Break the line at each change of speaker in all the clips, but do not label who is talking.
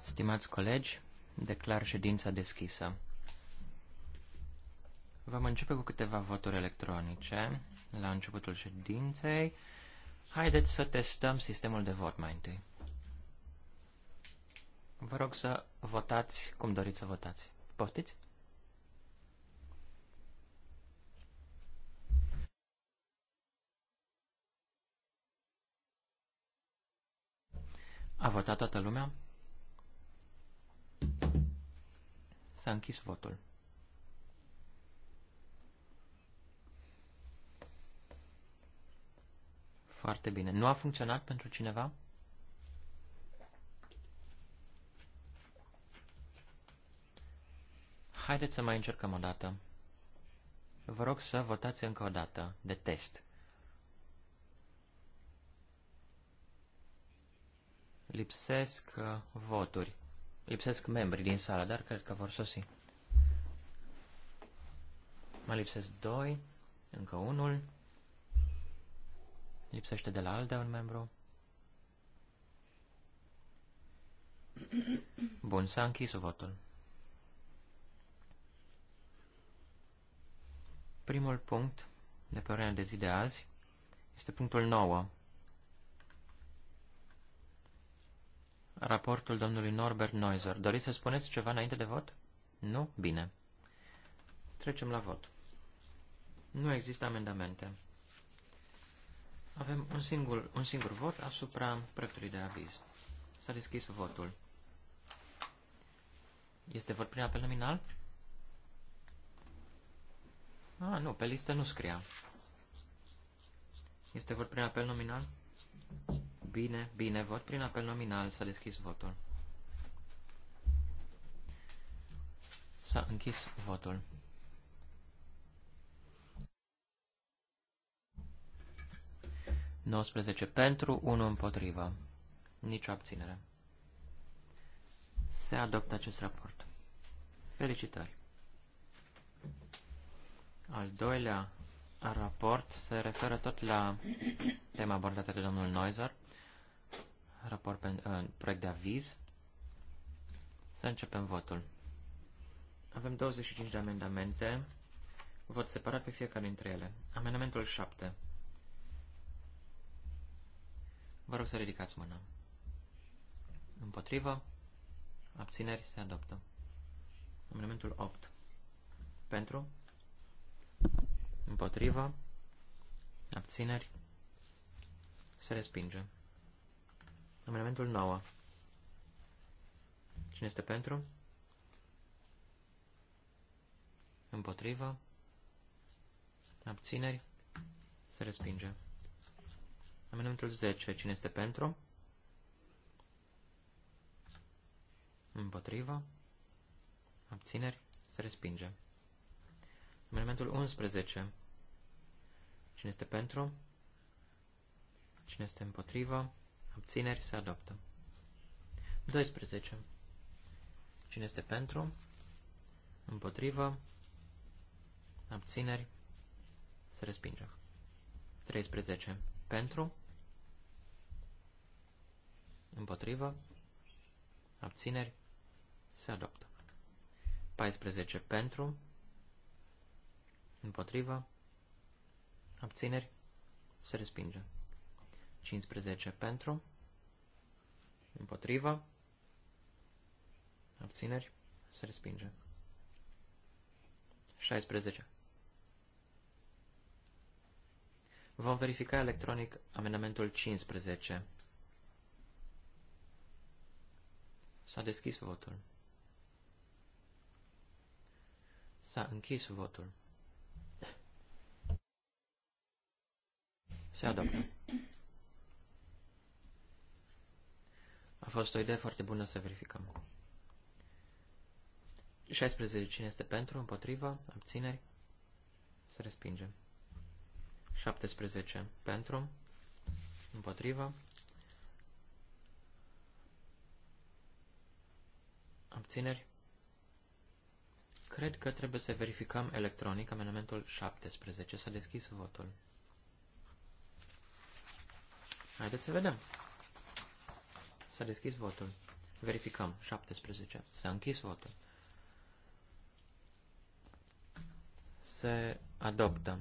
Stimați colegi, declar ședința deschisă. Vom începe cu câteva voturi electronice la începutul ședinței. Haideți să testăm sistemul de vot mai întâi. Vă rog să votați cum doriți să votați. Poftiți? A votat toată lumea? S-a închis votul. Foarte bine. Nu a funcționat pentru cineva? Haideți să mai încercăm o dată. Vă rog să votați încă o dată, de test. lipsesc uh, voturi, lipsesc membri din sală, dar cred că vor sosi. Mai lipsesc doi, încă unul. Lipsește de la ALDE un membru. Bun, s-a închis votul. Primul punct de pe ordinea de zi de azi este punctul 9. raportul domnului Norbert Neuser. Doriți să spuneți ceva înainte de vot? Nu? Bine. Trecem la vot. Nu există amendamente. Avem un singur, un singur vot asupra proiectului de aviz. S-a deschis votul. Este vot prin apel nominal? A, ah, nu, pe listă nu scria. Este vot prin apel nominal? Bine, bine, vot prin apel nominal, s-a deschis votul. S-a închis votul. Nouăsprezece pentru, unu împotriva. Nicio abținere. Se adoptă acest raport. Felicitări! Al doilea raport se referă tot la tema abordată de domnul Noizer raport pe, uh, proiect de aviz. Să începem votul. Avem 25 de amendamente. Vot separat pe fiecare dintre ele. Amendamentul 7. Vă rog să ridicați mâna. Împotrivă. Abțineri se adoptă. Amendamentul 8. Pentru. Împotrivă. Abțineri. Se respinge. Amendamentul 9. Cine este pentru? Împotrivă. Abțineri. Se respinge. Amendamentul 10. Cine este pentru? Împotrivă. Abțineri. Se respinge. Amendamentul 11. Cine este pentru? Cine este împotrivă? Abțineri se adoptă. 12. Cine este pentru? Împotrivă. Abțineri. Se respinge. 13. Pentru. Împotrivă. Abțineri. Se adoptă. 14. Pentru. Împotrivă. Abțineri. Se respinge. 15 pentru, împotriva, abțineri, se respinge. 16. Vom verifica electronic amendamentul 15. S-a deschis votul. S-a închis votul. Se adoptă. A fost o idee foarte bună să verificăm. 16. Cine este pentru, împotriva, abțineri? Să respinge. 17. Pentru, împotriva, abțineri? Cred că trebuie să verificăm electronic amendamentul 17. S-a deschis votul. Haideți să vedem. S-a deschis votul. Verificăm. 17. S-a închis votul. Se adoptă.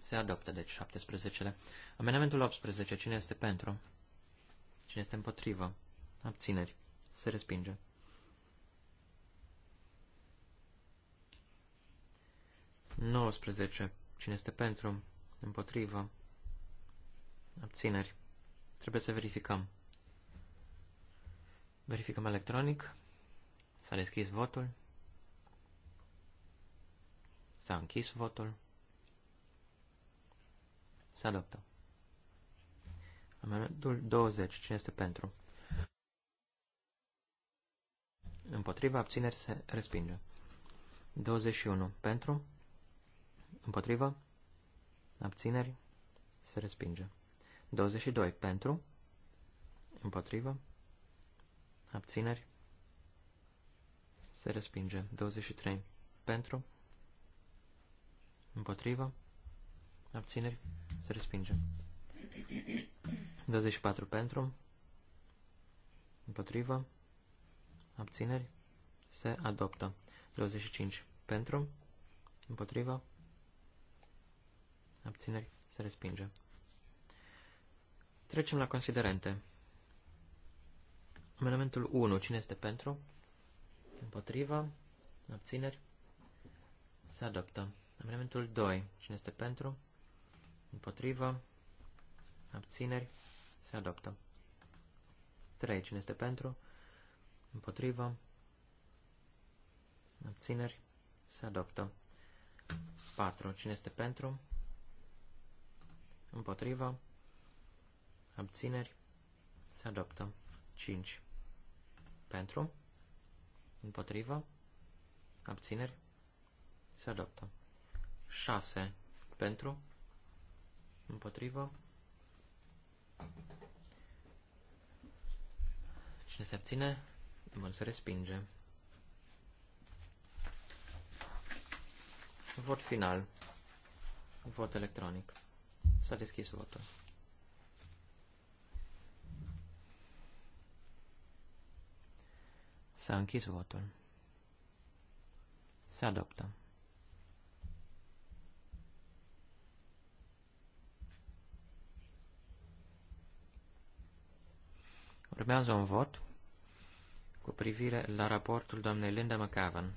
Se adoptă, deci, 17-le. Amendamentul 18. Cine este pentru? Cine este împotrivă? Abțineri. Se respinge. Nouăsprezece. Cine este pentru? Împotrivă. Abțineri. Trebuie să verificăm. Verificăm electronic. S-a deschis votul. S-a închis votul. Se adoptă. Amendul 20. Cine este pentru? Împotriva abțineri se respinge. 21. Pentru? Împotriva? Abțineri? Se respinge. 22. Pentru. Împotrivă. Abțineri. Se respinge. 23. Pentru. Împotrivă. Abțineri. Se respinge. 24. Pentru. Împotrivă. Abțineri. Se adoptă. 25. Pentru. Împotrivă. Abțineri. Se respinge. Trecem la considerente. Amendamentul 1. Cine este pentru? Împotriva? Abțineri? Se adoptă. Amendamentul 2. Cine este pentru? Împotriva? Abțineri? Se adoptă. 3. Cine este pentru? Împotriva? Abțineri? Se adoptă. 4. Cine este pentru? Împotriva? abțineri, se adoptă. 5 pentru, împotrivă, abțineri, se adoptă. 6 pentru, împotrivă, cine se abține, bun, se respinge. Vot final. Vot electronic. S-a deschis votul. S-a închis votul. Se adoptă. Urmează un vot cu privire la raportul doamnei Linda McAvan.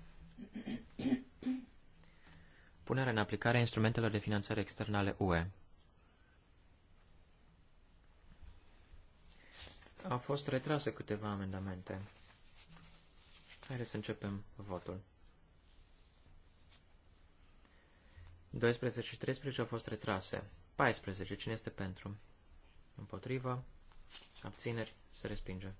Punerea în aplicare a instrumentelor de finanțare externe ale UE. Au fost retrase câteva amendamente. Haideți să începem votul. 12 și 13 au fost retrase. 14. Cine este pentru? Împotrivă. Abțineri. Se respinge.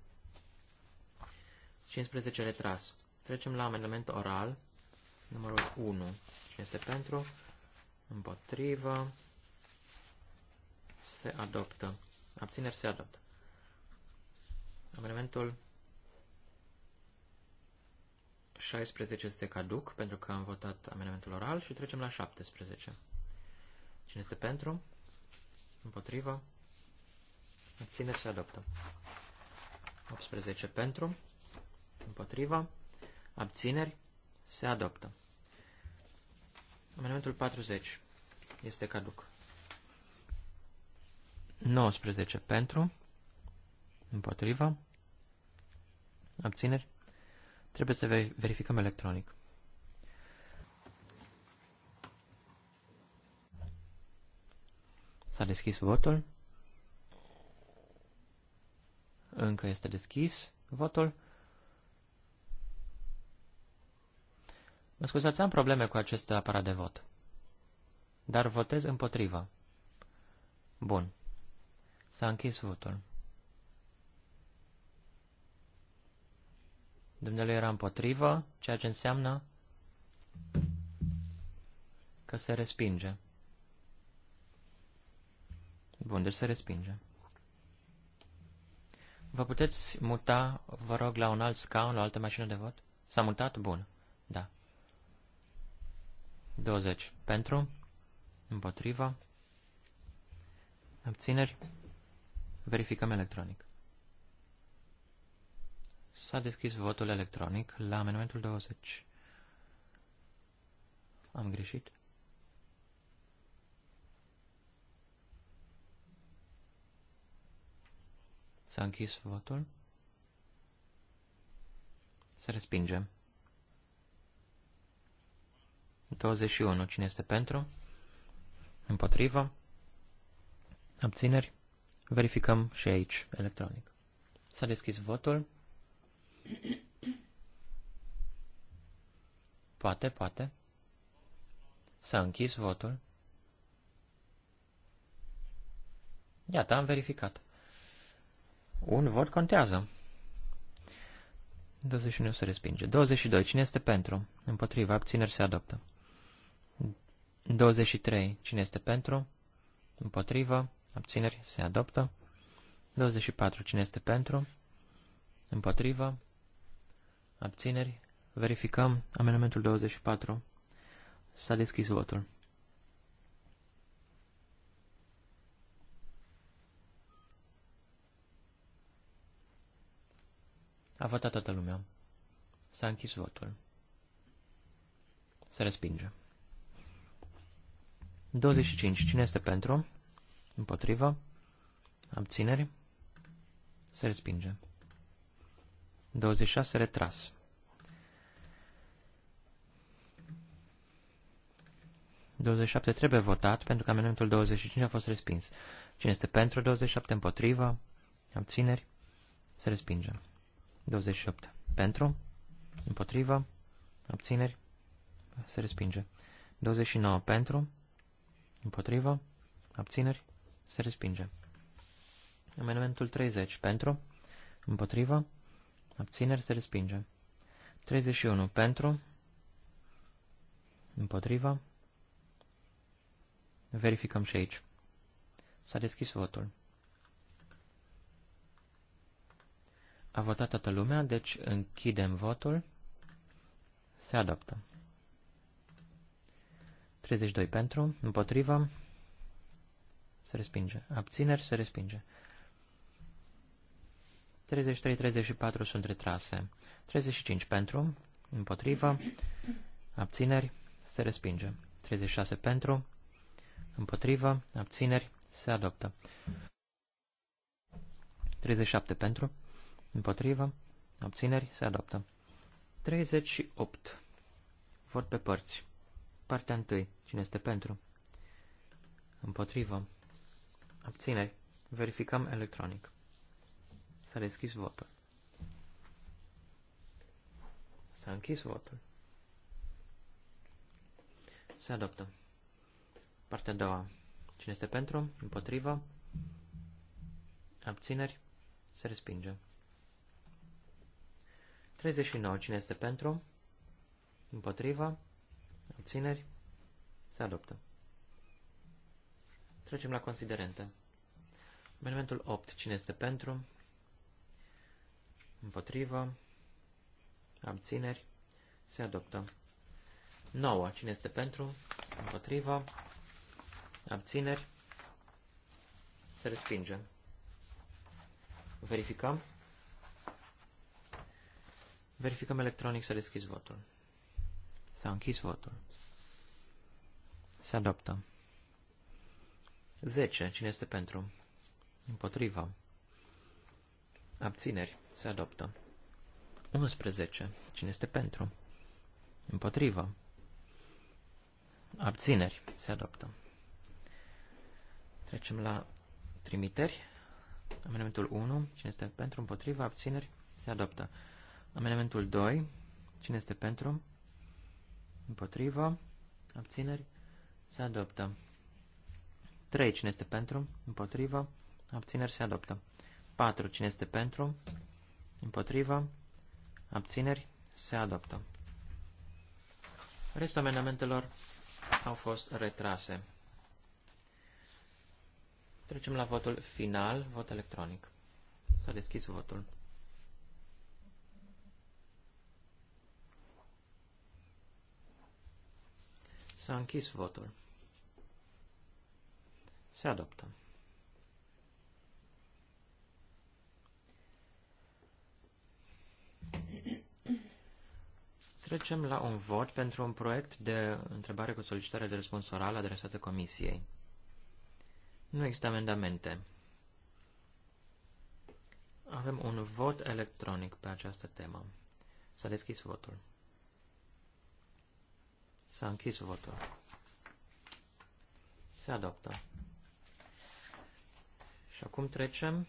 15 retras. Trecem la amendament oral. Numărul 1. Cine este pentru? Împotrivă. Se adoptă. Abțineri se adoptă. Amendamentul 16 este caduc pentru că am votat amendamentul oral și trecem la 17. Cine este pentru? Împotrivă? Abțineri se adoptă. 18 pentru? Împotrivă? Abțineri se adoptă. Amendamentul 40 este caduc. 19 pentru? Împotrivă? Abțineri? Trebuie să verificăm electronic. S-a deschis votul. Încă este deschis votul. Mă scuzați, am probleme cu acest aparat de vot. Dar votez împotriva. Bun. S-a închis votul. Dumnezeu era împotrivă, ceea ce înseamnă că se respinge. Bun, deci se respinge. Vă puteți muta, vă rog, la un alt scaun, la o altă mașină de vot? S-a mutat? Bun. Da. 20. Pentru? Împotriva? Abțineri? Verificăm electronic. S-a deschis votul electronic la amendamentul 20. Am greșit? S-a închis votul. Se respinge. 21. Cine este pentru? Împotrivă? Abțineri? Verificăm și aici, electronic. S-a deschis votul. Poate, poate. S-a închis votul. Iată, am verificat. Un vot contează. 21 se respinge. 22. Cine este pentru? Împotriva. Abțineri se adoptă. 23. Cine este pentru? Împotriva. Abțineri se adoptă. 24. Cine este pentru? Împotriva. Abțineri. Verificăm amendamentul 24. S-a deschis votul. A votat toată lumea. S-a închis votul. Se respinge. 25. Cine este pentru? Împotrivă? Abțineri? Se respinge. 26 retras. șapte trebuie votat pentru că amendamentul 25 a fost respins. Cine este pentru 27 împotrivă? Abțineri? Se respinge. 28. Pentru? Împotrivă? Abțineri? Se respinge. 29. Pentru? Împotrivă? Abțineri? Se respinge. Amendamentul 30. Pentru? Împotrivă? Abțineri se respinge. 31. Pentru. Împotriva. Verificăm și aici. S-a deschis votul. A votat toată lumea, deci închidem votul. Se adoptă. 32 pentru, împotriva, se respinge. Abțineri, se respinge. 33-34 sunt retrase. 35 pentru, împotrivă, abțineri, se respinge. 36 pentru, împotrivă, abțineri, se adoptă. 37 pentru, împotrivă, abțineri, se adoptă. 38. Vot pe părți. Partea 1. Cine este pentru? Împotrivă. Abțineri. Verificăm electronic. S-a deschis votul. S-a închis votul. Se adoptă. Partea a doua. Cine este pentru? Împotriva? Abțineri? Se respinge. 39. Cine este pentru? Împotriva? Abțineri? Se adoptă. Trecem la considerente. Amendamentul 8. Cine este pentru? Împotrivă. Abțineri. Se adoptă. 9. Cine este pentru? Împotrivă. Abțineri. Se respinge. Verificăm. Verificăm electronic să deschis votul. S-a închis votul. Se adoptă. 10. Cine este pentru? Împotriva. Abțineri. Se adoptă. 11. Cine este pentru? Împotrivă. Abțineri. Se adoptă. Trecem la trimiteri. Amendamentul 1. Cine este pentru? Împotrivă. Abțineri. Se adoptă. Amendamentul 2. Cine este pentru? Împotrivă. Abțineri. Se adoptă. 3. Cine este pentru? Împotrivă. Abțineri. Se adoptă. 4. Cine este pentru? Împotrivă. Abțineri. Se adoptă. Restul amendamentelor au fost retrase. Trecem la votul final, vot electronic. S-a deschis votul. S-a închis votul. Se adoptă. Trecem la un vot pentru un proiect de întrebare cu solicitare de răspuns oral adresată Comisiei. Nu există amendamente. Avem un vot electronic pe această temă. S-a deschis votul. S-a închis votul. Se adoptă. Și acum trecem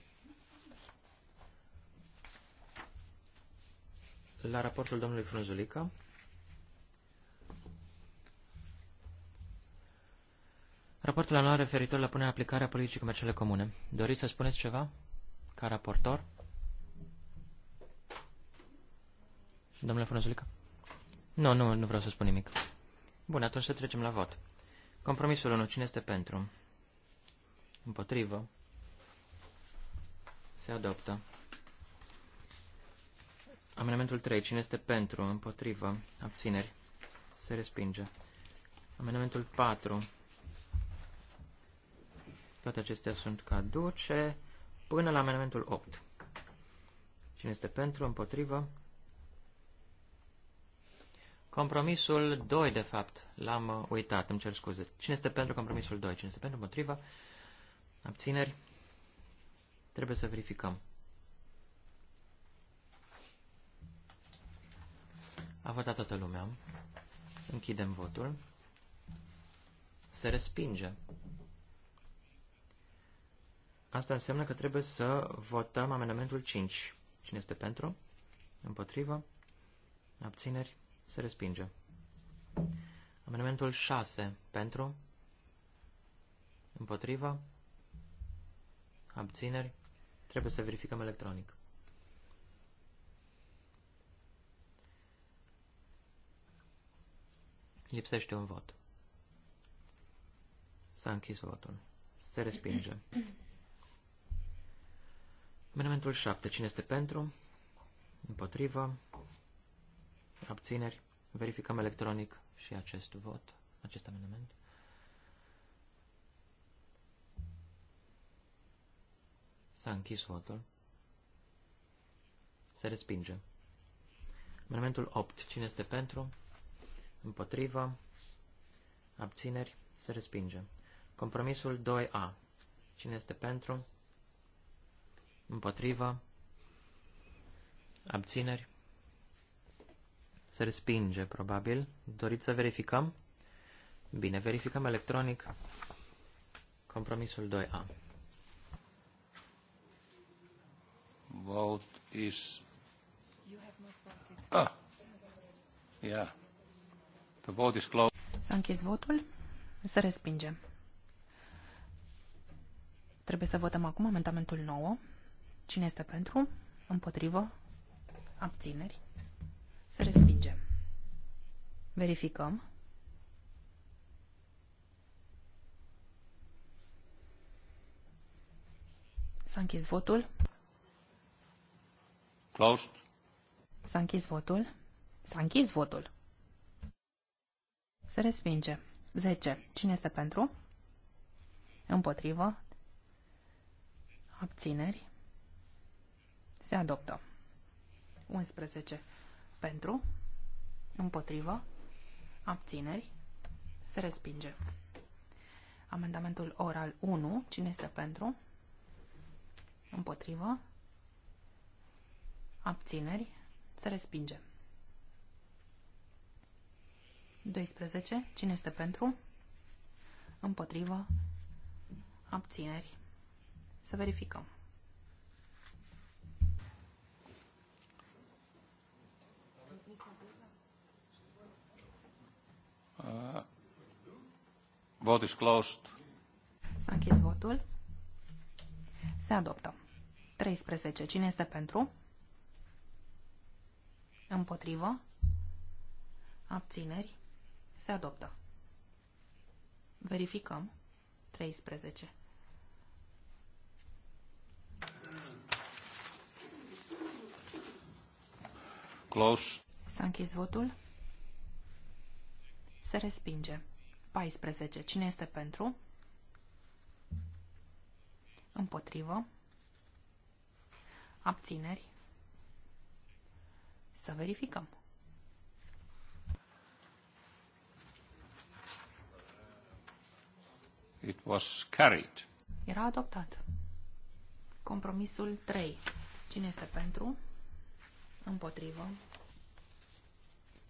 la raportul domnului Frunzulică. Raportul anual referitor la punerea aplicarea politicii comerciale comune. Doriți să spuneți ceva ca raportor? Domnule Frunzulică? Nu, nu, nu vreau să spun nimic. Bun, atunci să trecem la vot. Compromisul 1. Cine este pentru? Împotrivă. Se adoptă. Amendamentul 3. Cine este pentru? Împotrivă. Abțineri. Se respinge. Amendamentul 4. Toate acestea sunt caduce până la amendamentul 8. Cine este pentru? Împotrivă. Compromisul 2, de fapt, l-am uh, uitat, îmi cer scuze. Cine este pentru compromisul 2? Cine este pentru împotrivă? Abțineri? Trebuie să verificăm. A votat toată lumea. Închidem votul. Se respinge. Asta înseamnă că trebuie să votăm amendamentul 5. Cine este pentru? Împotrivă? Abțineri? Se respinge. Amendamentul 6. Pentru? Împotrivă? Abțineri? Trebuie să verificăm electronic. Lipsește un vot. S-a închis votul. Se respinge. Amendamentul 7. Cine este pentru? Împotrivă? Abțineri? Verificăm electronic și acest vot, acest amendament. S-a închis votul. Se respinge. Amendamentul 8. Cine este pentru? împotriva, abțineri, se respinge. Compromisul 2A. Cine este pentru? Împotriva, abțineri, se respinge, probabil. Doriți să verificăm? Bine, verificăm electronic compromisul 2A.
Vote is... You have not voted. Ah. Yeah. The vote is closed.
S-a închis votul. Se respinge. Trebuie să votăm acum amendamentul 9. Cine este pentru? Împotrivă? Abțineri? Se respinge. Verificăm. S-a închis votul. Closed. S-a închis votul. S-a închis votul se respinge. 10. Cine este pentru? Împotrivă. Abțineri. Se adoptă. 11. Pentru. Împotrivă. Abțineri. Se respinge. Amendamentul oral 1. Cine este pentru? Împotrivă. Abțineri. Se respinge. 12. Cine este pentru? Împotrivă. Abțineri. Să verificăm. Uh,
vot is closed. S-a închis votul.
Se adoptă. 13. Cine este pentru? Împotrivă. Abțineri. Se adoptă. Verificăm. 13. S-a închis votul. Se respinge. 14. Cine este pentru? Împotrivă. Abțineri. Să verificăm.
It was carried.
Era adoptat. Compromisul 3. Cine este pentru? Împotrivă.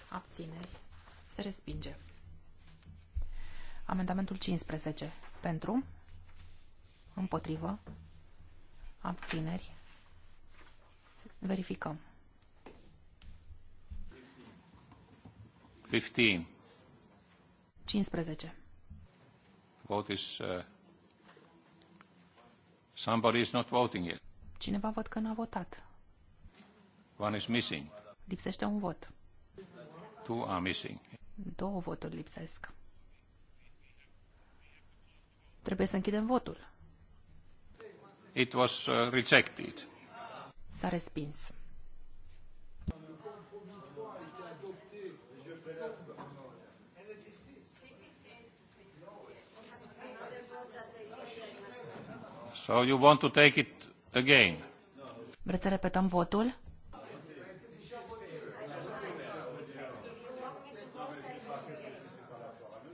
Abțineri. Se respinge. Amendamentul 15. Pentru. Împotrivă. Abțineri. Verificăm. 15. 15.
Vote is... Uh, somebody is not voting yet.
Cineva văd că n-a votat.
One is missing.
Lipsește un vot.
Two are missing.
Două voturi lipsesc. Trebuie să închidem votul.
It was uh, rejected. S-a respins. So you want to take it again. Vreți să repetăm votul?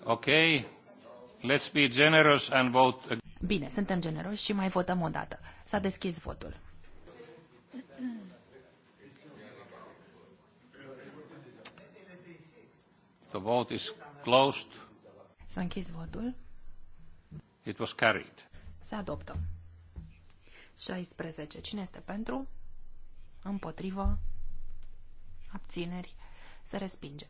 Ok, let's be generous and vote again.
Bine, suntem generoși și mai votăm o dată. S-a deschis votul.
The vote is closed.
S-a închis votul.
It was carried.
Se adoptă. 16. Cine este pentru? Împotrivă? Abțineri? Se respinge.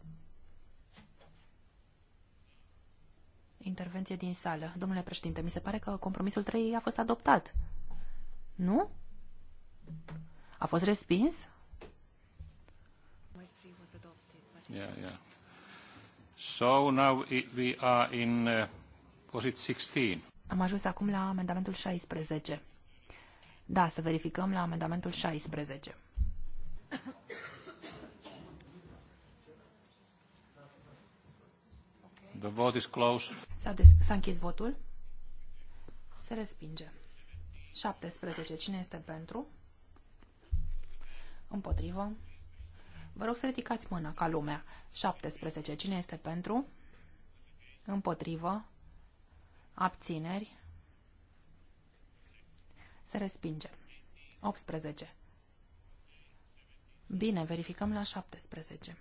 Intervenție din sală. Domnule președinte, mi se pare că compromisul 3 a fost adoptat. Nu? A fost respins?
Yeah, yeah. So now we are in uh, 16?
Am ajuns acum la amendamentul 16. Da, să verificăm la amendamentul 16.
The vote is closed.
S-a, s închis votul. Se respinge. 17. Cine este pentru? Împotrivă. Vă rog să ridicați mâna, ca lumea. 17. Cine este pentru? Împotrivă. Abțineri. Se respinge. 18. Bine, verificăm la 17.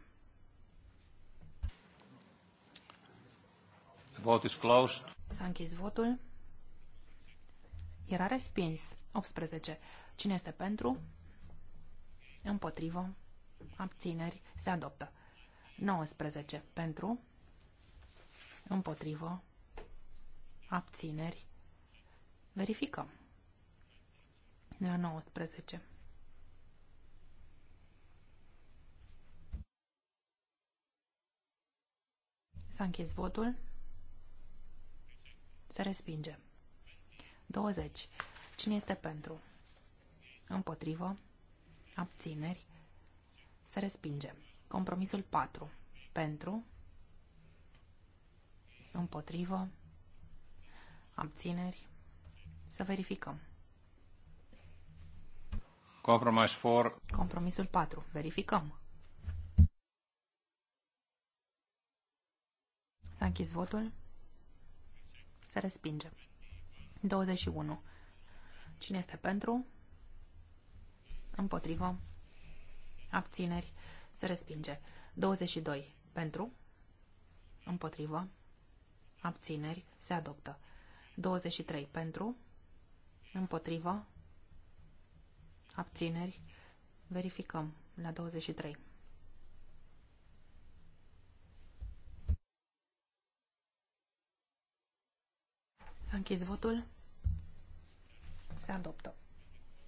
Vot is closed.
S-a închis votul. Era respins. 18. Cine este pentru? Împotrivă. Abțineri. Se adoptă. 19. Pentru. Împotrivă. Abțineri. Verificăm la 19. S-a închis votul. Se respinge. 20. Cine este pentru? Împotrivă. Abțineri. Se respinge. Compromisul 4. Pentru. Împotrivă. Abțineri. Să verificăm.
Compromise 4. Compromisul
4. Verificăm. S-a închis votul. Se respinge. 21. Cine este pentru? Împotrivă. Abțineri. Se respinge. 22. Pentru. Împotrivă. Abțineri. Se adoptă. 23. Pentru. Împotrivă abțineri, verificăm la 23. S-a închis votul. Se adoptă.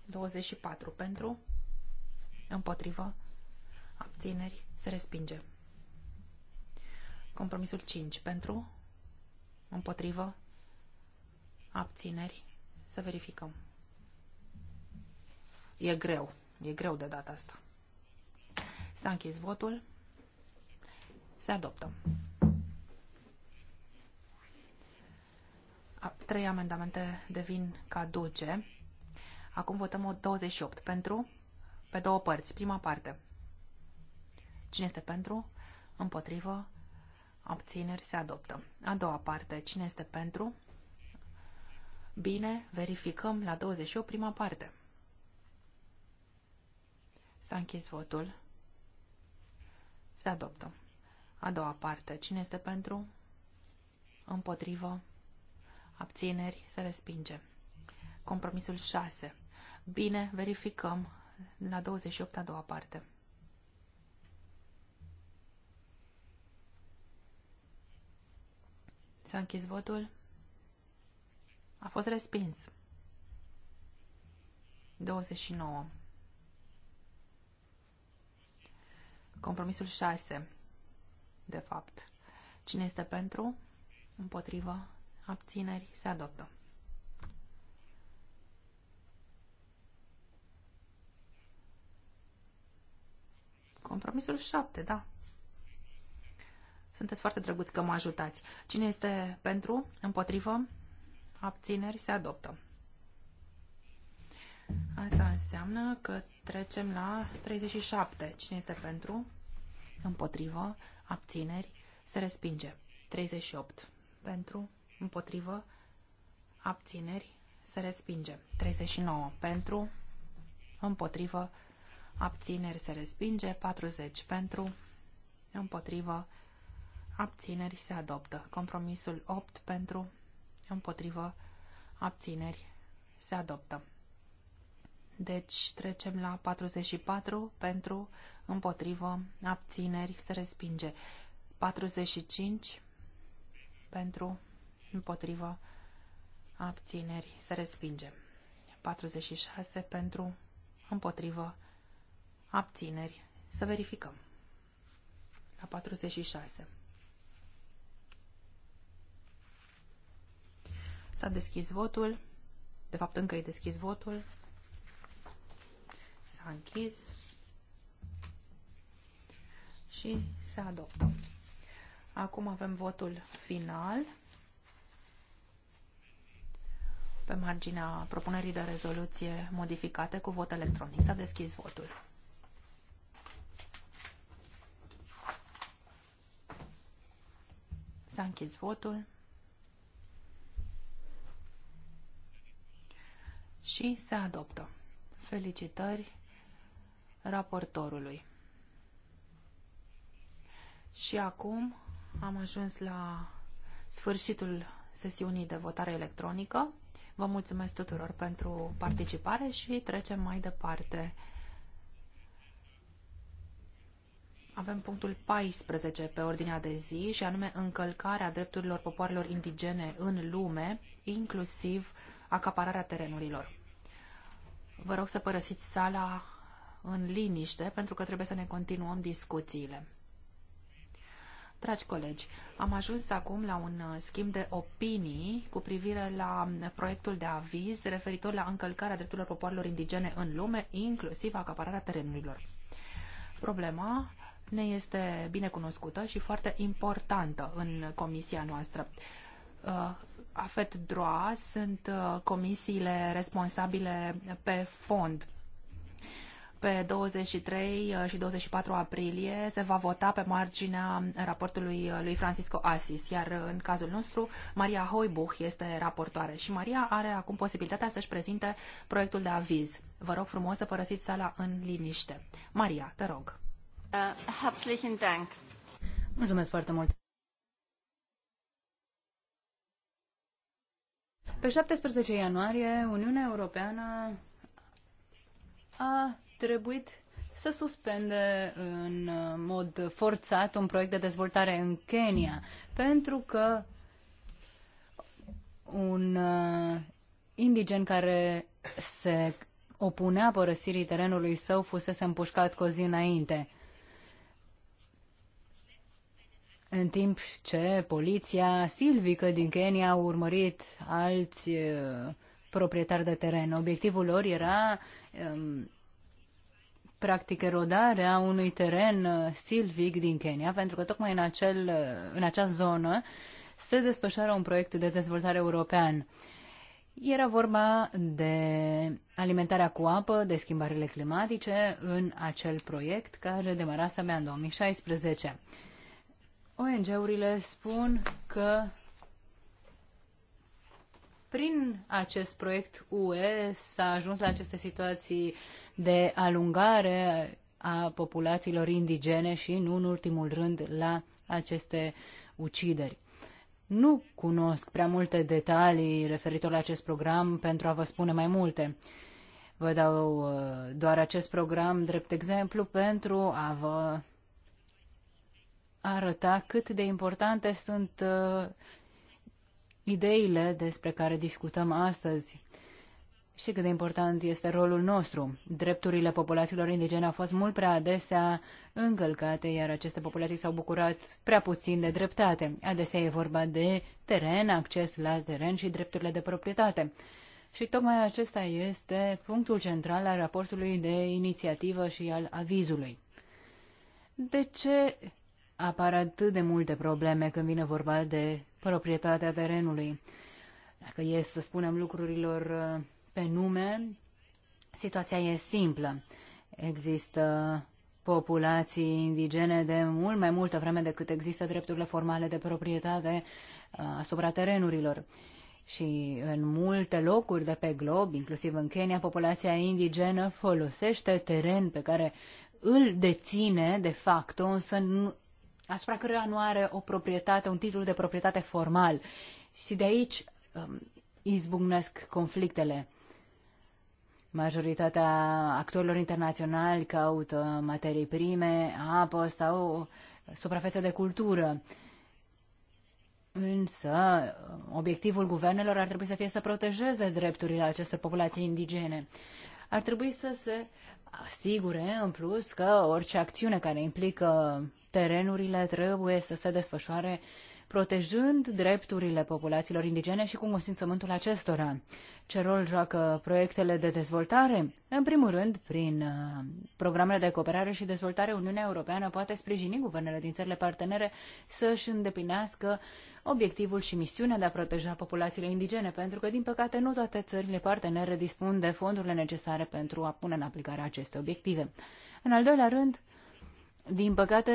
24 pentru, împotrivă, abțineri, se respinge. Compromisul 5 pentru, împotrivă, abțineri, să verificăm. E greu. E greu de data asta. S-a închis votul. Se adoptă. A, trei amendamente devin caduce. Acum votăm o 28 pentru, pe două părți. Prima parte. Cine este pentru? Împotrivă? Abțineri se adoptă. A doua parte. Cine este pentru? Bine, verificăm la 28 prima parte. S-a închis votul. Se adoptă. A doua parte. Cine este pentru? Împotrivă. Abțineri. Se respinge. Compromisul 6. Bine, verificăm la 28 a doua parte. S-a închis votul. A fost respins. 29. Compromisul 6, de fapt. Cine este pentru? Împotrivă. Abțineri. Se adoptă. Compromisul 7, da. Sunteți foarte drăguți că mă ajutați. Cine este pentru? Împotrivă? Abțineri? Se adoptă. Asta înseamnă că trecem la 37. Cine este pentru? împotrivă, abțineri, se respinge. 38. Pentru, împotrivă, abțineri, se respinge. 39. Pentru, împotrivă, abțineri, se respinge. 40. Pentru, împotrivă, abțineri, se adoptă. Compromisul 8 pentru, împotrivă, abțineri, se adoptă. Deci trecem la 44 pentru, împotrivă, abțineri, se respinge. 45 pentru, împotrivă, abțineri, se respinge. 46 pentru, împotrivă, abțineri. Să verificăm. La 46. S-a deschis votul. De fapt, încă e deschis votul s-a închis și se adoptă. Acum avem votul final pe marginea propunerii de rezoluție modificate cu vot electronic. S-a deschis votul. S-a închis votul. Și se adoptă. Felicitări raportorului. Și acum am ajuns la sfârșitul sesiunii de votare electronică. Vă mulțumesc tuturor pentru participare și trecem mai departe. Avem punctul 14 pe ordinea de zi și anume încălcarea drepturilor popoarelor indigene în lume, inclusiv acapararea terenurilor. Vă rog să părăsiți sala în liniște, pentru că trebuie să ne continuăm discuțiile. Dragi colegi, am ajuns acum la un uh, schimb de opinii cu privire la um, proiectul de aviz referitor la încălcarea drepturilor popoarelor indigene în lume, inclusiv acapararea terenurilor. Problema ne este bine cunoscută și foarte importantă în comisia noastră. Uh, AFET DROA sunt uh, comisiile responsabile pe fond pe 23 și 24 uh, aprilie se va vota pe marginea raportului uh, lui Francisco Asis, iar uh, în cazul nostru Maria Hoibuch este raportoare și Maria are acum posibilitatea să-și prezinte proiectul de aviz. Vă rog frumos să părăsiți sala în liniște. Maria, te rog.
Herzlichen Dank.
Mulțumesc foarte mult.
Pe 17 ianuarie, Uniunea Europeană a trebuit să suspende în mod forțat un proiect de dezvoltare în Kenya, pentru că un uh, indigen care se opunea părăsirii terenului său fusese împușcat cu o zi înainte. În timp ce poliția silvică din Kenya a urmărit alți uh, proprietari de teren. Obiectivul lor era um, practic erodarea unui teren uh, silvic din Kenya, pentru că tocmai în, acel, uh, în acea zonă se desfășoară un proiect de dezvoltare european. Era vorba de alimentarea cu apă, de schimbările climatice în acel proiect care demarase abia în 2016. ONG-urile spun că prin acest proiect UE s-a ajuns la aceste situații uh, de alungare a populațiilor indigene și, nu în ultimul rând, la aceste ucideri. Nu cunosc prea multe detalii referitor la acest program pentru a vă spune mai multe. Vă dau uh, doar acest program drept exemplu pentru a vă arăta cât de importante sunt uh, ideile despre care discutăm astăzi și cât de important este rolul nostru. Drepturile populațiilor indigene au fost mult prea adesea încălcate, iar aceste populații s-au bucurat prea puțin de dreptate. Adesea e vorba de teren, acces la teren și drepturile de proprietate. Și tocmai acesta este punctul central al raportului de inițiativă și al avizului. De ce apar atât de multe probleme când vine vorba de proprietatea terenului? Dacă e să spunem lucrurilor uh, pe nume, situația e simplă. Există populații indigene de mult mai multă vreme decât există drepturile formale de proprietate uh, asupra terenurilor. Și în multe locuri de pe glob, inclusiv în Kenya, populația indigenă folosește teren pe care îl deține de facto, însă nu, asupra căruia nu are o proprietate, un titlu de proprietate formal. Și de aici um, izbucnesc conflictele. Majoritatea actorilor internaționali caută materii prime, apă sau suprafețe de cultură. Însă, obiectivul guvernelor ar trebui să fie să protejeze drepturile acestor populații indigene. Ar trebui să se asigure, în plus, că orice acțiune care implică terenurile trebuie să se desfășoare protejând drepturile populațiilor indigene și consimțământul acestora. Ce rol joacă proiectele de dezvoltare? În primul rând, prin uh, programele de cooperare și dezvoltare, Uniunea Europeană poate sprijini guvernele din țările partenere să-și îndeplinească obiectivul și misiunea de a proteja populațiile indigene, pentru că, din păcate, nu toate țările partenere dispun de fondurile necesare pentru a pune în aplicare aceste obiective. În al doilea rând, din păcate,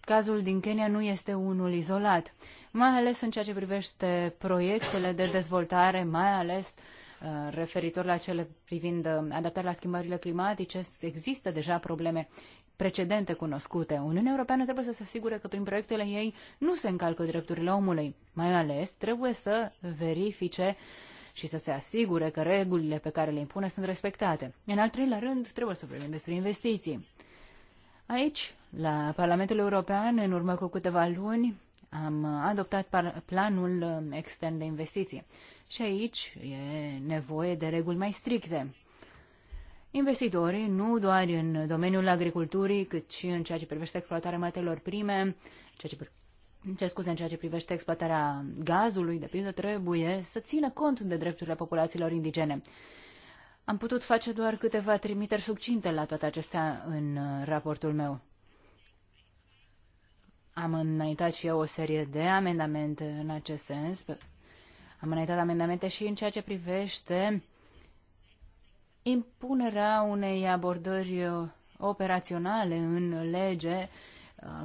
cazul din Kenya nu este unul izolat, mai ales în ceea ce privește proiectele de dezvoltare, mai ales uh, referitor la cele privind uh, adaptarea la schimbările climatice, există deja probleme precedente cunoscute. Uniunea Europeană trebuie să se asigure că prin proiectele ei nu se încalcă drepturile omului. Mai ales trebuie să verifice și să se asigure că regulile pe care le impune sunt respectate. În al treilea rând, trebuie să vorbim despre investiții. Aici, la Parlamentul European, în urmă cu câteva luni, am adoptat planul um, extern de investiții. Și aici e nevoie de reguli mai stricte. Investitorii, nu doar în domeniul agriculturii, cât și în ceea ce privește exploatarea materiilor prime, ceea ce, ce scuze, în ceea ce privește exploatarea gazului, de pildă, trebuie să țină cont de drepturile populațiilor indigene. Am putut face doar câteva trimiteri succinte la toate acestea în uh, raportul meu. Am înaintat și eu o serie de amendamente în acest sens. Am înaintat amendamente și în ceea ce privește impunerea unei abordări uh, operaționale în lege uh,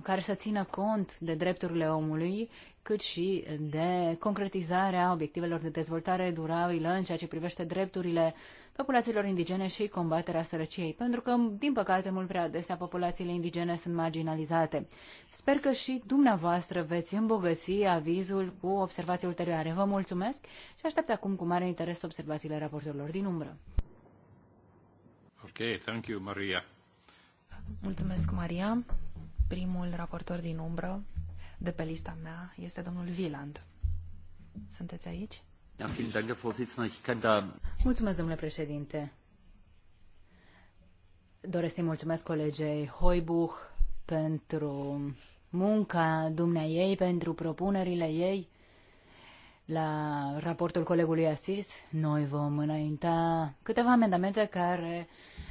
care să țină cont de drepturile omului, cât și de concretizarea obiectivelor de dezvoltare durabilă în ceea ce privește drepturile uh, populațiilor indigene și combaterea sărăciei, pentru că, din păcate, mult prea adesea populațiile indigene sunt marginalizate. Sper că și dumneavoastră veți îmbogăți avizul cu observații ulterioare. Vă mulțumesc și aștept acum cu mare interes observațiile raportorilor din umbră.
Ok, thank you, Maria.
Mulțumesc, Maria. Primul raportor din umbră de pe lista mea este domnul Viland. Sunteți aici? Da- mulțumesc, domnule președinte.
Doresc să-i mulțumesc colegei Hoibuch pentru munca dumneaei, pentru propunerile ei la raportul colegului Asis. Noi vom înainta câteva amendamente care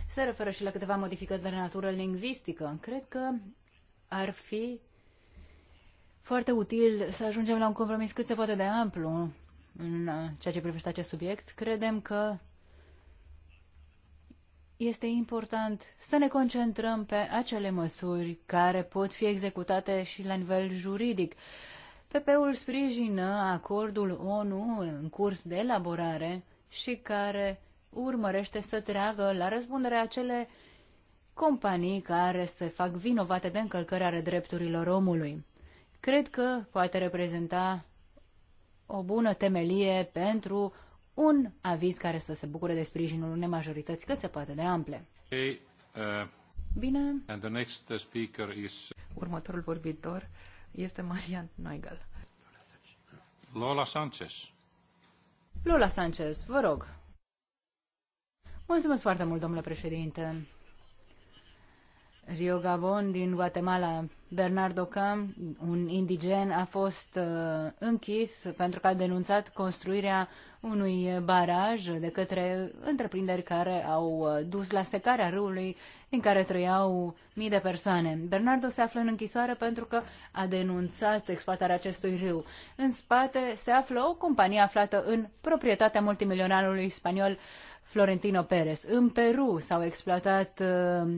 se referă și la câteva modificări de natură lingvistică. Cred că ar fi foarte util să ajungem la un compromis cât se poate de amplu în uh, ceea ce privește acest subiect, credem că este important să ne concentrăm pe acele măsuri care pot fi executate și la nivel juridic. PP-ul sprijină acordul ONU în curs de elaborare și care urmărește să treagă la răspundere acele companii care se fac vinovate de încălcări ale drepturilor omului. Cred că poate reprezenta o bună temelie pentru un aviz care să se bucure de sprijinul unei majorități cât se poate de ample.
Okay, uh, Bine. And the next uh, speaker is... Uh,
Următorul vorbitor este Marian Neugel.
Lola Sanchez.
Lola Sanchez, vă rog. Mulțumesc foarte mult, domnule președinte. Rio Gabon din Guatemala, Bernardo Cam, un indigen, a fost uh, închis pentru că a denunțat construirea unui baraj de către întreprinderi care au uh, dus la secarea râului din care trăiau mii de persoane. Bernardo se află în închisoare pentru că a denunțat exploatarea acestui râu. În spate se află o companie aflată în proprietatea multimilionarului spaniol Florentino Perez. În Peru s-au exploatat uh,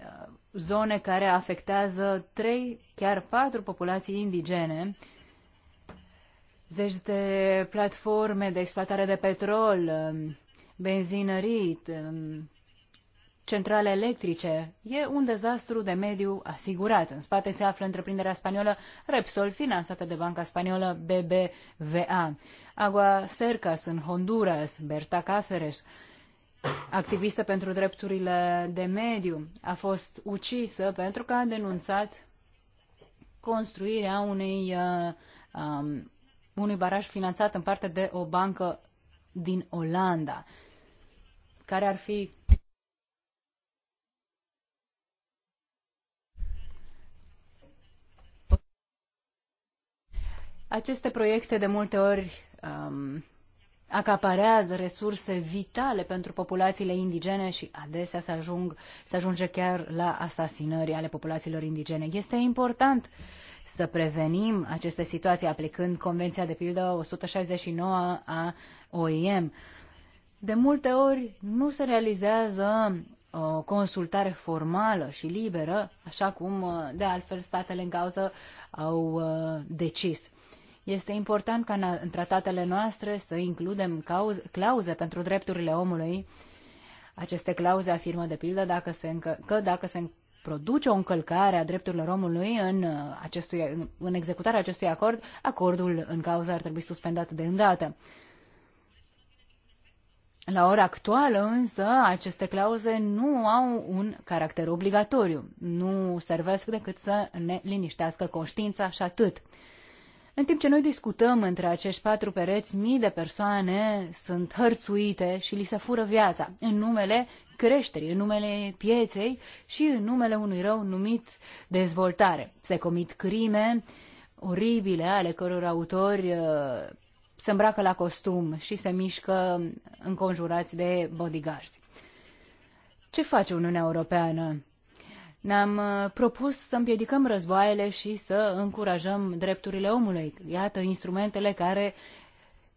Uh, zone care afectează trei, chiar patru populații indigene, zeci de platforme de exploatare de petrol, um, benzinării, um, centrale electrice. E un dezastru de mediu asigurat. În spate se află întreprinderea spaniolă Repsol, finanțată de banca spaniolă BBVA. Agua Cercas în Honduras, Berta Cáceres, activistă pentru drepturile de mediu. A fost ucisă pentru că a denunțat construirea unei, uh, um, unui baraj finanțat în parte de o bancă din Olanda, care ar fi Aceste proiecte de multe ori um, acaparează resurse vitale pentru populațiile indigene și adesea se, ajung, se ajunge chiar la asasinări ale populațiilor indigene. Este important să prevenim aceste situații aplicând Convenția de pildă 169 a OIM. De multe ori nu se realizează o uh, consultare formală și liberă, așa cum uh, de altfel statele în cauză au uh, decis. Este important ca în tratatele noastre să includem cauze, clauze pentru drepturile omului. Aceste clauze afirmă, de pildă, dacă se încă, că dacă se produce o încălcare a drepturilor omului în, uh, acestui, în executarea acestui acord, acordul în cauză ar trebui suspendat de îndată. La ora actuală, însă, aceste clauze nu au un caracter obligatoriu, nu servesc decât să ne liniștească conștiința și atât. În timp ce noi discutăm între acești patru pereți, mii de persoane sunt hărțuite și li se fură viața în numele creșterii, în numele pieței și în numele unui rău numit dezvoltare. Se comit crime oribile ale căror autori uh, se îmbracă la costum și se mișcă înconjurați de bodyguards. Ce face Uniunea Europeană? Ne-am uh, propus să împiedicăm războaiele și să încurajăm drepturile omului. Iată instrumentele care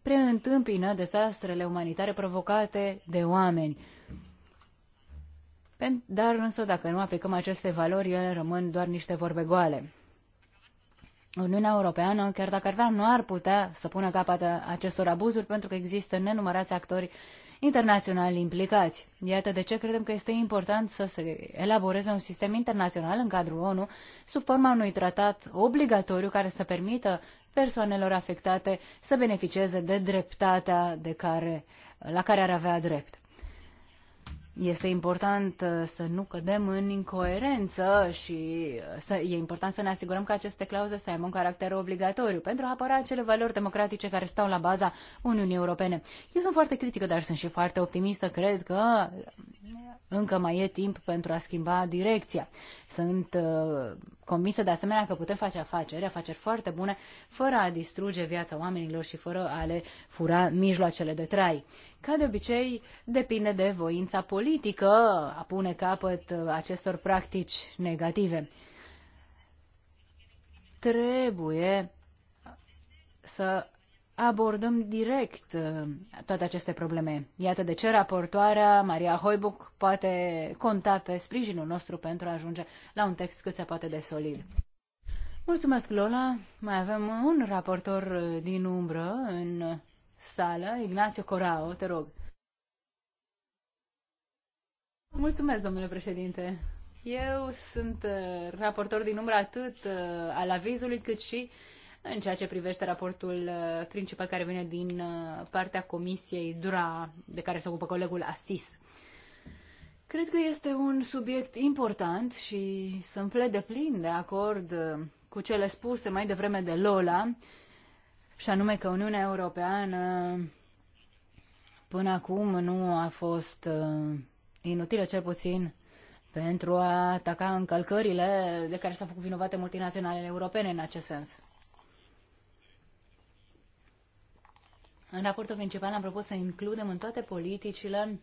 preîntâmpină dezastrele umanitare provocate de oameni. Dar însă dacă nu aplicăm aceste valori, ele rămân doar niște vorbe goale. Uniunea Europeană, chiar dacă ar vrea, nu ar putea să pună capăt acestor abuzuri pentru că există nenumărați actori internaționali implicați. Iată de ce credem că este important să se elaboreze un sistem internațional în cadrul ONU sub forma unui tratat obligatoriu care să permită persoanelor afectate să beneficieze de dreptatea de care, la care ar avea drept. Este important uh, să nu cădem în incoerență și uh, să, e important să ne asigurăm că aceste clauze să aibă un caracter obligatoriu pentru a apăra acele valori democratice care stau la baza Uniunii Europene. Eu sunt foarte critică, dar sunt și foarte optimistă. Cred că încă mai e timp pentru a schimba direcția. Sunt uh, convinsă de asemenea că putem face afaceri, afaceri foarte bune, fără a distruge viața oamenilor și fără a le fura mijloacele de trai. Ca de obicei, depinde de voința politică a pune capăt uh, acestor practici negative. Trebuie să abordăm direct uh, toate aceste probleme. Iată de ce raportoarea Maria Hoibuc poate conta pe sprijinul nostru pentru a ajunge la un text cât se poate de solid. Mulțumesc, Lola. Mai avem un raportor uh, din umbră în sală, Ignacio Corao, te rog. Mulțumesc, domnule președinte. Eu sunt uh, raportor din umbră atât al avizului cât și uh, în ceea ce privește raportul uh, principal care vine din uh, partea Comisiei Dura, de care se ocupă colegul Asis. Cred că este un subiect important și sunt pe deplin de acord uh, cu cele spuse mai devreme de Lola, și anume că Uniunea Europeană până acum nu a fost inutilă, cel puțin pentru a ataca încălcările de care s-au făcut vinovate multinaționalele europene în acest sens. În raportul principal am propus să includem în toate politicile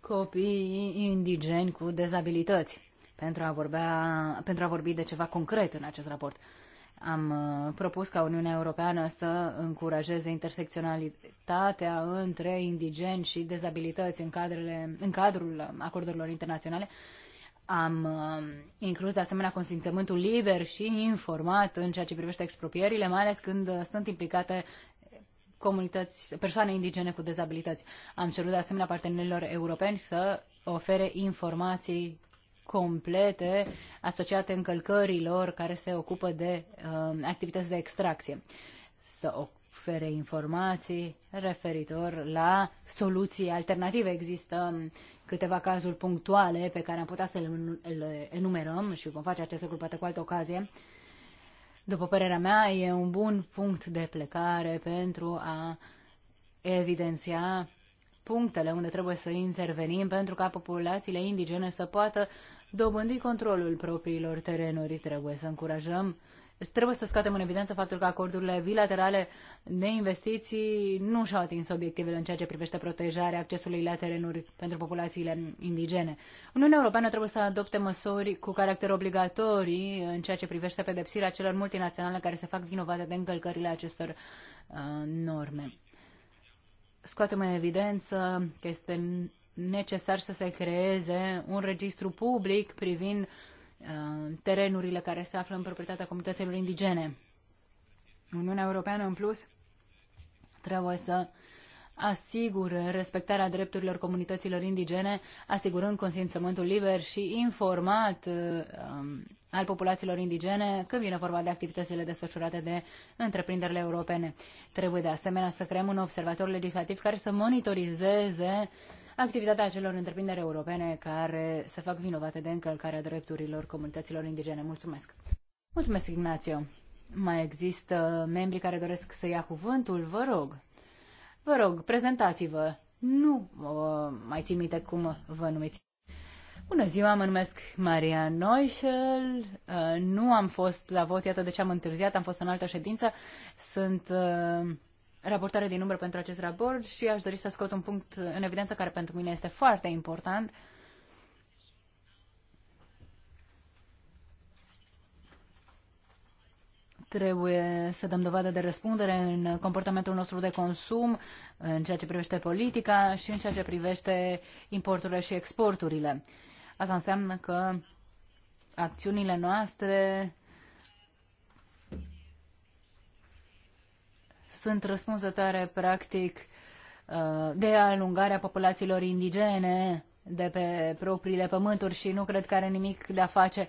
copiii indigeni cu dezabilități, pentru a, vorbea, pentru a vorbi de ceva concret în acest raport. Am uh, propus ca Uniunea Europeană să încurajeze intersecționalitatea între indigeni și dezabilități în, cadrele, în cadrul acordurilor internaționale. Am uh, inclus de asemenea consimțământul liber și informat în ceea ce privește expropierile, mai ales când sunt implicate comunități, persoane indigene cu dezabilități. Am cerut de asemenea partenerilor europeni să ofere informații complete asociate încălcărilor care se ocupă de uh, activități de extracție. Să ofere informații referitor la soluții alternative. Există um, câteva cazuri punctuale pe care am putea să le enumerăm și vom face acest lucru poate cu altă ocazie. Uh, după părerea mea, e un bun punct de plecare pentru a evidenția punctele unde trebuie să intervenim pentru ca populațiile indigene să poată dobândi controlul propriilor terenuri. Trebuie să încurajăm uh, Trebuie să scoatem în evidență faptul că acordurile bilaterale de investiții nu și-au atins obiectivele în ceea ce privește protejarea accesului la terenuri pentru populațiile indigene. Uniunea Europeană trebuie să adopte măsuri cu caracter obligatorii în ceea ce privește pedepsirea celor multinaționale care se fac vinovate de încălcările acestor uh, norme. Scoatem în evidență că este necesar să se creeze un registru public privind uh, Uh, terenurile care se află în proprietatea comunităților indigene. Uniunea Europeană, în plus, trebuie să asigură respectarea drepturilor comunităților indigene, asigurând consimțământul liber și informat uh, um, al populațiilor indigene când vine vorba de activitățile desfășurate de întreprinderile europene. Trebuie de asemenea să creăm un observator legislativ care să monitorizeze uh, activitatea celor întreprinderi europene care se fac vinovate de încălcarea drepturilor comunităților indigene. Mulțumesc! Mulțumesc, Ignațio! Mai există membri care doresc să ia cuvântul? Vă rog! Vă rog, prezentați-vă! Nu uh, mai țin minte cum vă numiți. Bună ziua, mă numesc Maria Noișel, uh, nu am fost la vot, iată de ce am întârziat, am fost în altă ședință, sunt... Uh, raportare din umbră pentru acest raport și aș dori să scot un punct în evidență care pentru mine este foarte important. Trebuie să dăm dovadă de răspundere în comportamentul nostru de consum, în ceea ce privește politica și în ceea ce privește importurile și exporturile. Asta înseamnă că acțiunile noastre sunt răspunzătoare practic uh, de alungarea populațiilor indigene de pe propriile pământuri și nu cred că are nimic de a face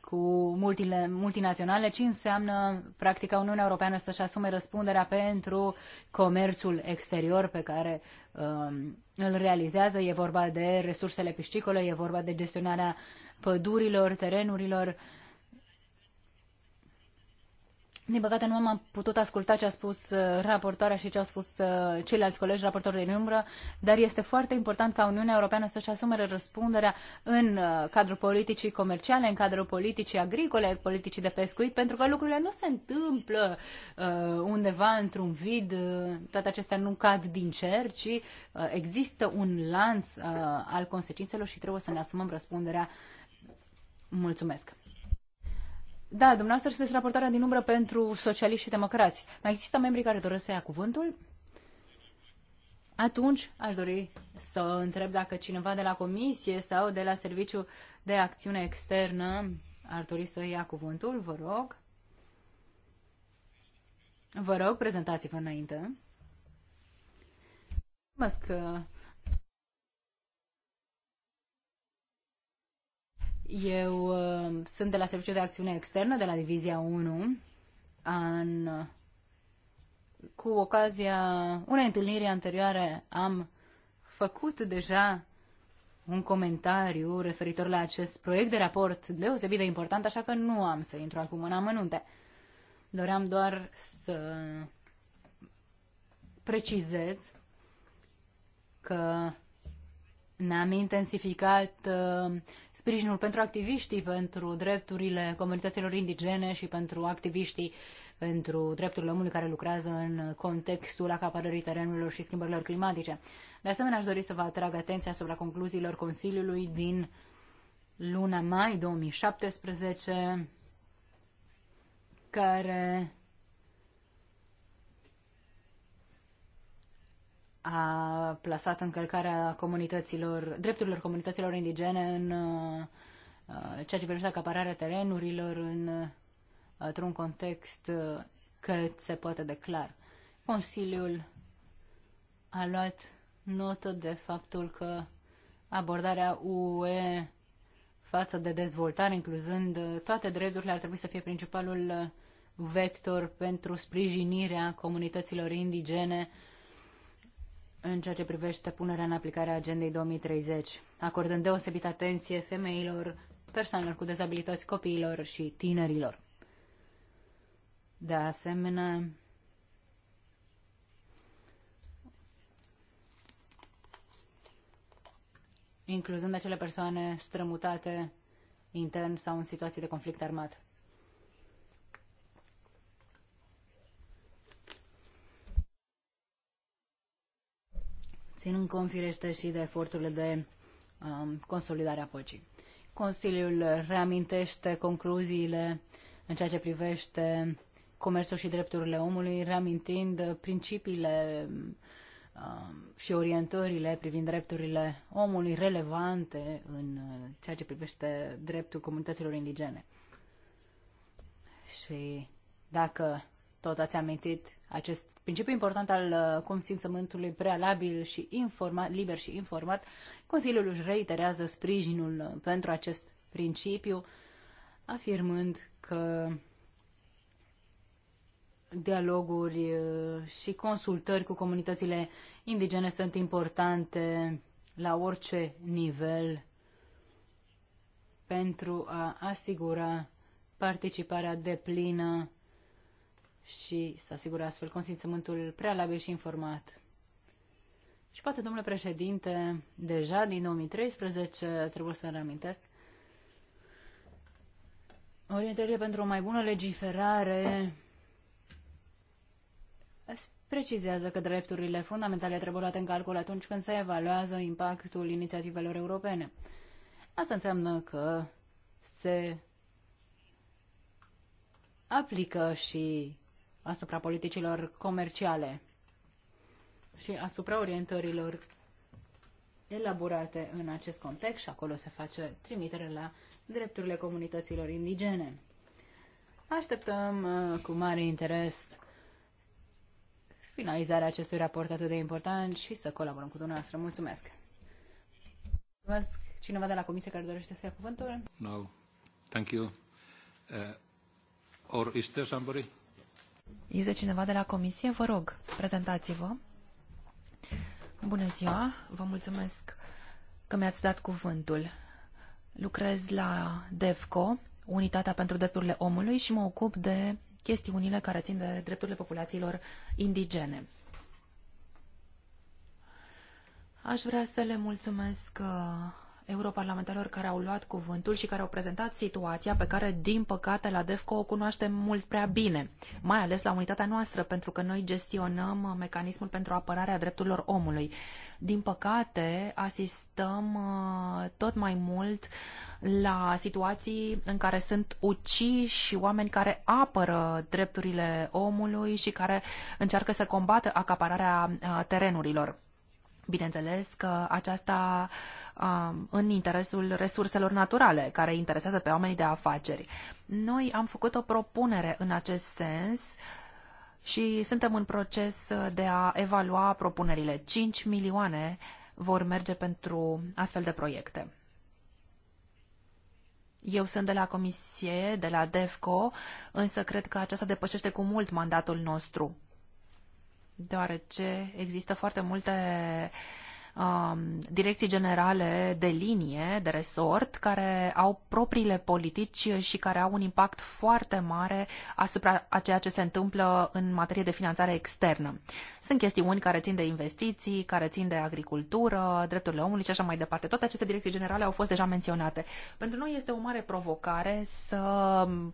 cu multile, multinaționale, ci înseamnă practica Uniunea Europeană să-și asume răspunderea pentru comerțul exterior pe care um, îl realizează. E vorba de resursele piscicole, e vorba de gestionarea pădurilor, terenurilor, uh, din păcate nu am putut asculta ce a spus uh, raportoarea și ce au spus uh, ceilalți colegi raportori din umbră, dar este foarte important ca Uniunea Europeană să-și asume răspunderea în uh, cadrul politicii comerciale, în cadrul politicii agricole, politicii de pescuit, pentru că lucrurile nu se întâmplă undeva într-un vid, toate acestea nu cad din cer, ci există un lanț al consecințelor și trebuie să ne asumăm răspunderea. Mulțumesc! Da, dumneavoastră sunteți raportarea din umbră pentru socialiști și democrați. Mai există membri care doresc să ia cuvântul? Atunci aș dori să întreb dacă cineva de la comisie sau de la serviciu de acțiune externă ar dori să ia cuvântul, vă rog. Vă rog, prezentați-vă înainte. Mulțumesc, Eu uh, sunt de la Serviciul de Acțiune Externă, de la Divizia 1, în, cu ocazia unei întâlniri anterioare am făcut deja un comentariu referitor la acest proiect de raport deosebit de important, așa că nu am să intru acum în amănunte. Doream doar să precizez că ne-am intensificat uh, sprijinul pentru activiștii, pentru drepturile comunităților indigene și pentru activiștii pentru drepturile omului care lucrează în contextul acapărării terenurilor și schimbărilor climatice. De asemenea, aș dori să vă atrag atenția asupra concluziilor Consiliului din luna mai 2017, care a plasat încălcarea comunităților, drepturilor comunităților indigene în uh, uh, ceea ce privește acapararea terenurilor în, uh, într-un context cât se poate de clar. Consiliul a luat notă de faptul că abordarea UE față de dezvoltare, incluzând toate drepturile, ar trebui să fie principalul vector pentru sprijinirea comunităților indigene în ceea ce privește punerea în aplicare a Agendei 2030, acordând deosebită atenție femeilor, persoanelor cu dezabilități, copiilor și tinerilor. De asemenea, incluzând acele persoane strămutate intern sau în situații de conflict armat. ținând cont firește și de eforturile de um, consolidare a păcii. Consiliul reamintește concluziile în ceea ce privește comerțul și drepturile omului, reamintind principiile um, și orientările privind drepturile omului relevante în uh, ceea ce privește dreptul comunităților indigene. Și dacă tot ați amintit acest principiu important al uh, consimțământului prealabil și informat, liber și informat, Consiliul își reiterează sprijinul uh, pentru acest principiu, afirmând că dialoguri uh, și consultări cu comunitățile indigene sunt importante la orice nivel pentru a asigura participarea deplină și să asigure astfel consimțământul prealabil și informat. Și poate, domnule președinte, deja din 2013, trebuie să reamintesc, orientările pentru o mai bună legiferare precizează că drepturile fundamentale trebuie luate în calcul atunci când se evaluează impactul inițiativelor europene. Asta înseamnă că se aplică și asupra politicilor comerciale și asupra orientărilor elaborate în acest context și acolo se face trimitere la drepturile comunităților indigene. Așteptăm uh, cu mare interes finalizarea acestui raport atât de important și să colaborăm cu dumneavoastră. Mulțumesc! Mulțumesc! Cineva de la comisie care dorește să ia cuvântul?
No. Thank you. Uh, or is there somebody?
Este cineva de la comisie? Vă rog, prezentați-vă. Bună ziua, vă mulțumesc că mi-ați dat cuvântul. Lucrez la DEVCO, Unitatea pentru Drepturile Omului și mă ocup de chestiunile care țin de drepturile populațiilor indigene. Aș vrea să le mulțumesc uh, europarlamentarilor care au luat cuvântul și care au prezentat situația pe care, din păcate, la DEFCO o cunoaștem mult prea bine, mai ales la unitatea noastră, pentru că noi gestionăm mecanismul pentru apărarea drepturilor omului. Din păcate, asistăm uh, tot mai mult la situații în care sunt uciși oameni care apără drepturile omului și care încearcă să combată acapararea uh, terenurilor. Bineînțeles că aceasta în interesul resurselor naturale, care interesează pe oamenii de afaceri. Noi am făcut o propunere în acest sens și suntem în proces de a evalua propunerile. 5 milioane vor merge pentru astfel de proiecte. Eu sunt de la Comisie, de la DEFCO, însă cred că aceasta depășește cu mult mandatul nostru, deoarece există foarte multe uh, Um, direcții generale de linie, de resort, care au propriile politici și care au un impact foarte mare asupra a ceea ce se întâmplă în materie de finanțare externă. Sunt chestiuni care țin de investiții, care țin de agricultură, drepturile omului și așa mai departe. Toate aceste direcții generale au fost deja menționate. Pentru noi este o mare provocare să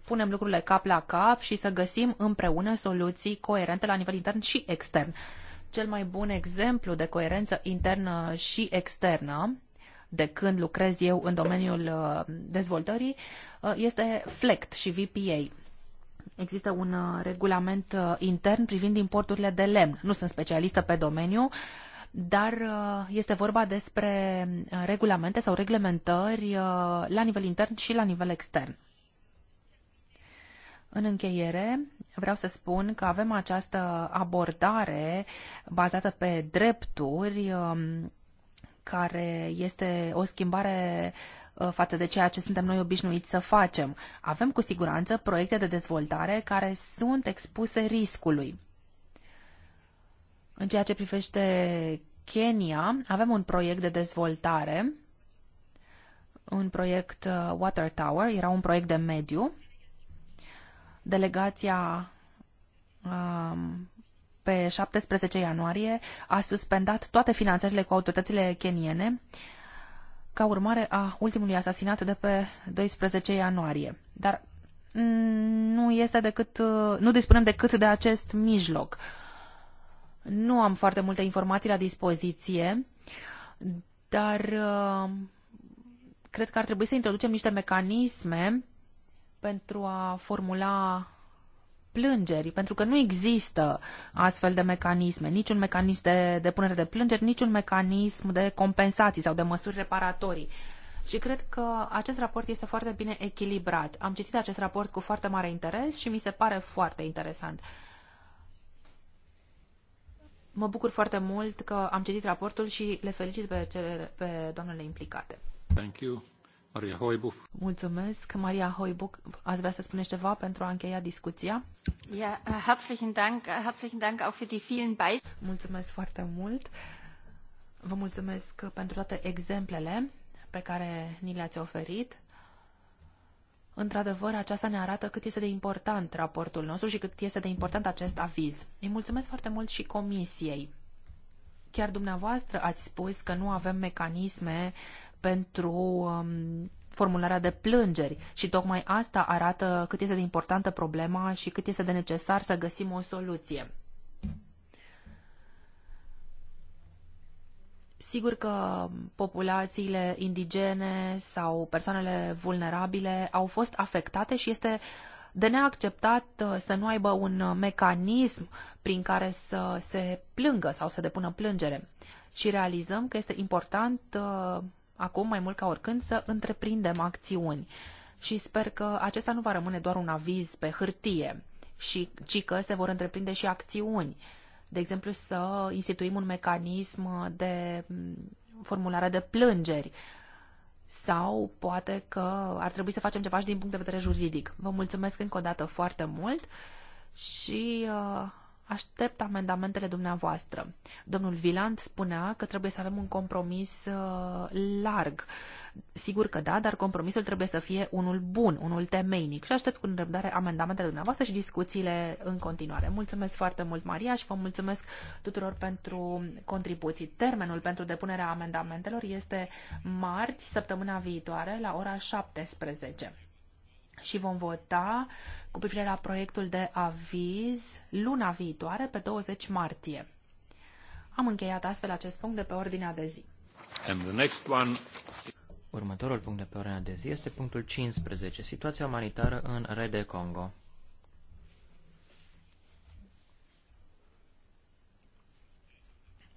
punem lucrurile cap la cap și să găsim împreună soluții coerente la nivel intern și extern cel mai bun exemplu de coerență internă și externă de când lucrez eu în domeniul uh, dezvoltării uh, este FLECT și VPA. Există un uh, regulament intern privind importurile de lemn. Nu sunt specialistă pe domeniu, dar este vorba despre regulamente sau reglementări la nivel intern și la nivel extern. În încheiere, vreau să spun că avem această abordare bazată pe drepturi um, care este o schimbare uh, față de ceea ce suntem noi obișnuiți să facem. Avem cu siguranță proiecte de dezvoltare care sunt expuse riscului. În ceea ce privește Kenya, avem un proiect de dezvoltare, un proiect uh, Water Tower, era un proiect de mediu Delegația um, pe 17 ianuarie a suspendat toate finanțările cu autoritățile keniene ca urmare a ultimului asasinat de pe 12 ianuarie. Dar mm, nu este decât, uh, nu dispunem decât de acest mijloc. Nu am foarte multe informații la dispoziție, dar uh, cred că ar trebui să introducem niște mecanisme pentru a formula plângeri, pentru că nu există astfel de mecanisme, niciun mecanism de depunere de plângeri, niciun mecanism de compensații sau de măsuri reparatorii. Și cred că acest raport este foarte bine echilibrat. Am citit acest raport cu foarte mare interes și mi se pare foarte interesant. Mă bucur foarte mult că am citit raportul și le felicit pe, cele, pe doamnele implicate.
Thank you. Maria Hoibuf.
Mulțumesc. Maria Hoibuf, ați vrea să spuneți ceva pentru a încheia discuția?
Ja, äh, herzlichen Dank, äh, herzlichen Dank auch für die vielen Beispiele.
Mulțumesc foarte mult. Vă mulțumesc pentru toate exemplele pe care ni le-ați oferit. Într-adevăr, aceasta ne arată cât este de important raportul nostru și cât este de important acest aviz. Îi mulțumesc foarte mult și comisiei. Chiar dumneavoastră ați spus că nu avem mecanisme uh, pentru um, formularea de plângeri și tocmai asta arată cât este de importantă problema și cât este de necesar să găsim o soluție. Sigur că populațiile indigene sau persoanele vulnerabile au fost afectate și este de neacceptat uh, să nu aibă un mecanism prin care să se plângă sau să depună plângere. Și realizăm că este important uh, acum mai mult ca oricând să întreprindem acțiuni și sper că acesta nu va rămâne doar un aviz pe hârtie, și, ci că se vor întreprinde și acțiuni. De exemplu, să instituim un mecanism de mm, formulare de plângeri sau poate că ar trebui să facem ceva și din punct de vedere juridic. Vă mulțumesc încă o dată foarte mult și uh, Aștept amendamentele dumneavoastră. Domnul Viland spunea că trebuie să avem un compromis uh, larg. Sigur că da, dar compromisul trebuie să fie unul bun, unul temeinic și aștept cu nerăbdare amendamentele dumneavoastră și discuțiile în continuare. Mulțumesc foarte mult, Maria, și vă mulțumesc tuturor pentru contribuții. Termenul pentru depunerea amendamentelor este marți, săptămâna viitoare, la ora 17 și vom vota cu privire la proiectul de aviz luna viitoare, pe 20 martie. Am încheiat astfel acest punct de pe ordinea de zi.
And the next one...
Următorul punct de pe ordinea de zi este punctul 15, situația umanitară în Rede Congo.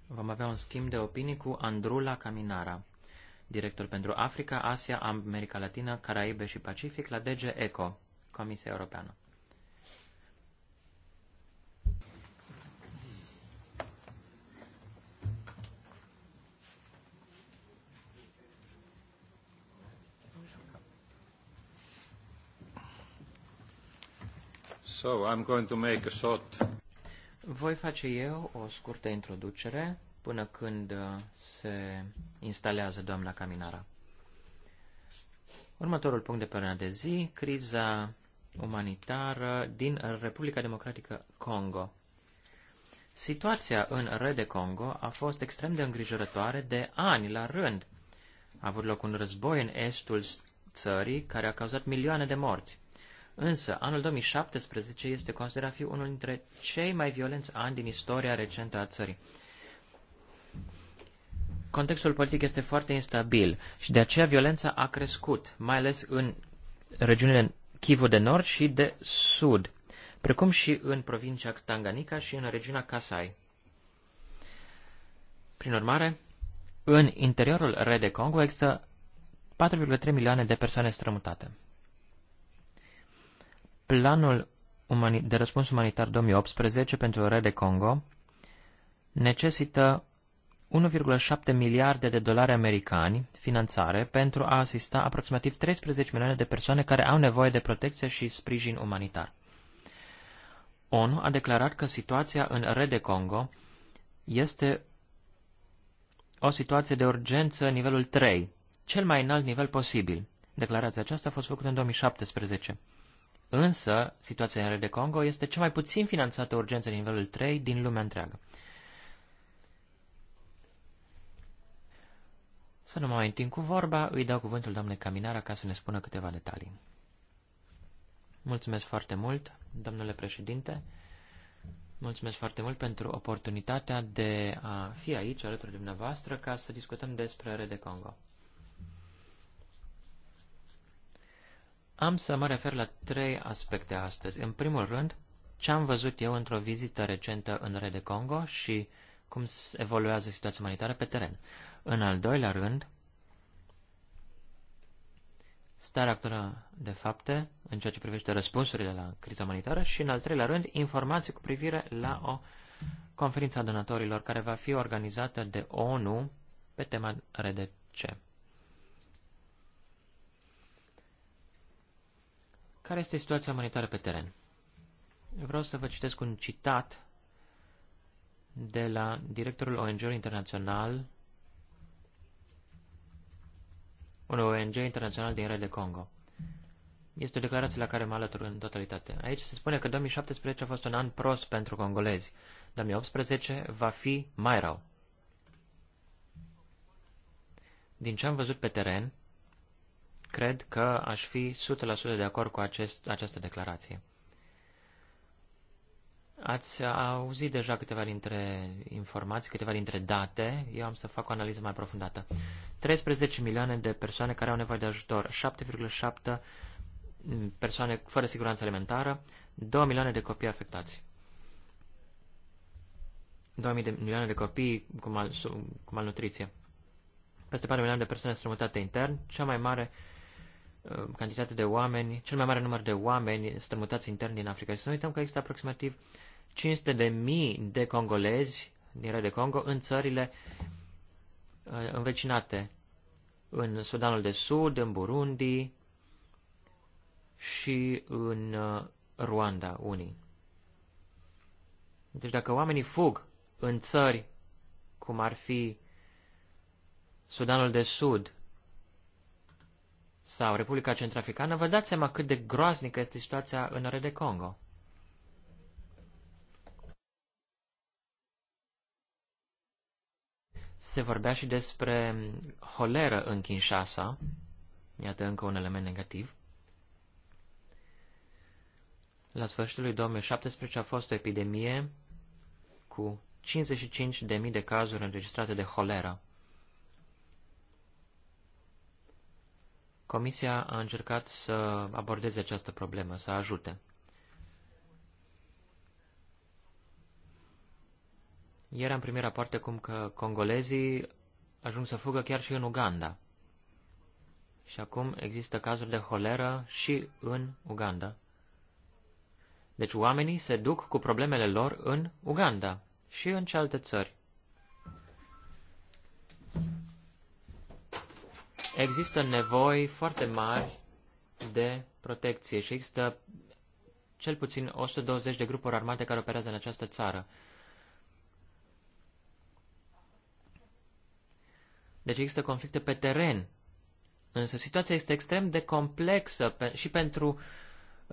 Vom avea un schimb de opinii cu Andrula Caminara director pentru Africa, Asia, America Latină, Caraibe și Pacific la DG ECO, Comisia Europeană.
So, I'm going to make a short...
Voi face eu o scurtă introducere până când uh, se instalează doamna Caminara. Următorul punct de pe de zi, criza umanitară din Republica Democratică Congo. Situația în Rede Congo a fost extrem de îngrijorătoare de ani la rând. A avut loc un război în estul țării care a cauzat milioane de morți. Însă, anul 2017 este considerat fi unul dintre cei mai violenți ani din istoria recentă a țării contextul politic este foarte instabil și de aceea violența a crescut, mai ales în regiunile Kivu de Nord și de Sud, precum și în provincia Tanganyika și în regiunea Kasai. Prin urmare, în interiorul Rede Congo există 4,3 milioane de persoane strămutate. Planul de răspuns umanitar 2018 pentru Rede Congo necesită 1,7 miliarde de dolari americani finanțare pentru a asista aproximativ 13 milioane de persoane care au nevoie de protecție și sprijin umanitar. ONU a declarat că situația în Rede Congo este o situație de urgență nivelul 3, cel mai înalt nivel posibil. Declarația aceasta a fost făcută în 2017. Însă, situația în Rede Congo este cea mai puțin finanțată urgență nivelul 3 din lumea întreagă. Să nu mai întind cu vorba, îi dau cuvântul doamnei Caminara ca să ne spună câteva detalii. Mulțumesc foarte mult, domnule președinte. Mulțumesc foarte mult pentru oportunitatea de a fi aici alături de dumneavoastră ca să discutăm despre Rede Congo. Am să mă refer la trei aspecte astăzi. În primul rând, ce am văzut eu într-o vizită recentă în Rede Congo și cum evoluează situația umanitară pe teren. În al doilea rând, starea actuală de fapte în ceea ce privește răspunsurile la criza umanitară și, în al treilea rând, informații cu privire la o conferință a donatorilor care va fi organizată de ONU pe tema RDC. Care este situația umanitară pe teren? Vreau să vă citesc un citat de la directorul ONG-ului internațional Un ONG internațional din Rele Congo. Este o declarație la care mă alătur în totalitate. Aici se spune că 2017 a fost un an prost pentru congolezi. 2018 va fi mai rău. Din ce am văzut pe teren, cred că aș fi 100% de acord cu acest, această declarație. Ați auzit deja câteva dintre informații, câteva dintre date. Eu am să fac o analiză mai profundată. 13 milioane de persoane care au nevoie de ajutor, 7,7 persoane fără siguranță alimentară, 2 milioane de copii afectați. 2 milioane de copii cu, mal, cu malnutriție. Peste 4 milioane de persoane strămutate intern, cea mai mare uh, cantitate de oameni, cel mai mare număr de oameni strămutați intern din Africa. Și să nu uităm că există aproximativ 500 de mii de congolezi din de Congo în țările uh, învecinate, în Sudanul de Sud, în Burundi și în uh, Rwanda, unii. Deci dacă oamenii fug în țări cum ar fi Sudanul de Sud sau Republica Centrafricană, vă dați seama cât de groaznică este situația în de Congo. Se vorbea și despre holeră în Kinshasa. Iată încă un element negativ. La sfârșitul lui 2017 a fost o epidemie cu 55.000 de cazuri înregistrate de holeră. Comisia a încercat să abordeze această problemă, să ajute. Ieri am primit rapoarte cum că congolezii ajung să fugă chiar și în Uganda. Și acum există cazuri de holeră și în Uganda. Deci oamenii se duc cu problemele lor în Uganda și în cealaltă țări. Există nevoi foarte mari de protecție și există cel puțin 120 de grupuri armate care operează în această țară. Deci există conflicte pe teren. Însă situația este extrem de complexă pe, și pentru,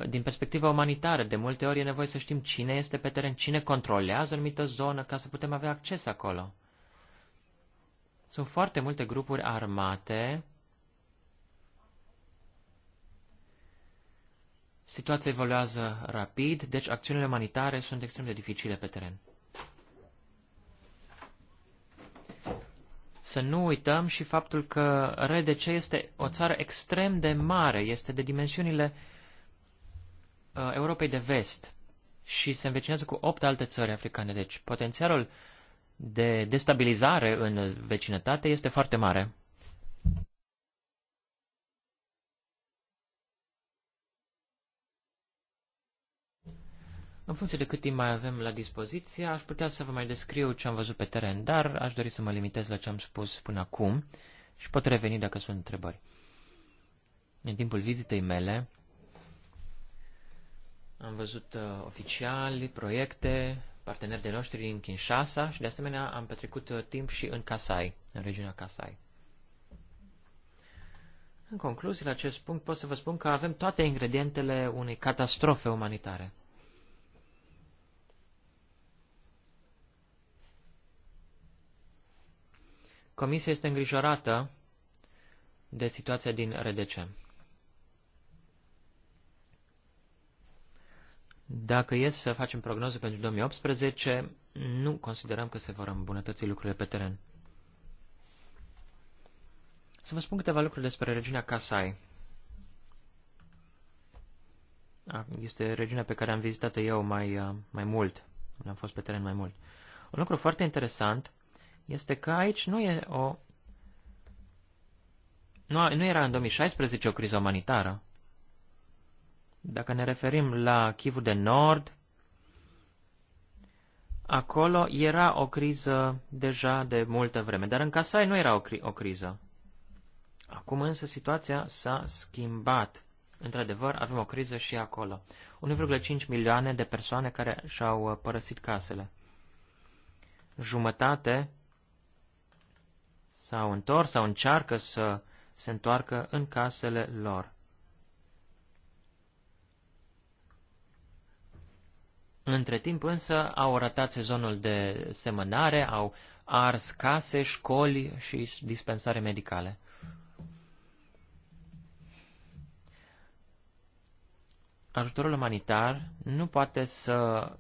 din perspectiva umanitară. De multe ori e nevoie să știm cine este pe teren, cine controlează o anumită zonă ca să putem avea acces acolo. Sunt foarte multe grupuri armate. Situația evoluează rapid, deci acțiunile umanitare sunt extrem de dificile pe teren. Să nu uităm și faptul că RDC este o țară extrem de mare, este de dimensiunile uh, Europei de vest și se învecinează cu opt alte țări africane. Deci potențialul de destabilizare în vecinătate este foarte mare. În funcție de cât timp mai avem la dispoziție, aș putea să vă mai descriu ce am văzut pe teren, dar aș dori să mă limitez la ce am spus până acum și pot reveni dacă sunt întrebări. În timpul vizitei mele am văzut uh, oficiali, proiecte, parteneri de noștri din Kinshasa și de asemenea am petrecut uh, timp și în Kasai, în regiunea Kasai. În concluzie, la acest punct pot să vă spun că avem toate ingredientele unei catastrofe umanitare. Comisia este îngrijorată de situația din RDC. Dacă e să facem prognoze pentru 2018, nu considerăm că se vor îmbunătăți lucrurile pe teren. Să vă spun câteva lucruri despre regiunea Kasai. Este regiunea pe care am vizitat-o eu mai, uh, mai mult. Am fost pe teren mai mult. Un lucru foarte interesant este că aici nu e o... Nu, nu era în 2016 o criză umanitară. Dacă ne referim la Chivul de Nord, acolo era o criză deja de multă vreme, dar în Casai nu era o, cri- o criză. Acum însă situația s-a schimbat. Într-adevăr, avem o criză și acolo. 1,5 milioane de persoane care și-au uh, părăsit casele. Jumătate s-au întors sau încearcă să se întoarcă în casele lor. Între timp însă au ratat sezonul de semănare, au ars case, școli și dispensare medicale. Ajutorul umanitar nu poate să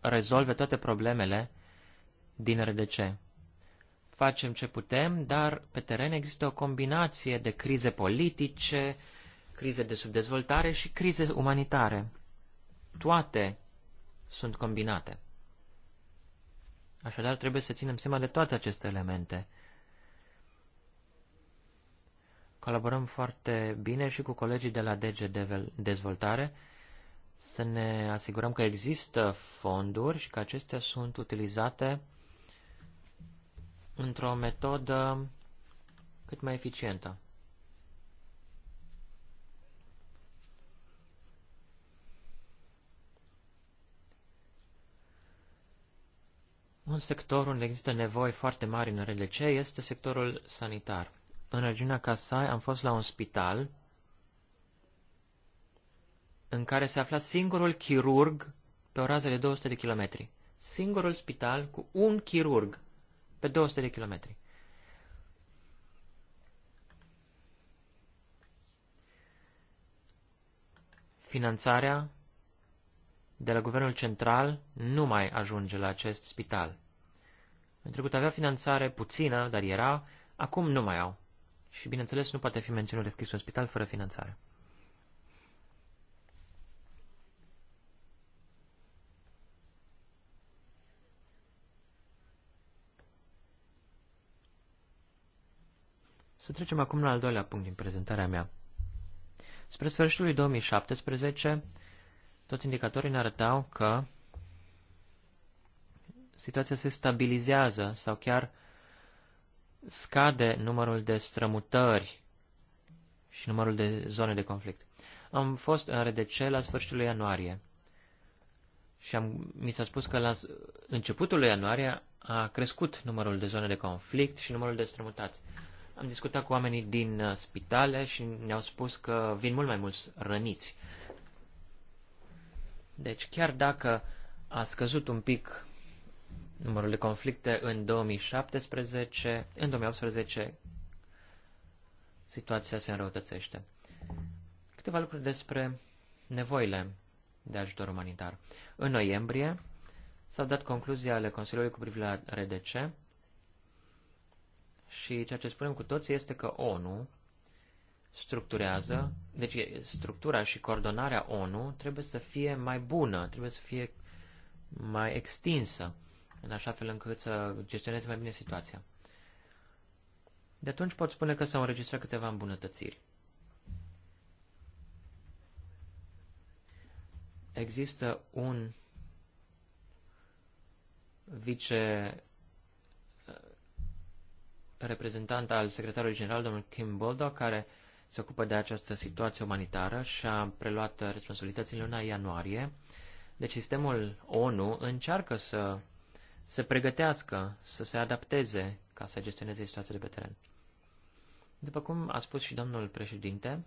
rezolve toate problemele din RDC facem ce putem, dar pe teren există o combinație de crize politice, crize de subdezvoltare și crize umanitare. Toate sunt combinate. Așadar, trebuie să ținem seama de toate aceste elemente. Colaborăm foarte bine și cu colegii de la DG Dezvoltare să ne asigurăm că există fonduri și că acestea sunt utilizate într-o metodă cât mai eficientă. Un sector unde există nevoi foarte mari în RLC este sectorul sanitar. În regiunea Casai am fost la un spital în care se afla singurul chirurg pe o rază de 200 de kilometri. Singurul spital cu un chirurg pe 200 de kilometri. Finanțarea de la guvernul central nu mai ajunge la acest spital. În trecut avea finanțare puțină, dar era, acum nu mai au. Și bineînțeles nu poate fi menținut deschis un spital fără finanțare. Să trecem acum la al doilea punct din prezentarea mea. Spre sfârșitul lui 2017, toți indicatorii ne arătau că situația se stabilizează sau chiar scade numărul de strămutări și numărul de zone de conflict. Am fost în RDC la sfârșitul lui ianuarie și am, mi s-a spus că la începutul lui ianuarie a crescut numărul de zone de conflict și numărul de strămutați. Am discutat cu oamenii din uh, spitale și ne-au spus că vin mult mai mulți răniți. Deci chiar dacă a scăzut un pic numărul de conflicte în 2017, în 2018 situația se înrăutățește. Câteva lucruri despre nevoile de ajutor umanitar. În noiembrie s-au dat concluzia ale Consiliului cu privire la RDC și ceea ce spunem cu toții este că ONU structurează, deci structura și coordonarea ONU trebuie să fie mai bună, trebuie să fie mai extinsă, în așa fel încât să gestioneze mai bine situația. De atunci pot spune că s-au înregistrat câteva îmbunătățiri. Există un vice reprezentant al secretarului general, domnul Kim Boldo care se ocupă de această situație umanitară și a preluat responsabilitățile în luna ianuarie. Deci sistemul ONU încearcă să se pregătească, să se adapteze ca să gestioneze situația de pe teren. După cum a spus și domnul președinte,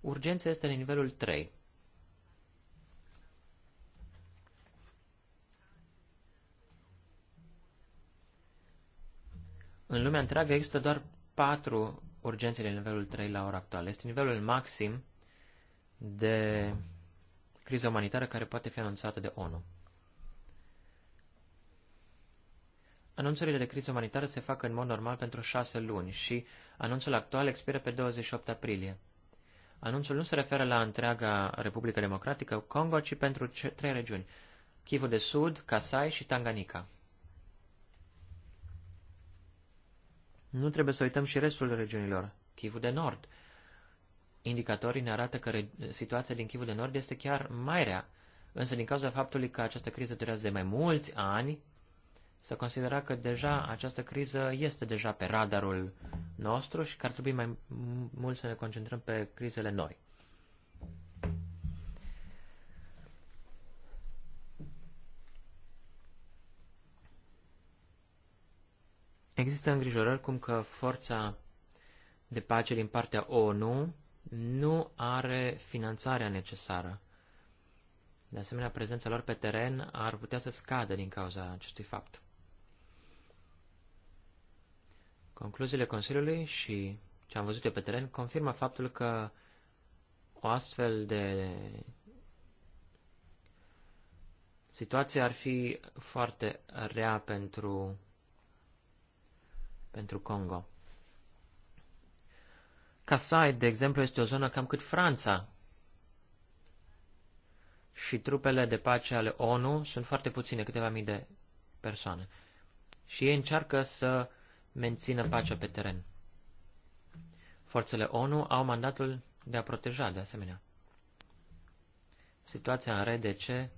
urgența este la nivelul 3. În lumea întreagă există doar patru urgențe de nivelul 3 la ora actuală. Este nivelul maxim de criză umanitară care poate fi anunțată de ONU. Anunțurile de criză umanitară se fac în mod normal pentru șase luni și anunțul actual expiră pe 28 aprilie. Anunțul nu se referă la întreaga Republică Democratică Congo, ci pentru trei regiuni, Kivu de Sud, Kasai și Tanganyika. Nu trebuie să uităm și restul regiunilor, Chivul de Nord. Indicatorii ne arată că situația din Chivul de Nord este chiar mai rea, însă din cauza faptului că această criză durează de mai mulți ani, să considera că deja această criză este deja pe radarul nostru și că ar trebui mai mult să ne concentrăm pe crizele noi. Există îngrijorări cum că forța de pace din partea ONU nu are finanțarea necesară. De asemenea, prezența lor pe teren ar putea să scadă din cauza acestui fapt. Concluziile Consiliului și ce am văzut eu pe teren confirmă faptul că o astfel de situație ar fi foarte rea pentru pentru Congo. Kasai, de exemplu, este o zonă cam cât Franța. Și trupele de pace ale ONU sunt foarte puține, câteva mii de persoane. Și ei încearcă să mențină pacea pe teren. Forțele ONU au mandatul de a proteja, de asemenea. Situația în RDC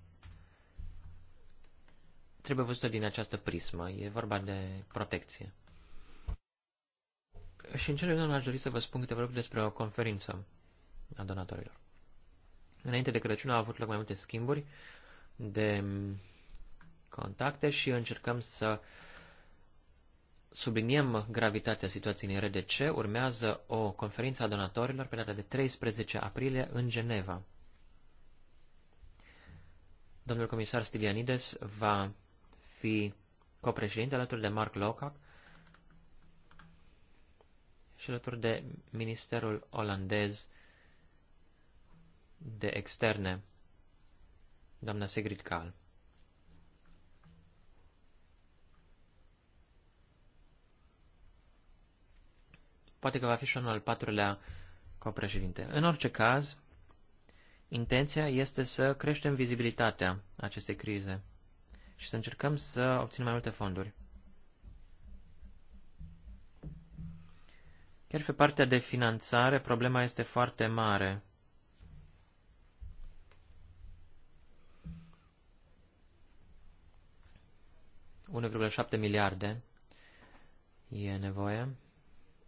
trebuie văzută din această prismă. E vorba de protecție. Și în cele din urmă aș dori să vă spun câteva lucruri despre o conferință a donatorilor. Înainte de Crăciun au avut loc mai multe schimburi de contacte și încercăm să subliniem gravitatea situației în RDC. Urmează o conferință a donatorilor pe data de 13 aprilie în Geneva. Domnul comisar Stilianides va fi copreședinte alături de Mark Lowcock, și alături de Ministerul Olandez de Externe, doamna Sigrid Kahl. Poate că va fi și unul al patrulea copreședinte. În orice caz, intenția este să creștem vizibilitatea acestei crize și să încercăm să obținem mai multe fonduri. Chiar pe partea de finanțare, problema este foarte mare. ,7 miliarde e nevoie.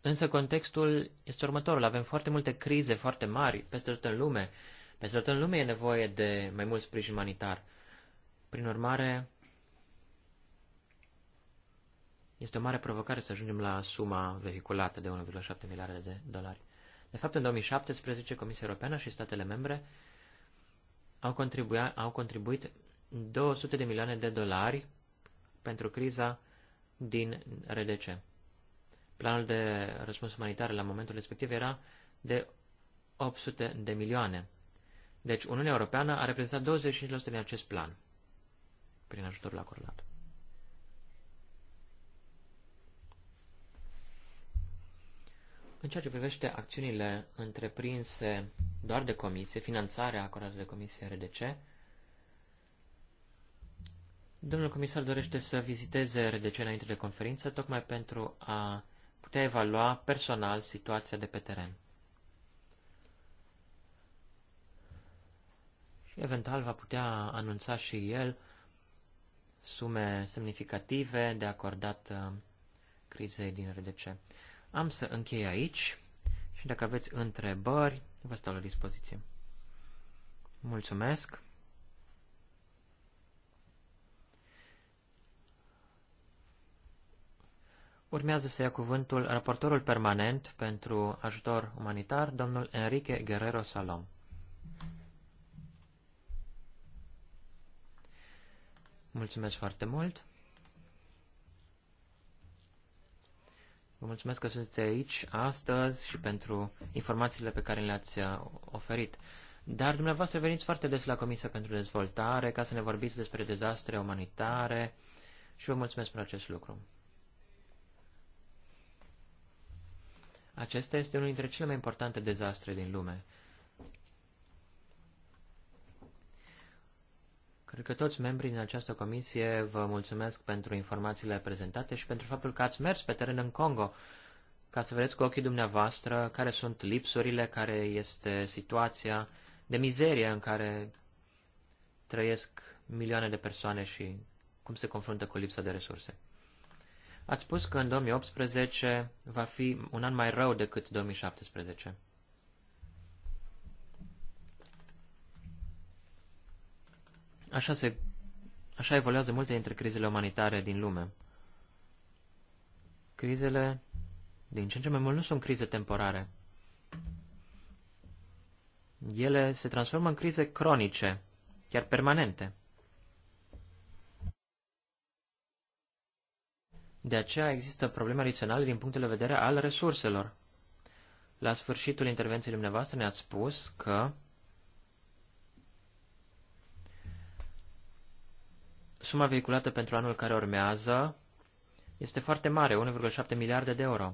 Însă contextul este următorul. Avem foarte multe crize foarte mari peste tot în lume. Peste tot în lume e nevoie de mai mult sprijin umanitar. Prin urmare, este o mare provocare să ajungem la suma vehiculată de 1,7 miliarde de dolari. De fapt, în 2017, Comisia Europeană și statele membre au, au contribuit 200 de milioane de dolari pentru criza din RDC. Planul de răspuns umanitar la momentul respectiv era de 800 de milioane. Deci Uniunea Europeană a reprezentat 25% din acest plan prin ajutorul acordat. În ceea ce privește acțiunile întreprinse doar de comisie, finanțarea acordată de comisie RDC, domnul comisar dorește să viziteze RDC înainte de conferință, tocmai pentru a putea evalua personal situația de pe teren. Și eventual va putea anunța și el sume semnificative de acordat uh, crizei din RDC. Am să închei aici și dacă aveți întrebări, vă stau la dispoziție. Mulțumesc! Urmează să ia cuvântul raportorul permanent pentru ajutor umanitar, domnul Enrique Guerrero Salom. Mulțumesc foarte mult! Vă mulțumesc că sunteți aici astăzi și pentru informațiile pe care le-ați uh, oferit. Dar dumneavoastră veniți foarte des la Comisia pentru Dezvoltare ca să ne vorbiți despre dezastre umanitare și vă mulțumesc pentru acest lucru. Acesta este unul dintre cele mai importante dezastre din lume. Cred că toți membrii din această comisie vă mulțumesc pentru informațiile prezentate și pentru faptul că ați mers pe teren în Congo ca să vedeți cu ochii dumneavoastră care sunt lipsurile, care este situația de mizerie în care trăiesc milioane de persoane și cum se confruntă cu lipsa de resurse. Ați spus că în 2018 va fi un an mai rău decât 2017. Așa, se, așa evoluează multe dintre crizele umanitare din lume. Crizele, din ce în ce mai mult, nu sunt crize temporare. Ele se transformă în crize cronice, chiar permanente. De aceea există probleme adiționale din punctul de vedere al resurselor. La sfârșitul intervenției dumneavoastră ne-ați spus că Suma vehiculată pentru anul care urmează este foarte mare, 1,7 miliarde de euro.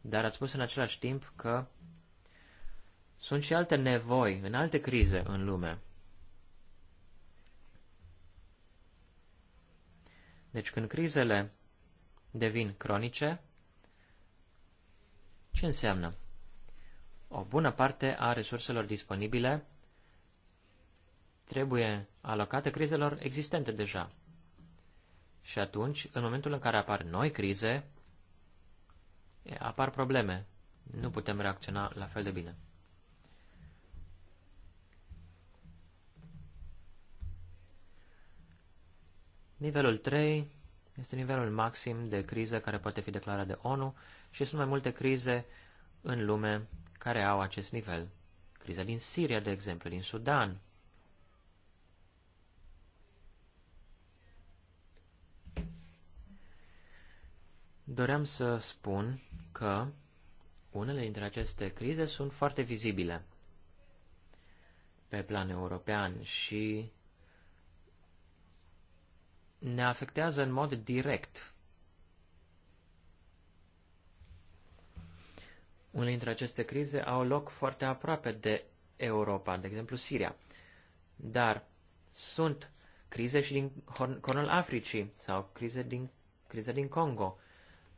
Dar ați spus în același timp că sunt și alte nevoi în alte crize în lume. Deci când crizele devin cronice, ce înseamnă? O bună parte a resurselor disponibile trebuie alocată crizelor existente deja. Și atunci, în momentul în care apar noi crize, apar probleme. Nu putem reacționa la fel de bine. Nivelul 3 este nivelul maxim de criză care poate fi declarat de ONU și sunt mai multe crize în lume care au acest nivel. Criza din Siria, de exemplu, din Sudan, Doream să spun că unele dintre aceste crize sunt foarte vizibile pe plan european și ne afectează în mod direct. Unele dintre aceste crize au loc foarte aproape de Europa, de exemplu Siria. Dar sunt crize și din Cornul Africii sau crize din, crize din Congo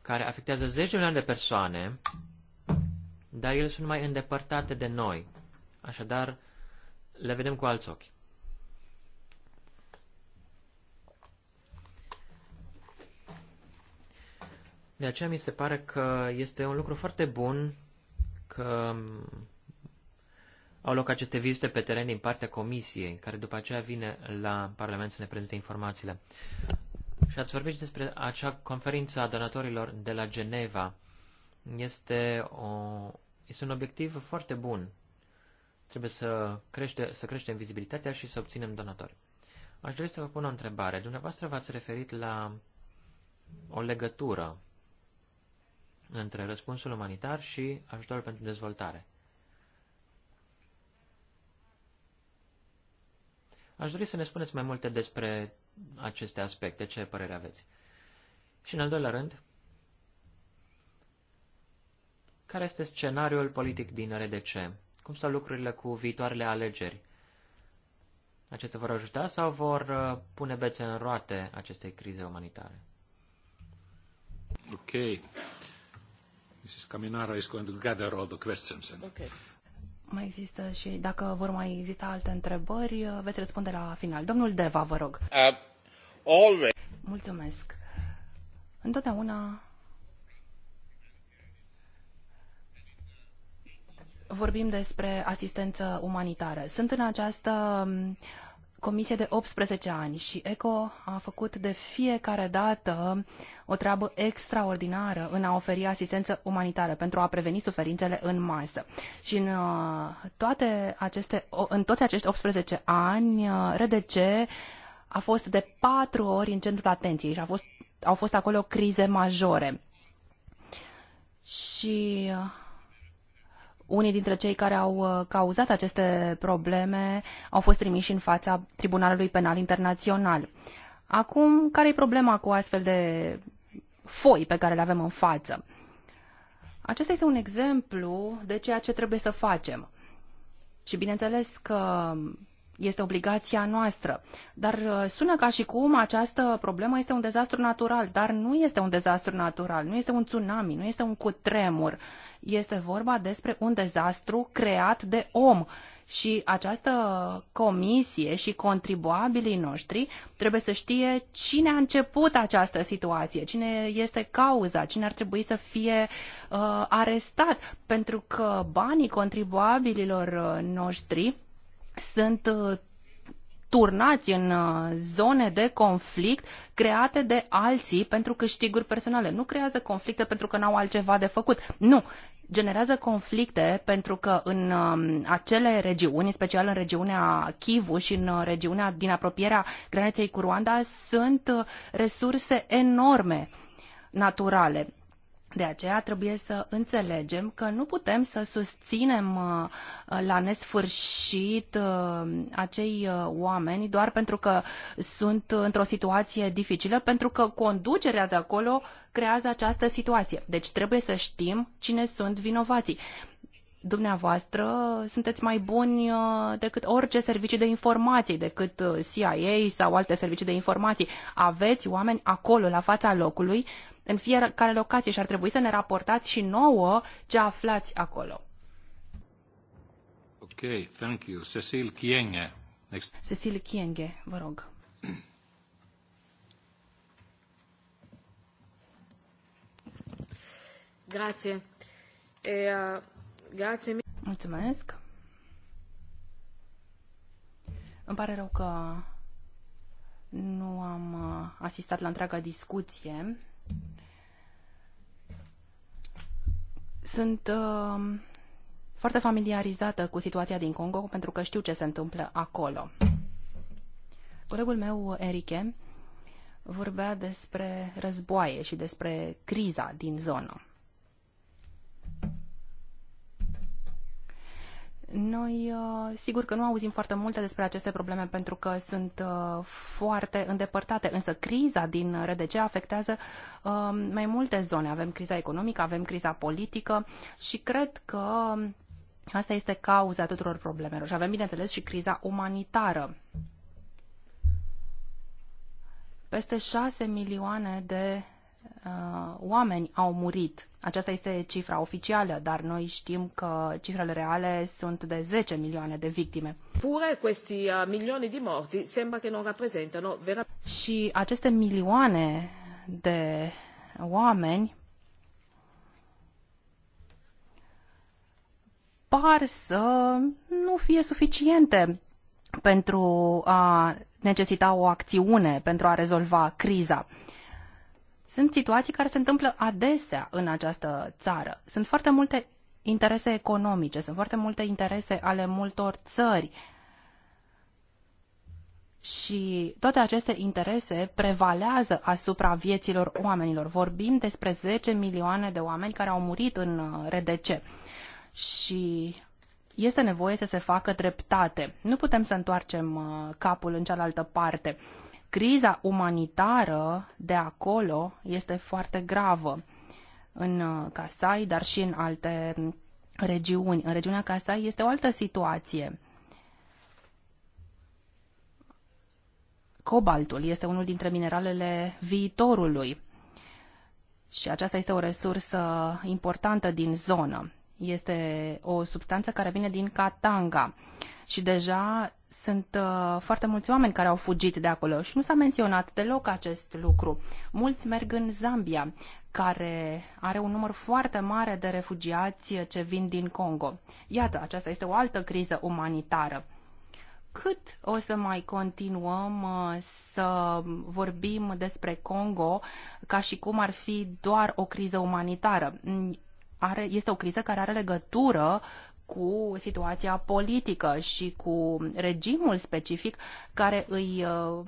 care afectează zeci de milioane de persoane, dar ele sunt mai îndepărtate de noi. Așadar, le vedem cu alți ochi. De aceea mi se pare că este un lucru foarte bun că au loc aceste vizite pe teren din partea comisiei, care după aceea vine la Parlament să ne prezinte informațiile. Și ați vorbit despre acea conferință a donatorilor de la Geneva. Este, o, este un obiectiv foarte bun. Trebuie să, crește, să creștem vizibilitatea și să obținem donatori. Aș dori să vă pun o întrebare. Dumneavoastră v-ați referit la o legătură între răspunsul umanitar și ajutorul pentru dezvoltare. Aș dori să ne spuneți mai multe despre aceste aspecte. Ce părere aveți? Și în al doilea rând, care este scenariul politic din RDC? Cum stau lucrurile cu viitoarele alegeri? Acestea vor ajuta sau vor uh, pune bețe în roate acestei crize umanitare?
Ok. Mrs. Caminara is going to gather all the questions. And...
Okay. Mai există și dacă vor mai exista alte întrebări, veți răspunde la final. Domnul Deva, vă rog.
Uh, always.
Mulțumesc. Întotdeauna vorbim despre asistență umanitară. Sunt în această comisie de 18 ani și ECO a făcut de fiecare dată o treabă extraordinară în a oferi asistență umanitară pentru a preveni suferințele în masă. Și în, uh, toate aceste, în toți acești 18 ani, uh, RDC a fost de patru ori în centrul atenției și a fost, au fost acolo crize majore. Și uh, unii dintre cei care au uh, cauzat aceste probleme au fost trimiși în fața Tribunalului Penal Internațional. Acum, care e problema cu astfel de foi pe care le avem în față? Acesta este un exemplu de ceea ce trebuie să facem. Și bineînțeles că este obligația noastră. Dar uh, sună ca și cum această problemă este un dezastru natural, dar nu este un dezastru natural, nu este un tsunami, nu este un cutremur. Este vorba despre un dezastru creat de om. Și această comisie și contribuabilii noștri trebuie să știe cine a început această situație, cine este cauza, cine ar trebui să fie uh, arestat, pentru că banii contribuabililor uh, noștri sunt uh, turnați în uh, zone de conflict create de alții pentru câștiguri personale. Nu creează conflicte pentru că n-au altceva de făcut. Nu! Generează conflicte pentru că în um, acele regiuni, în special în regiunea Kivu și în uh, regiunea din apropierea graniței cu Rwanda, sunt resurse enorme naturale de aceea trebuie să înțelegem că nu putem să susținem uh, la nesfârșit uh, acei uh, oameni doar pentru că sunt într-o situație dificilă, pentru că conducerea de acolo creează această situație. Deci trebuie să știm cine sunt vinovații dumneavoastră sunteți mai buni decât orice servicii de informații, decât CIA sau alte servicii de informații. Aveți oameni acolo, la fața locului, în fiecare locație și ar trebui să ne raportați și nouă ce aflați acolo.
Ok, thank you. Cecil Kienge, Next.
Cecil Kienge, vă rog.
Grazie. E, uh,
grazie. Mulțumesc. Îmi pare rău că nu am uh, asistat la întreaga discuție sunt uh, foarte familiarizată cu situația din Congo pentru că știu ce se întâmplă acolo. Colegul meu, Erike, vorbea despre războaie și despre criza din zonă. Noi uh, sigur că nu auzim foarte multe despre aceste probleme pentru că sunt uh, foarte îndepărtate, însă criza din RDC afectează um, mai multe zone. Avem criza economică, avem criza politică și cred că asta este cauza tuturor problemelor. Și avem, bineînțeles, și criza umanitară. Peste șase milioane de uh, oameni au murit. Aceasta este cifra oficială, dar noi știm că cifrele reale sunt de 10 milioane de victime.
Pure questi uh,
milioni di morti sembra che non rappresentano vera... Și aceste milioane de oameni par să nu fie suficiente pentru a necesita o acțiune pentru a rezolva criza. Sunt situații care se întâmplă adesea în această țară. Sunt foarte multe interese economice, sunt foarte multe interese ale multor țări și toate aceste interese prevalează asupra vieților oamenilor. Vorbim despre 10 milioane de oameni care au murit în uh, RDC și este nevoie să se facă dreptate. Nu putem să întoarcem uh, capul în cealaltă parte criza umanitară de acolo este foarte gravă în Casai, uh, dar și în alte regiuni. În regiunea Casai este o altă situație. Cobaltul este unul dintre mineralele viitorului și aceasta este o resursă importantă din zonă. Este o substanță care vine din Katanga și deja sunt uh, foarte mulți oameni care au fugit de acolo și nu s-a menționat deloc acest lucru. Mulți merg în Zambia, care are un număr foarte mare de refugiați ce vin din Congo. Iată, aceasta este o altă criză umanitară. Cât o să mai continuăm uh, să vorbim despre Congo ca și cum ar fi doar o criză umanitară? Are, este o criză care are legătură cu situația politică și cu regimul specific care îi uh,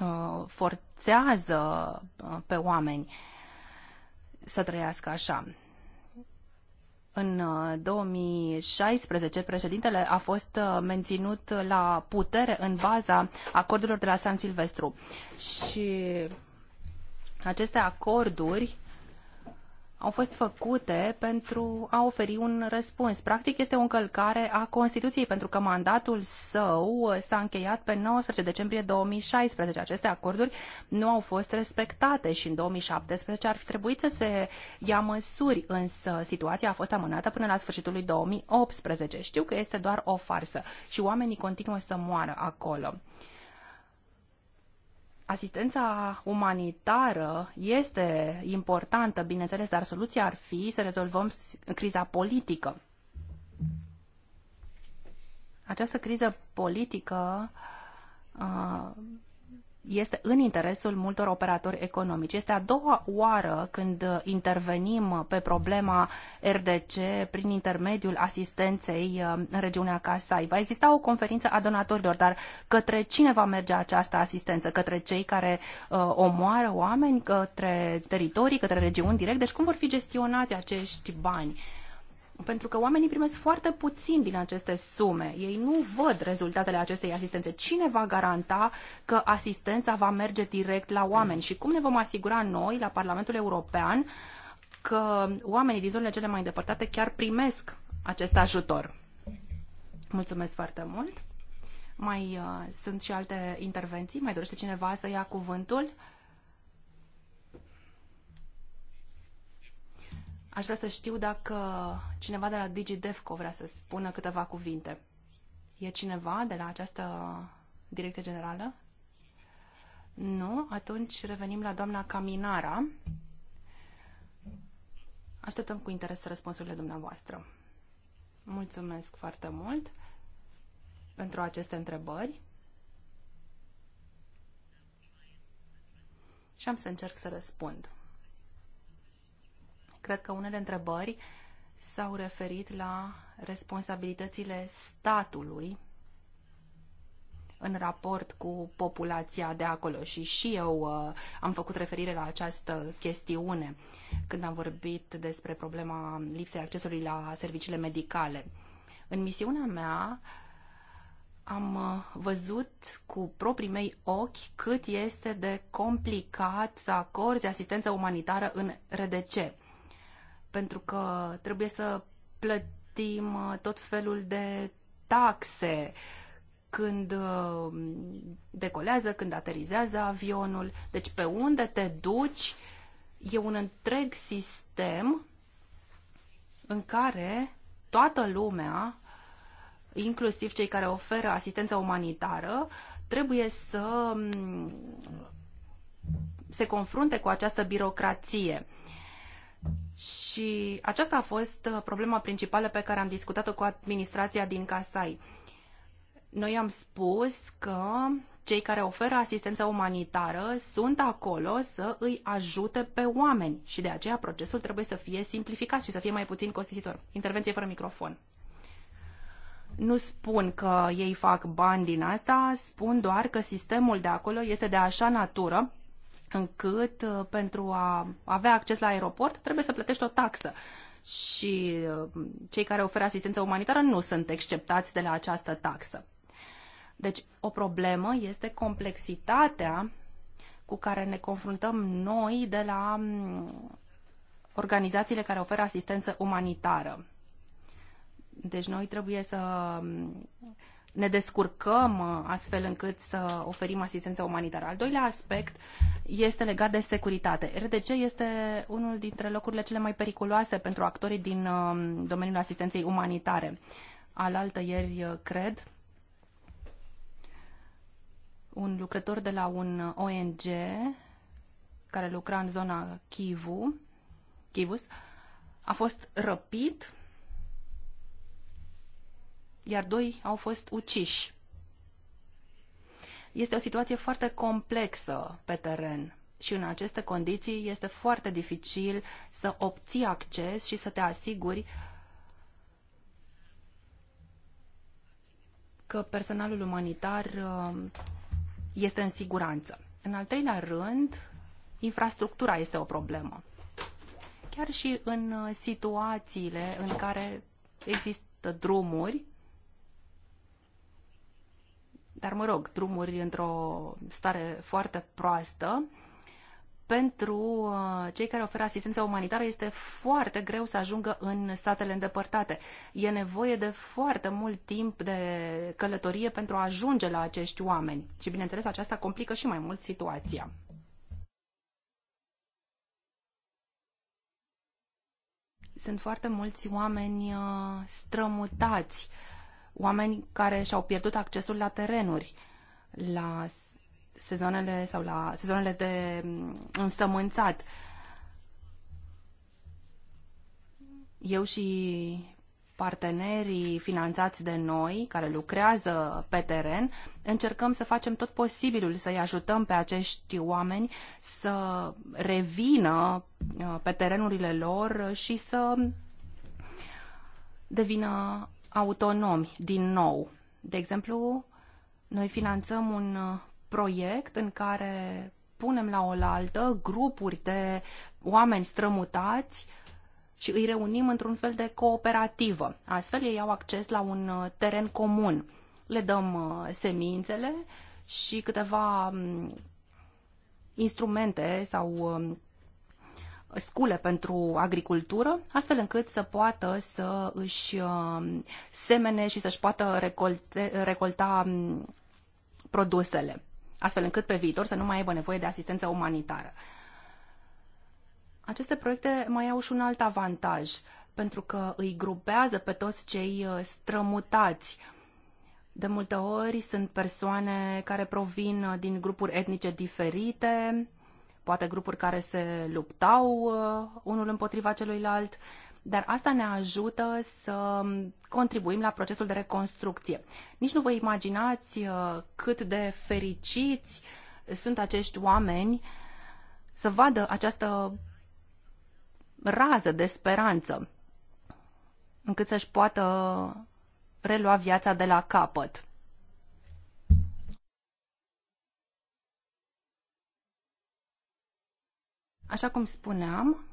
uh, forțează uh, pe oameni să trăiască așa. În 2016, președintele a fost menținut la putere în baza acordurilor de la San Silvestru și aceste acorduri uh, au fost făcute pentru a oferi un răspuns. Practic este o încălcare a Constituției, pentru că mandatul său s-a încheiat pe 19 decembrie 2016. Aceste acorduri nu au fost respectate și în 2017 ar fi trebuit să se ia măsuri, însă situația a fost amânată până la sfârșitul lui 2018. Știu că este doar o farsă și oamenii continuă să moară acolo. Asistența umanitară este importantă, bineînțeles, dar soluția ar fi să rezolvăm criza politică. Această criză politică uh, este în interesul multor operatori economici. Este a doua oară când intervenim pe problema RDC prin intermediul asistenței uh, în regiunea Casai. Va exista o conferință a donatorilor, dar către cine va merge această asistență? Către cei care uh, omoară oameni, către teritorii, către regiuni direct? Deci cum vor fi gestionați acești bani? Uh, pentru că oamenii primesc foarte puțin din aceste sume. Ei nu văd rezultatele acestei asistențe. Cine va garanta că asistența va merge direct la oameni? Și cum ne vom asigura noi, la Parlamentul European, că oamenii din zonele cele mai îndepărtate chiar primesc acest ajutor? Mulțumesc foarte mult! Mai uh, sunt și alte intervenții? Mai dorește cineva să ia cuvântul? Aș vrea să știu dacă cineva de la DigiDevco vrea să spună câteva cuvinte. E cineva de la această direcție generală? Nu? Atunci revenim la doamna Caminara. Așteptăm cu interes răspunsurile dumneavoastră. Mulțumesc foarte mult pentru aceste întrebări. Și am să încerc să răspund. Cred că unele întrebări s-au referit la responsabilitățile statului în raport cu populația de acolo și și eu uh, am făcut referire la această chestiune când am vorbit despre problema lipsei accesului la serviciile medicale. În misiunea mea am uh, văzut cu proprii mei ochi cât este de complicat să acorzi asistență umanitară în RDC pentru că trebuie să plătim uh, tot felul de taxe când uh, decolează, când aterizează avionul. Deci pe unde te duci e un întreg sistem în care toată lumea, inclusiv cei care oferă asistență umanitară, trebuie să mm, se confrunte cu această birocrație. Și aceasta a fost uh, problema principală pe care am discutat-o cu administrația din Casai. Noi am spus că cei care oferă asistență umanitară sunt acolo să îi ajute pe oameni și de aceea procesul trebuie să fie simplificat și să fie mai puțin costisitor. Intervenție fără microfon. Nu spun că ei fac bani din asta, spun doar că sistemul de acolo este de așa natură încât uh, pentru a avea acces la aeroport trebuie să plătești o taxă. Și uh, cei care oferă asistență umanitară nu sunt exceptați de la această taxă. Deci, o problemă este complexitatea cu care ne confruntăm noi de la mm, organizațiile care oferă asistență umanitară. Deci, noi trebuie să mm, ne descurcăm uh, astfel încât să oferim asistență umanitară. Al doilea aspect este legat de securitate. RDC este unul dintre locurile cele mai periculoase pentru actorii din um, domeniul asistenței umanitare. Alaltă ieri, uh, cred, un lucrător de la un ONG care lucra în zona Kivu, Kivus a fost răpit iar doi au fost uciși. Este o situație foarte complexă pe teren și în aceste condiții este foarte dificil să obții acces și să te asiguri că personalul umanitar uh, este în siguranță. În al treilea rând, infrastructura este o problemă. Chiar și în uh, situațiile în care există drumuri dar mă rog, drumuri într-o stare foarte proastă. Pentru uh, cei care oferă asistență umanitară este foarte greu să ajungă în satele îndepărtate. E nevoie de foarte mult timp de călătorie pentru a ajunge la acești oameni. Și bineînțeles, aceasta complică și mai mult situația. Sunt foarte mulți oameni uh, strămutați oameni care și-au pierdut accesul la terenuri, la sezonele sau la sezonele de mm, însămânțat. Eu și partenerii finanțați de noi, care lucrează pe teren, încercăm să facem tot posibilul să-i ajutăm pe acești oameni să revină mm, pe terenurile lor și să devină autonomi din nou. De exemplu, noi finanțăm un uh, proiect în care punem la oaltă grupuri de oameni strămutați și îi reunim într-un fel de cooperativă. Astfel ei au acces la un uh, teren comun. Le dăm uh, semințele și câteva mm, instrumente sau um, scule pentru agricultură, astfel încât să poată să își uh, semene și să-și poată recolte, recolta um, produsele, astfel încât pe viitor să nu mai aibă nevoie de asistență umanitară. Aceste proiecte mai au și un alt avantaj, pentru că îi grupează pe toți cei uh, strămutați. De multe ori sunt persoane care provin uh, din grupuri etnice diferite, poate grupuri care se luptau uh, unul împotriva celuilalt, dar asta ne ajută să contribuim la procesul de reconstrucție. Nici nu vă imaginați uh, cât de fericiți sunt acești oameni să vadă această rază de speranță încât să-și poată relua viața de la capăt. Așa cum spuneam,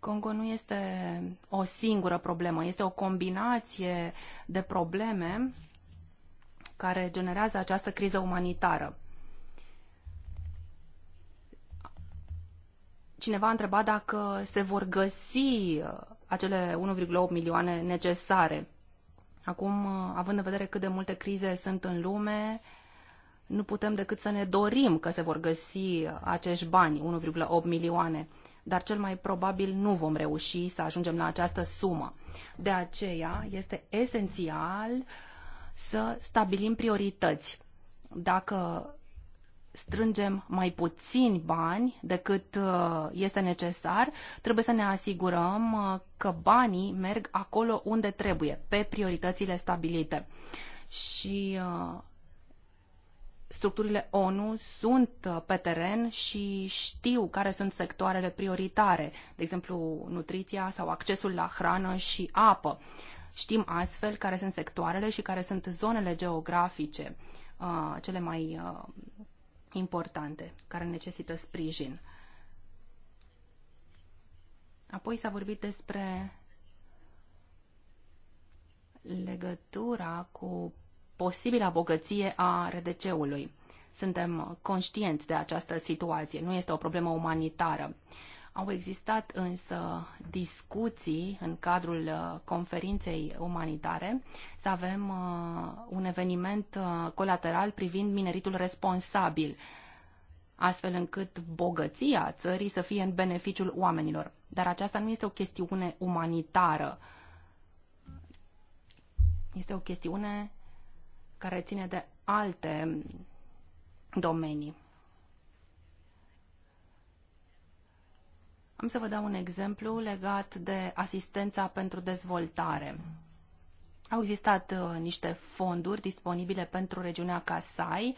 Congo nu este o singură problemă, este o combinație de probleme care generează această criză umanitară. Cineva a întrebat dacă se vor găsi uh, acele 1,8 milioane necesare. Acum, uh, având în vedere cât de multe crize sunt în lume, nu putem decât să ne dorim că se vor găsi uh, acești bani, 1,8 milioane, dar cel mai probabil nu vom reuși să ajungem la această sumă. De aceea este esențial să stabilim priorități. Dacă strângem mai puțini bani decât uh, este necesar, trebuie să ne asigurăm uh, că banii merg acolo unde trebuie, pe prioritățile stabilite. Și uh, structurile ONU sunt pe teren și știu care sunt sectoarele prioritare, de exemplu nutriția sau accesul la hrană și apă. Știm astfel care sunt sectoarele și care sunt zonele geografice cele mai importante care necesită sprijin. Apoi s-a vorbit despre legătura cu posibila bogăție a RDC-ului. Suntem conștienți de această situație, nu este o problemă umanitară. Uh, au existat însă discuții în cadrul uh, conferinței umanitare să avem uh, un eveniment uh, colateral privind mineritul responsabil, astfel încât bogăția țării să fie în beneficiul oamenilor. Dar aceasta nu este o chestiune umanitară. Este o chestiune care ține de alte domenii. Am să vă dau un exemplu legat de asistența pentru dezvoltare. Au existat uh, niște fonduri disponibile pentru regiunea Casai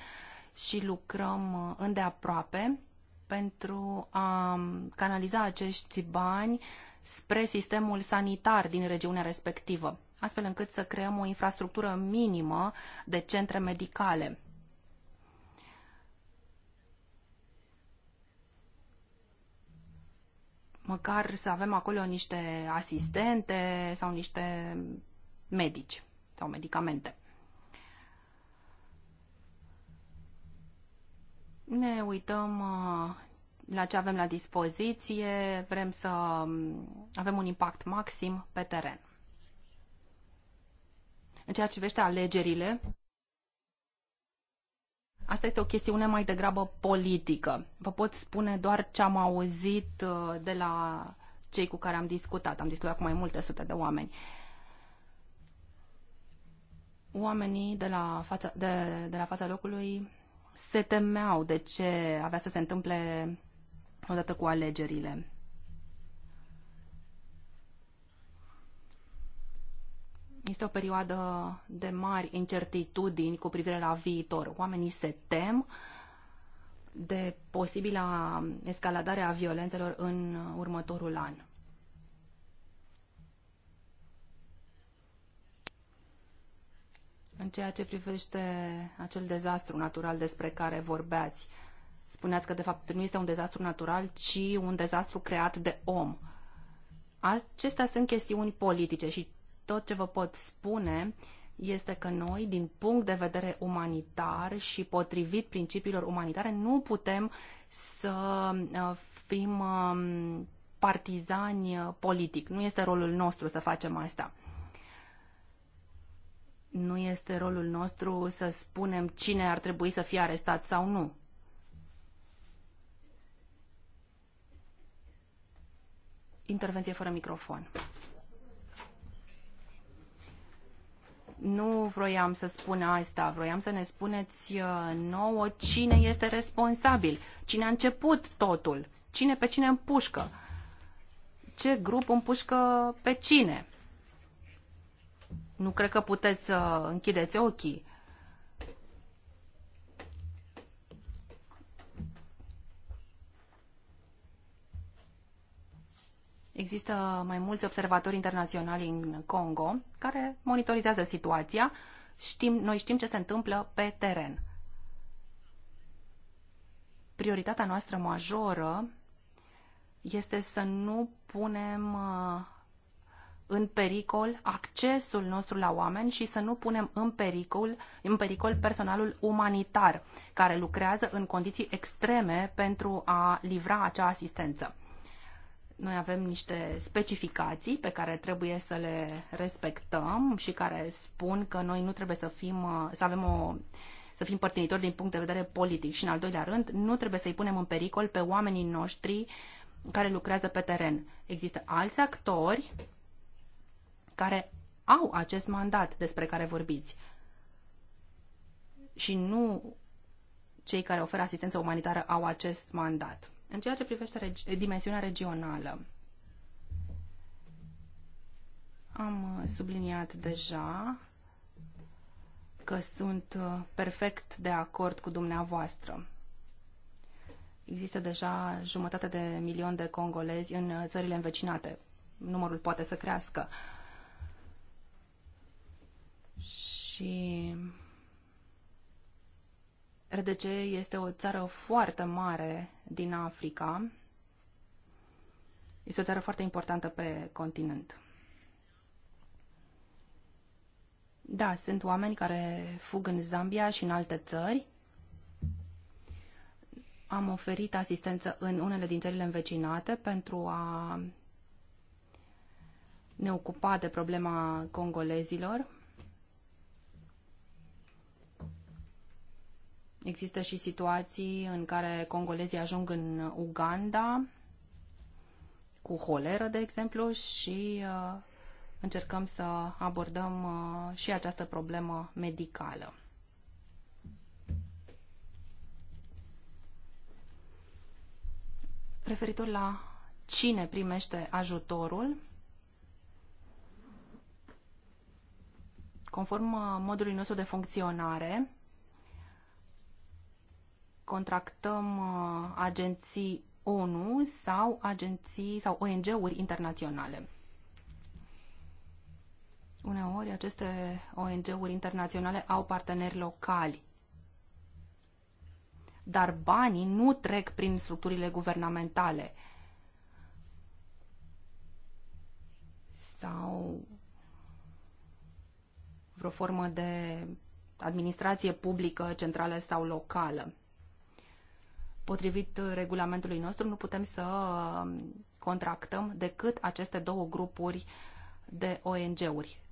și lucrăm uh, îndeaproape pentru a um, canaliza acești bani spre sistemul sanitar din regiunea respectivă, astfel încât să creăm o infrastructură minimă de centre medicale. măcar să avem acolo niște asistente sau niște medici sau medicamente. Ne uităm uh, la ce avem la dispoziție, vrem să um, avem un impact maxim pe teren. În ceea ce privește alegerile, Asta este o chestiune mai degrabă politică. Vă pot spune doar ce am auzit uh, de la cei cu care am discutat. Am discutat cu mai multe sute de oameni. Oamenii de la fața, de, de la fața locului se temeau de ce avea să se întâmple odată cu alegerile. Este o perioadă de mari incertitudini cu privire la viitor. Oamenii se tem de posibila escaladare a violențelor în următorul an. În ceea ce privește acel dezastru natural despre care vorbeați, spuneați că de fapt nu este un dezastru natural, ci un dezastru creat de om. Acestea sunt chestiuni politice și tot ce vă pot spune este că noi, din punct de vedere umanitar și potrivit principiilor umanitare, nu putem să uh, fim um, partizani uh, politic. Nu este rolul nostru să facem asta. Nu este rolul nostru să spunem cine ar trebui să fie arestat sau nu. Intervenție fără microfon. Nu vroiam să spun asta, vroiam să ne spuneți uh, nouă cine este responsabil, cine a început totul, cine pe cine împușcă, ce grup împușcă pe cine. Nu cred că puteți să uh, închideți ochii Există mai mulți observatori internaționali în Congo care monitorizează situația. Știm, noi știm ce se întâmplă pe teren. Prioritatea noastră majoră este să nu punem uh, în pericol accesul nostru la oameni și să nu punem în pericol, în pericol personalul umanitar care lucrează în condiții extreme pentru a livra acea asistență. Noi avem niște specificații pe care trebuie să le respectăm și care spun că noi nu trebuie să fim, uh, să avem o să fim părtinitori din punct de vedere politic și, în al doilea rând, nu trebuie să-i punem în pericol pe oamenii noștri care lucrează pe teren. Există alți actori care au acest mandat despre care vorbiți și nu cei care oferă asistență umanitară au acest mandat. În ceea ce privește regi dimensiunea regională, am uh, subliniat deja că sunt uh, perfect de acord cu dumneavoastră. Există deja jumătate de milion de congolezi în uh, țările învecinate. Numărul poate să crească. Și RDC este o țară foarte mare din Africa. Este o țară foarte importantă pe continent. Da, sunt oameni care fug în Zambia și în alte țări. Am oferit asistență în unele din țările învecinate pentru a ne ocupa de problema congolezilor. Există și situații în care congolezii ajung în Uganda cu holeră, de exemplu, și uh, încercăm să abordăm uh, și această problemă medicală. Referitor la cine primește ajutorul, conform uh, modului nostru de funcționare, contractăm uh, agenții ONU sau agenții sau ONG-uri internaționale. Uneori aceste ONG-uri internaționale au parteneri locali, dar banii nu trec prin structurile guvernamentale sau vreo formă de administrație publică, centrală sau locală. Potrivit uh, regulamentului nostru, nu putem să um, contractăm decât aceste două grupuri de ONG-uri,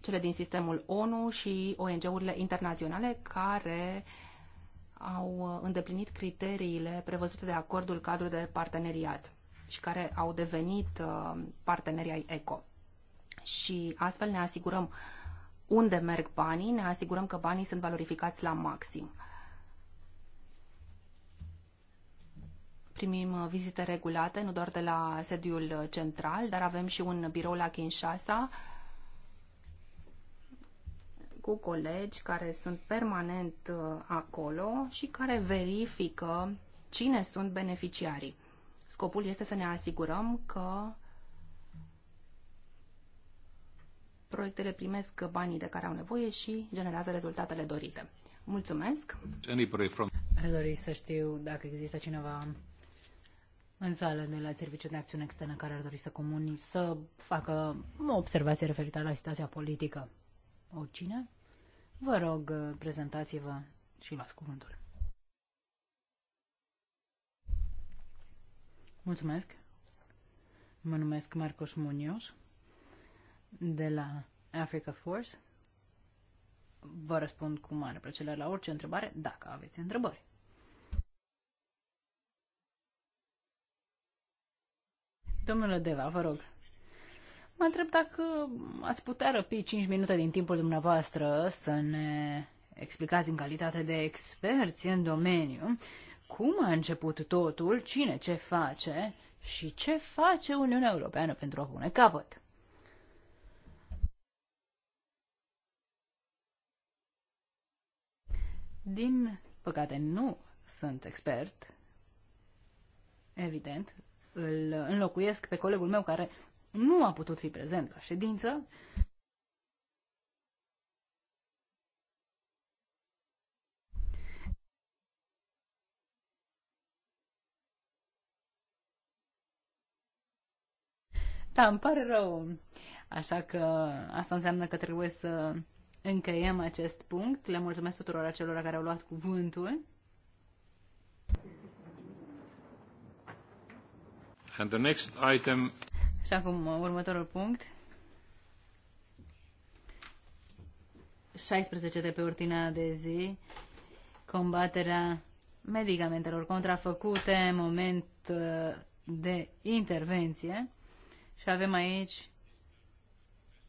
cele din sistemul ONU și ONG-urile internaționale care au uh, îndeplinit criteriile prevăzute de acordul cadru de parteneriat și care au devenit uh, parteneri ai ECO. Și astfel ne asigurăm unde merg banii, ne asigurăm că banii sunt valorificați la maxim. primim uh, vizite regulate, nu doar de la sediul uh, central, dar avem și un birou la Kinshasa cu colegi care sunt permanent uh, acolo și care verifică cine sunt beneficiarii. Scopul este să ne asigurăm că proiectele primesc banii de care au nevoie și generează rezultatele dorite. Mulțumesc! Aș dori să știu dacă există cineva
în sală de la Serviciul de Acțiune Externă care ar dori să comuni, să facă o observație referitoare la situația politică. O cine? Vă rog, prezentați-vă și luați cuvântul. Mulțumesc. Mă numesc Marcos Munoz de la Africa Force. Vă răspund cu mare plăcere la orice întrebare, dacă aveți întrebări. Domnule Deva, vă rog. Mă întreb dacă ați putea răpi 5 minute din timpul dumneavoastră să ne explicați în calitate de experți în domeniu cum a început totul, cine ce face și ce face Uniunea Europeană pentru a pune capăt. Din păcate nu sunt expert, evident, îl înlocuiesc pe colegul meu care nu a putut fi prezent la ședință. Da, îmi pare rău. Așa că asta înseamnă că trebuie să încheiem acest punct. Le mulțumesc tuturor acelora care au luat cuvântul.
And the next item...
Și acum uh, următorul punct. 16 de pe ordinea de zi, combaterea medicamentelor contrafăcute, moment uh, de intervenție. Și avem aici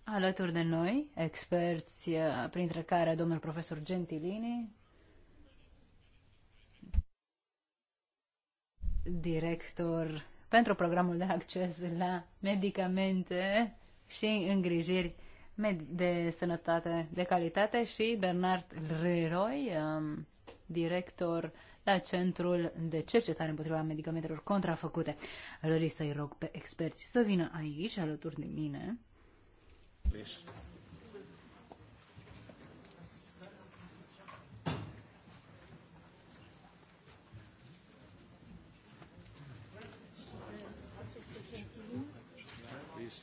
alături de noi experți, uh, printre care domnul profesor Gentilini, director pentru programul de acces la medicamente și îngrijiri de sănătate de calitate și Bernard Leroy, um, director la Centrul de Cercetare împotriva medicamentelor contrafăcute. Lori să-i rog pe experți să vină aici, alături de mine.
Please.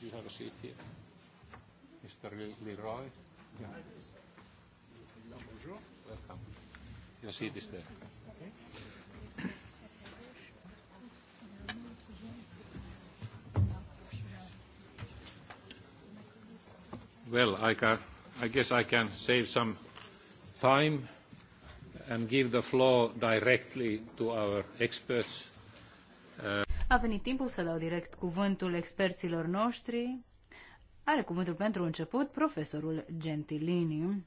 you have a seat here? Mr. Leroy? Yeah. Bonjour. Welcome. Your seat is there. Well, I, can, I guess I can save some time and give the floor directly to our experts. Uh,
a venit timpul să dau direct cuvântul experților noștri. Are cuvântul pentru început profesorul Gentilini.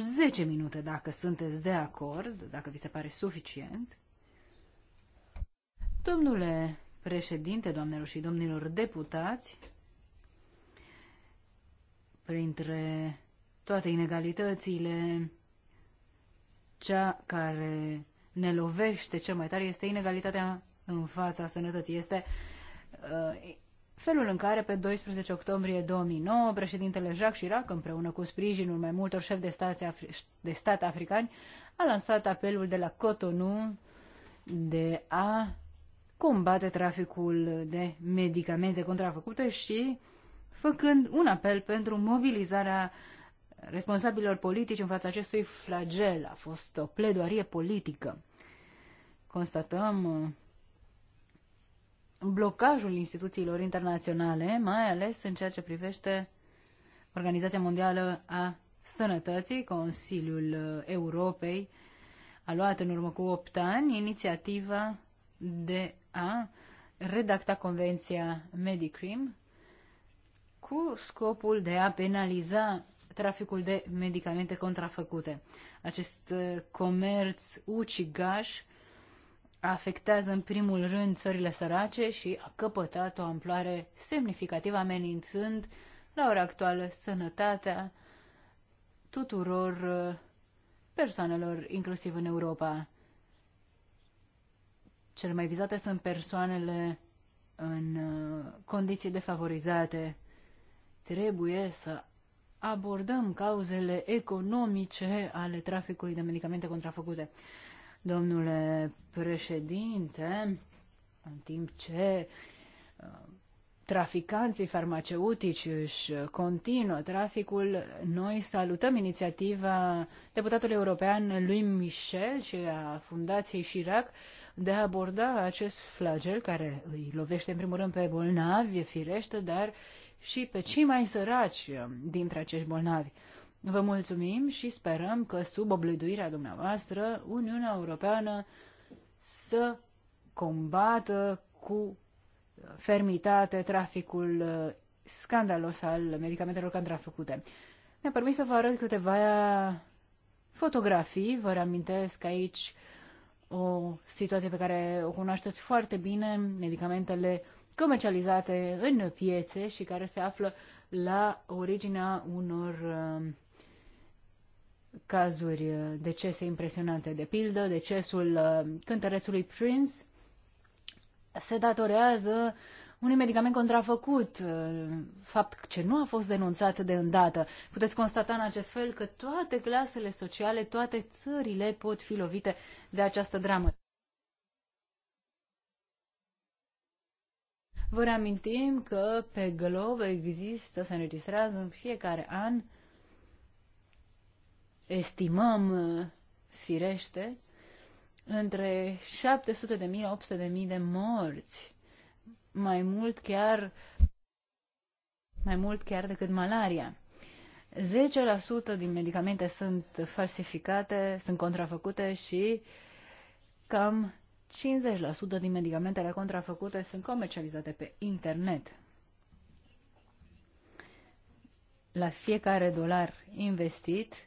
Zece minute, dacă sunteți de acord, dacă vi se pare suficient. Domnule președinte, doamnelor și domnilor deputați, printre toate inegalitățile, cea care ne lovește cel mai tare este inegalitatea în fața sănătății este uh, felul în care pe 12 octombrie 2009 președintele Jacques Chirac împreună cu sprijinul mai multor șefi de, afri- de stat africani a lansat apelul de la Cotonou de a combate traficul de medicamente contrafăcute și făcând un apel pentru mobilizarea responsabililor politici în fața acestui flagel. A fost o pledoarie politică. Constatăm uh, blocajul instituțiilor internaționale, mai ales în ceea ce privește Organizația Mondială a Sănătății, Consiliul Europei, a luat în urmă cu 8 ani inițiativa de a redacta Convenția Medicrim cu scopul de a penaliza traficul de medicamente contrafăcute. Acest comerț ucigaș afectează în primul rând țările sărace și a căpătat o amploare semnificativă amenințând la ora actuală sănătatea tuturor uh, persoanelor, inclusiv în Europa. Cele mai vizate sunt persoanele în uh, condiții defavorizate. Trebuie să abordăm cauzele economice ale traficului de medicamente contrafăcute. Domnule președinte, în timp ce uh, traficanții farmaceutici își continuă traficul, noi salutăm inițiativa deputatului european lui Michel și a Fundației Chirac de a aborda acest flagel care îi lovește în primul rând pe bolnavi, firește, dar și pe cei mai săraci uh, dintre acești bolnavi. Vă mulțumim și sperăm că sub oblăduirea dumneavoastră Uniunea Europeană să combată cu fermitate traficul uh, scandalos al medicamentelor contrafăcute. Mi-a permis să vă arăt câteva fotografii. Vă reamintesc aici o situație pe care o cunoașteți foarte bine, medicamentele comercializate în piețe și care se află la originea unor uh, cazuri, uh, decese impresionante. De pildă, decesul uh, cântărețului Prince se datorează unui medicament contrafăcut, uh, fapt ce nu a fost denunțat de îndată. Puteți constata în acest fel că toate clasele sociale, toate țările pot fi lovite de această dramă. Vă reamintim că pe glob există, se înregistrează în fiecare an estimăm uh, firește între 700 de mii la 800 de mii de morți. Mai mult chiar mai mult chiar decât malaria. 10% din medicamente sunt falsificate, sunt contrafăcute și cam 50% din medicamentele contrafăcute sunt comercializate pe internet. La fiecare dolar investit,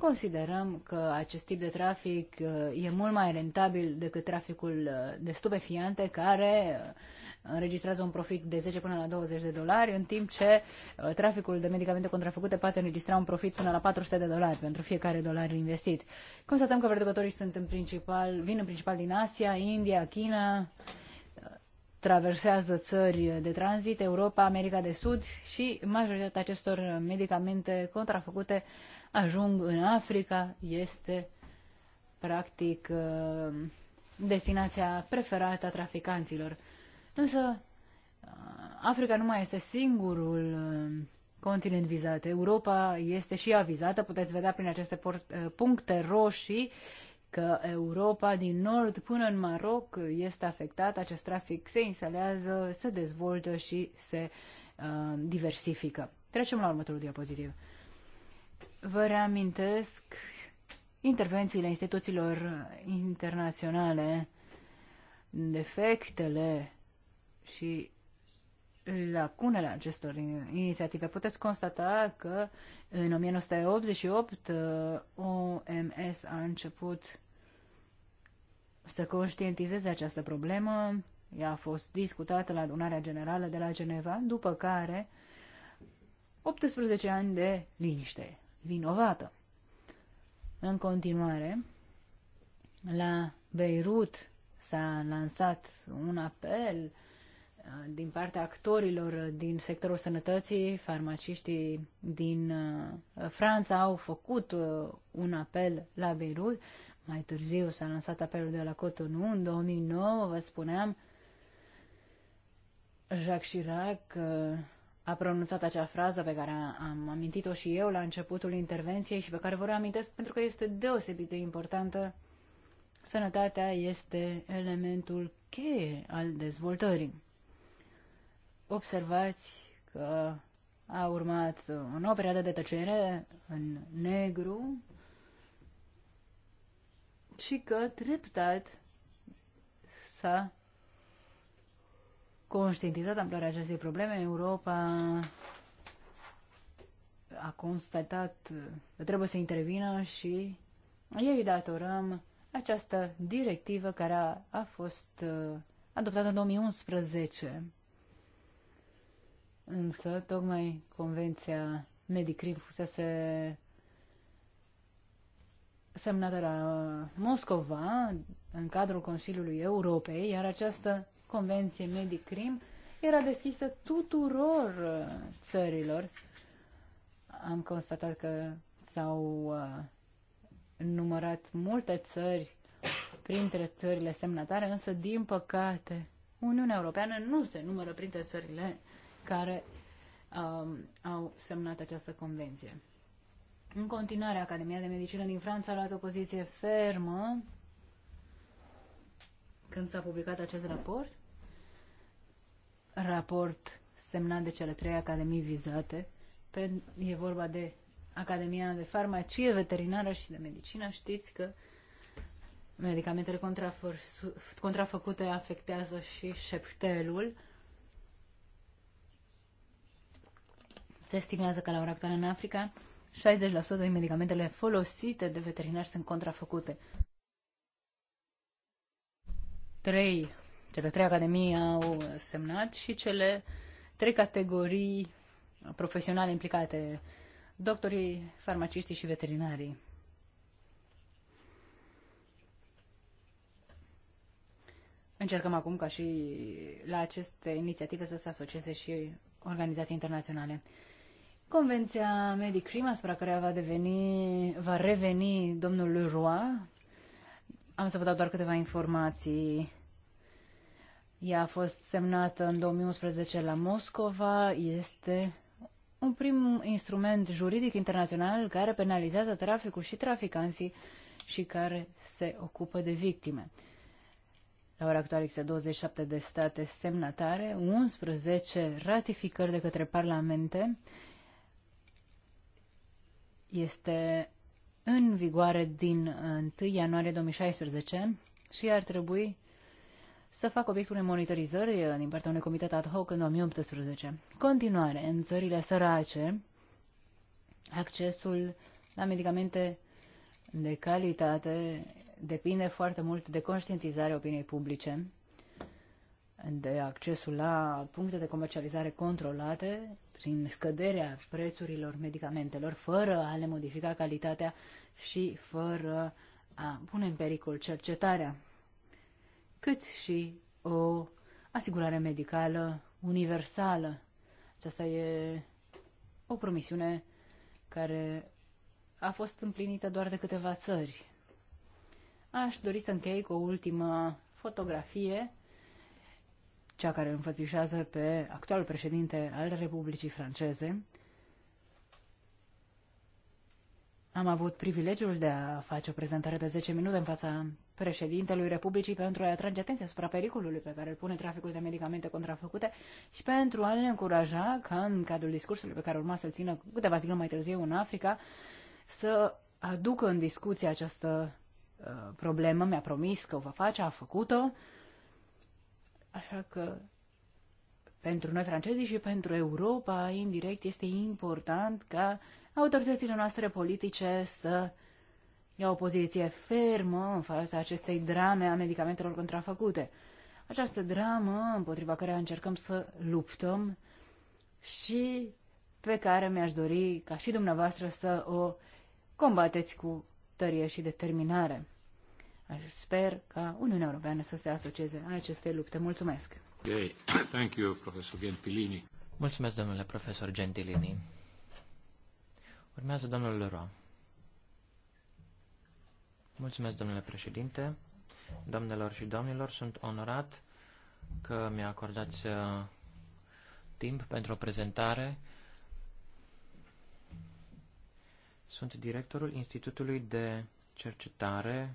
Considerăm că acest tip de trafic uh, e mult mai rentabil decât traficul uh, de stupefiante care uh, înregistrează un profit de 10 până la 20 de dolari, în timp ce traficul de medicamente contrafăcute poate înregistra un profit până la 400 de dolari pentru fiecare dolar investit. Constatăm că producătorii sunt în principal, vin în principal din Asia, India, China, traversează țări de tranzit, Europa, America de Sud și majoritatea acestor medicamente contrafăcute ajung în Africa, este practic uh, destinația preferată a traficanților. Însă uh, Africa nu mai este singurul uh, continent vizat. Europa este și avizată. vizată. Puteți vedea prin aceste puncte roșii că Europa din nord până în Maroc este afectată, acest trafic se instalează, se dezvoltă și se uh, diversifică. Trecem la următorul diapozitiv. Vă reamintesc intervențiile instituțiilor internaționale, defectele și lacunele acestor inițiative. Puteți constata că în 1988 OMS uh, a început să conștientizeze această problemă. Ea a fost discutată la adunarea generală de la Geneva, după care 18 ani de liniște vinovată. În continuare, la Beirut s-a lansat un apel uh, din partea actorilor din sectorul sănătății, farmaciștii din uh, Franța au făcut uh, un apel la Beirut. Mai târziu s-a lansat apelul de la Cotonou în 2009, vă spuneam, Jacques Chirac a pronunțat acea frază pe care am amintit-o și eu la începutul intervenției și pe care vă reamintesc pentru că este deosebit de importantă. Sănătatea este elementul cheie al dezvoltării. Observați că a urmat o nouă perioadă de tăcere în negru și că treptat s-a conștientizat amploarea acestei probleme, Europa a constatat că trebuie să intervină și ei datorăm această directivă care a, a fost uh, adoptată în 2011. Însă, tocmai Convenția Medicrim fusese semnată la uh, Moscova în cadrul Consiliului Europei, iar această convenție Medicrim era deschisă tuturor uh, țărilor. Am constatat că s-au uh, numărat multe țări printre țările semnatare, însă, din păcate, Uniunea Europeană nu se numără printre țările care um, au semnat această convenție. În continuare, Academia de Medicină din Franța a luat o poziție fermă când s-a publicat acest raport, raport semnat de cele trei academii vizate, pe, e vorba de Academia de Farmacie Veterinară și de Medicină, știți că medicamentele contrafăcute afectează și șeptelul. Se estimează că la ora actuală în Africa 60% din medicamentele folosite de veterinari sunt contrafăcute trei, cele trei academii au semnat și cele trei categorii profesionale implicate, doctorii, farmaciștii și veterinarii. Încercăm acum ca și la aceste inițiative să se asocieze și organizații internaționale. Convenția Medicrim, asupra care va, deveni, va reveni domnul Leroy, am să vă dau doar câteva informații. Ea a fost semnată în 2011 la Moscova. Este un prim instrument juridic internațional care penalizează traficul și traficanții și care se ocupă de victime. La ora actuală există 27 de state semnatare, 11 ratificări de către parlamente. Este în vigoare din 1 uh, ianuarie 2016 și ar trebui să fac obiectul unei monitorizări uh, din partea unui comitet ad hoc în 2018. Continuare, în țările sărace, accesul la medicamente de calitate depinde foarte mult de conștientizarea opiniei publice, de accesul la puncte de comercializare controlate prin scăderea prețurilor medicamentelor, fără a le modifica calitatea și fără a pune în pericol cercetarea, cât și o asigurare medicală universală. Aceasta e o promisiune care a fost împlinită doar de câteva țări. Aș dori să închei cu o ultimă fotografie cea care înfățișează pe actualul președinte al Republicii Franceze. Am avut privilegiul de a face o prezentare de 10 minute în fața președintelui Republicii pentru a atrage atenția asupra pericolului pe care îl pune traficul de medicamente contrafăcute și pentru a ne încuraja ca în cadrul discursului pe care urma să-l țină câteva zile mai târziu în Africa să aducă în discuție această uh, problemă. Mi-a promis că o va face, a făcut-o. Uh, Așa că pentru noi francezii și pentru Europa, indirect, este important ca autoritățile noastre politice să ia o poziție fermă în fața acestei drame a medicamentelor contrafăcute. Această dramă împotriva care încercăm să luptăm și pe care mi-aș dori ca și dumneavoastră să o combateți cu tărie și determinare. Sper ca Uniunea Europeană să se asocieze a aceste lupte. Mulțumesc!
Okay. Thank you, profesor Gentilini. Mulțumesc, domnule
profesor Gentilini. Urmează domnul Leroy. Mulțumesc, domnule președinte. Domnilor și domnilor, sunt onorat că mi-a acordat uh, timp pentru o prezentare. Sunt directorul Institutului de Cercetare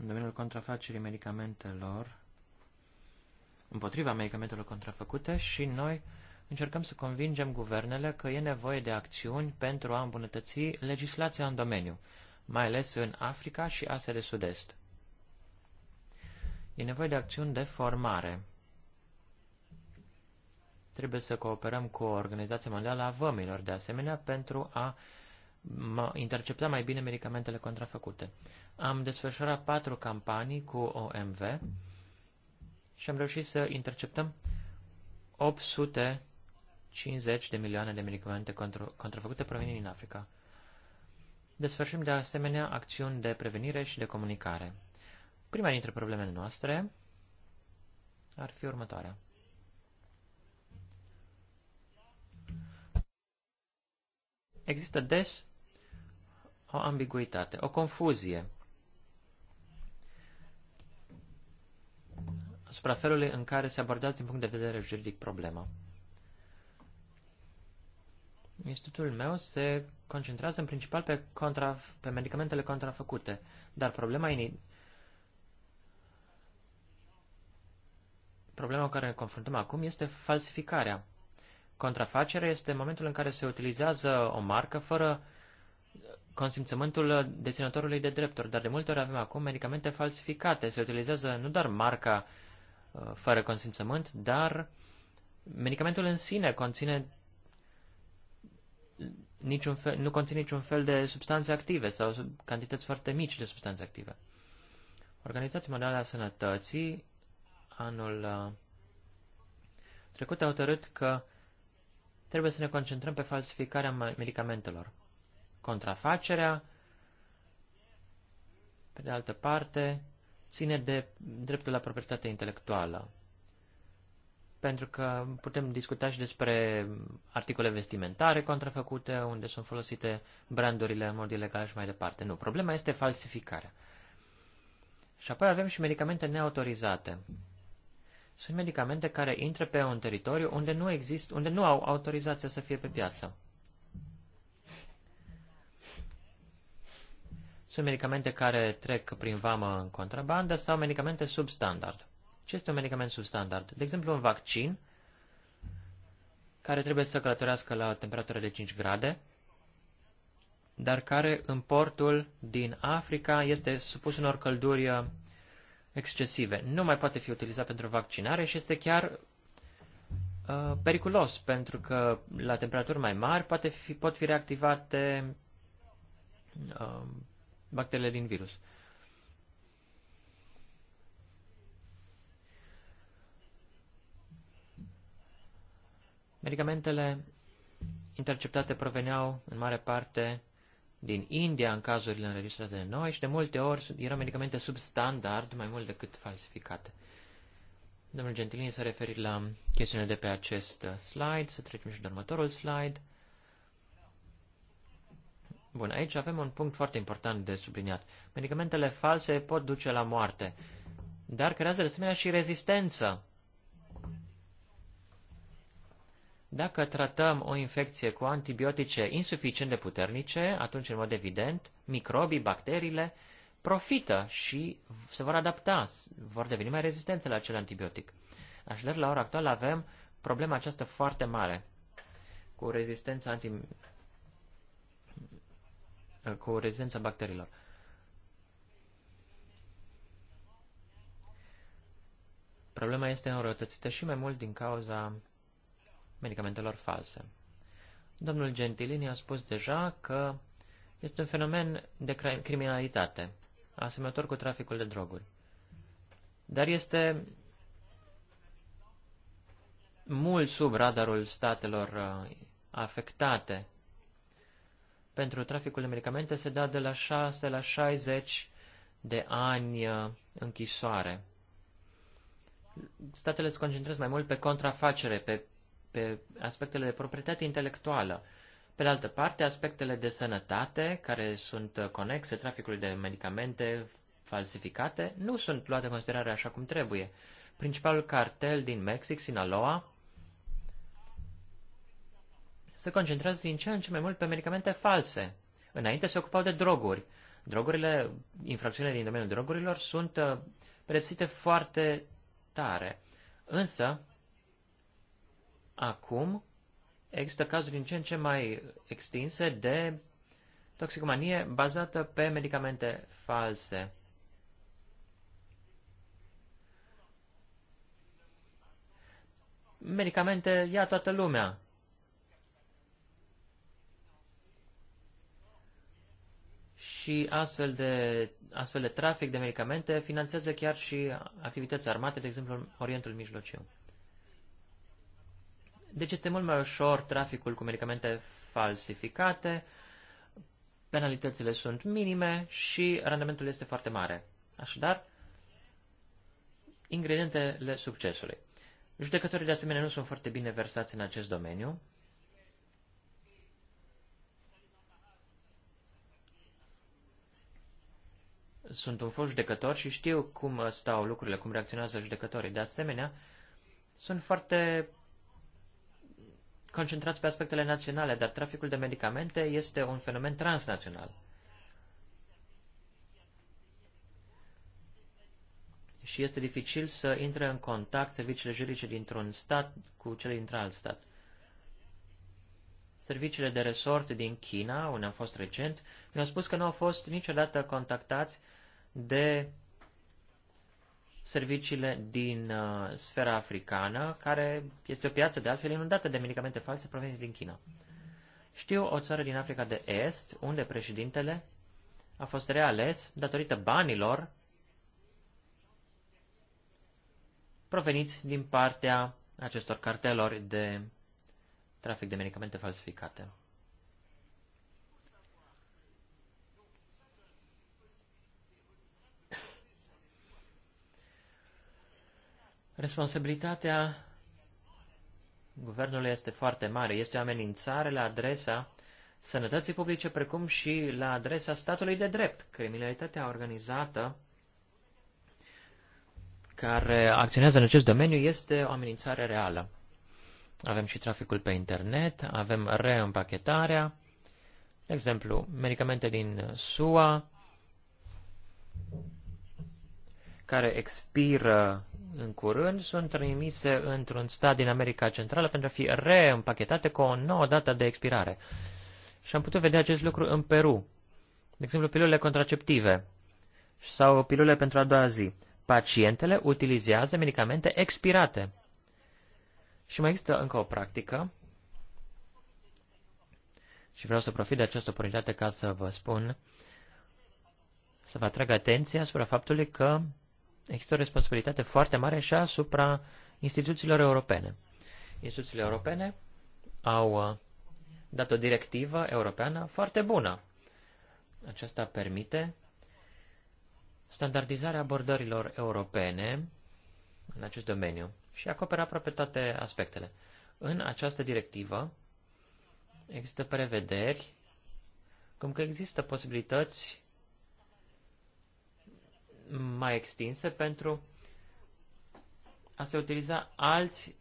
în domeniul contrafacerii medicamentelor, împotriva medicamentelor contrafăcute și noi încercăm să convingem guvernele că e nevoie de acțiuni pentru a îmbunătăți legislația în domeniu, mai ales în Africa și Asia de Sud-Est. E nevoie de acțiuni de formare. Trebuie să cooperăm cu Organizația Mondială a Vămilor, de asemenea, pentru a intercepta mai bine medicamentele contrafăcute am desfășurat patru campanii cu OMV și am reușit să interceptăm 850 de milioane de medicamente contrafăcute provenind din Africa. Desfășurăm de asemenea acțiuni de prevenire și de comunicare. Prima dintre problemele noastre ar fi următoarea. Există des o ambiguitate, o confuzie asupra felului în care se abordează din punct de vedere juridic problema. Institutul meu se concentrează în principal pe, contra, pe medicamentele contrafăcute, dar problema ini... Problema cu care ne confruntăm acum este falsificarea. Contrafacerea este momentul în care se utilizează o marcă fără consimțământul deținătorului de drepturi, dar de multe ori avem acum medicamente falsificate. Se utilizează nu doar marca uh, Uh, fără consimțământ, dar medicamentul în sine conține niciun fel, nu conține niciun fel de substanțe active sau cantități foarte mici de substanțe active. Organizația Mondială a Sănătății anul uh, trecut a hotărât că trebuie să ne concentrăm pe falsificarea medicamentelor. Contrafacerea, pe de altă parte, ține de dreptul la proprietate intelectuală. Pentru că putem discuta și despre articole vestimentare contrafăcute, unde sunt folosite brandurile în mod ilegal și mai departe. Nu, problema este falsificarea. Și apoi avem și medicamente neautorizate. Sunt medicamente care intră pe un teritoriu unde nu, există, unde nu au autorizația să fie pe piață. Sunt medicamente care trec prin vamă în contrabandă sau medicamente substandard. Ce este un medicament substandard? De exemplu, un vaccin care trebuie să călătorească la temperatură de 5 grade, dar care în portul din Africa este supus unor călduri uh, excesive. Nu mai poate fi utilizat pentru vaccinare și este chiar uh, periculos, pentru că la temperaturi mai mari poate fi, pot fi reactivate uh, bacteriile din virus. Medicamentele interceptate proveneau în mare parte din India în cazurile înregistrate de noi și de multe ori erau medicamente substandard mai mult decât falsificate. Domnul Gentilini s-a referit la chestiunea de pe acest slide, să trecem și de următorul slide. Bun, aici avem un punct foarte important de subliniat. Medicamentele false pot duce la moarte, dar creează de asemenea și rezistență. Dacă tratăm o infecție cu antibiotice insuficient de puternice, atunci, în mod evident, microbii, bacteriile profită și se vor adapta, vor deveni mai rezistențe la acel antibiotic. Așadar, la ora actuală avem problema aceasta foarte mare cu rezistența anti Uh, cu rezistența bacteriilor. Problema este înrăutățită și mai mult din cauza medicamentelor false. Domnul Gentilini a spus deja că este un fenomen de criminalitate, asemănător cu traficul de droguri. Dar este mult sub radarul statelor uh, afectate pentru traficul de medicamente se dă de la 6 la 60 de ani uh, închisoare. Statele se concentrează mai mult pe contrafacere, pe, pe aspectele de proprietate intelectuală. Pe de altă parte, aspectele de sănătate, care sunt uh, conexe traficului de medicamente falsificate, nu sunt luate în considerare așa cum trebuie. Principalul cartel din Mexic, Sinaloa, se concentrează din ce în ce mai mult pe medicamente false. Înainte se ocupau de droguri. Drogurile, infracțiunile din domeniul drogurilor sunt uh, pedepsite foarte tare. Însă, acum există cazuri din ce în ce mai extinse de toxicomanie bazată pe medicamente false. Medicamente ia toată lumea. și astfel de, astfel de trafic de medicamente finanțează chiar și activități armate, de exemplu în Orientul Mijlociu. Deci este mult mai ușor traficul cu medicamente falsificate, penalitățile sunt minime și randamentul este foarte mare. Așadar, ingredientele succesului. Judecătorii de asemenea nu sunt foarte bine versați în acest domeniu sunt un fost judecător și știu cum uh, stau lucrurile, cum reacționează judecătorii. De asemenea, sunt foarte concentrați pe aspectele naționale, dar traficul de medicamente este un fenomen transnațional. Și este dificil să intre în contact serviciile juridice dintr-un stat cu cele dintr-alt stat. Serviciile de resort din China, unde am fost recent, mi-au spus că nu au fost niciodată contactați de serviciile din uh, sfera africană, care este o piață de altfel inundată de medicamente false provenite din China. Știu o țară din Africa de Est, unde președintele a fost reales datorită banilor proveniți din partea acestor cartelori de trafic de medicamente falsificate. Responsabilitatea guvernului este foarte mare. Este o amenințare la adresa sănătății publice, precum și la adresa statului de drept. Criminalitatea organizată care acționează în acest domeniu este o amenințare reală. Avem și traficul pe internet, avem reîmpachetarea, de exemplu, medicamente din SUA, care expiră în curând sunt trimise într-un stat din America Centrală pentru a fi reîmpachetate cu o nouă dată de expirare. Și am putut vedea acest lucru în Peru. De exemplu, pilulele contraceptive sau pilulele pentru a doua zi. Pacientele utilizează medicamente expirate. Și mai există încă o practică și vreau să profit de această oportunitate ca să vă spun, să vă atrag atenția asupra faptului că există o responsabilitate foarte mare și asupra instituțiilor europene. Instituțiile europene au uh, dat o directivă europeană foarte bună. Aceasta permite standardizarea abordărilor europene în acest domeniu și acoperă aproape toate aspectele. În această directivă există prevederi cum că există posibilități mai extinse pentru a se utiliza alți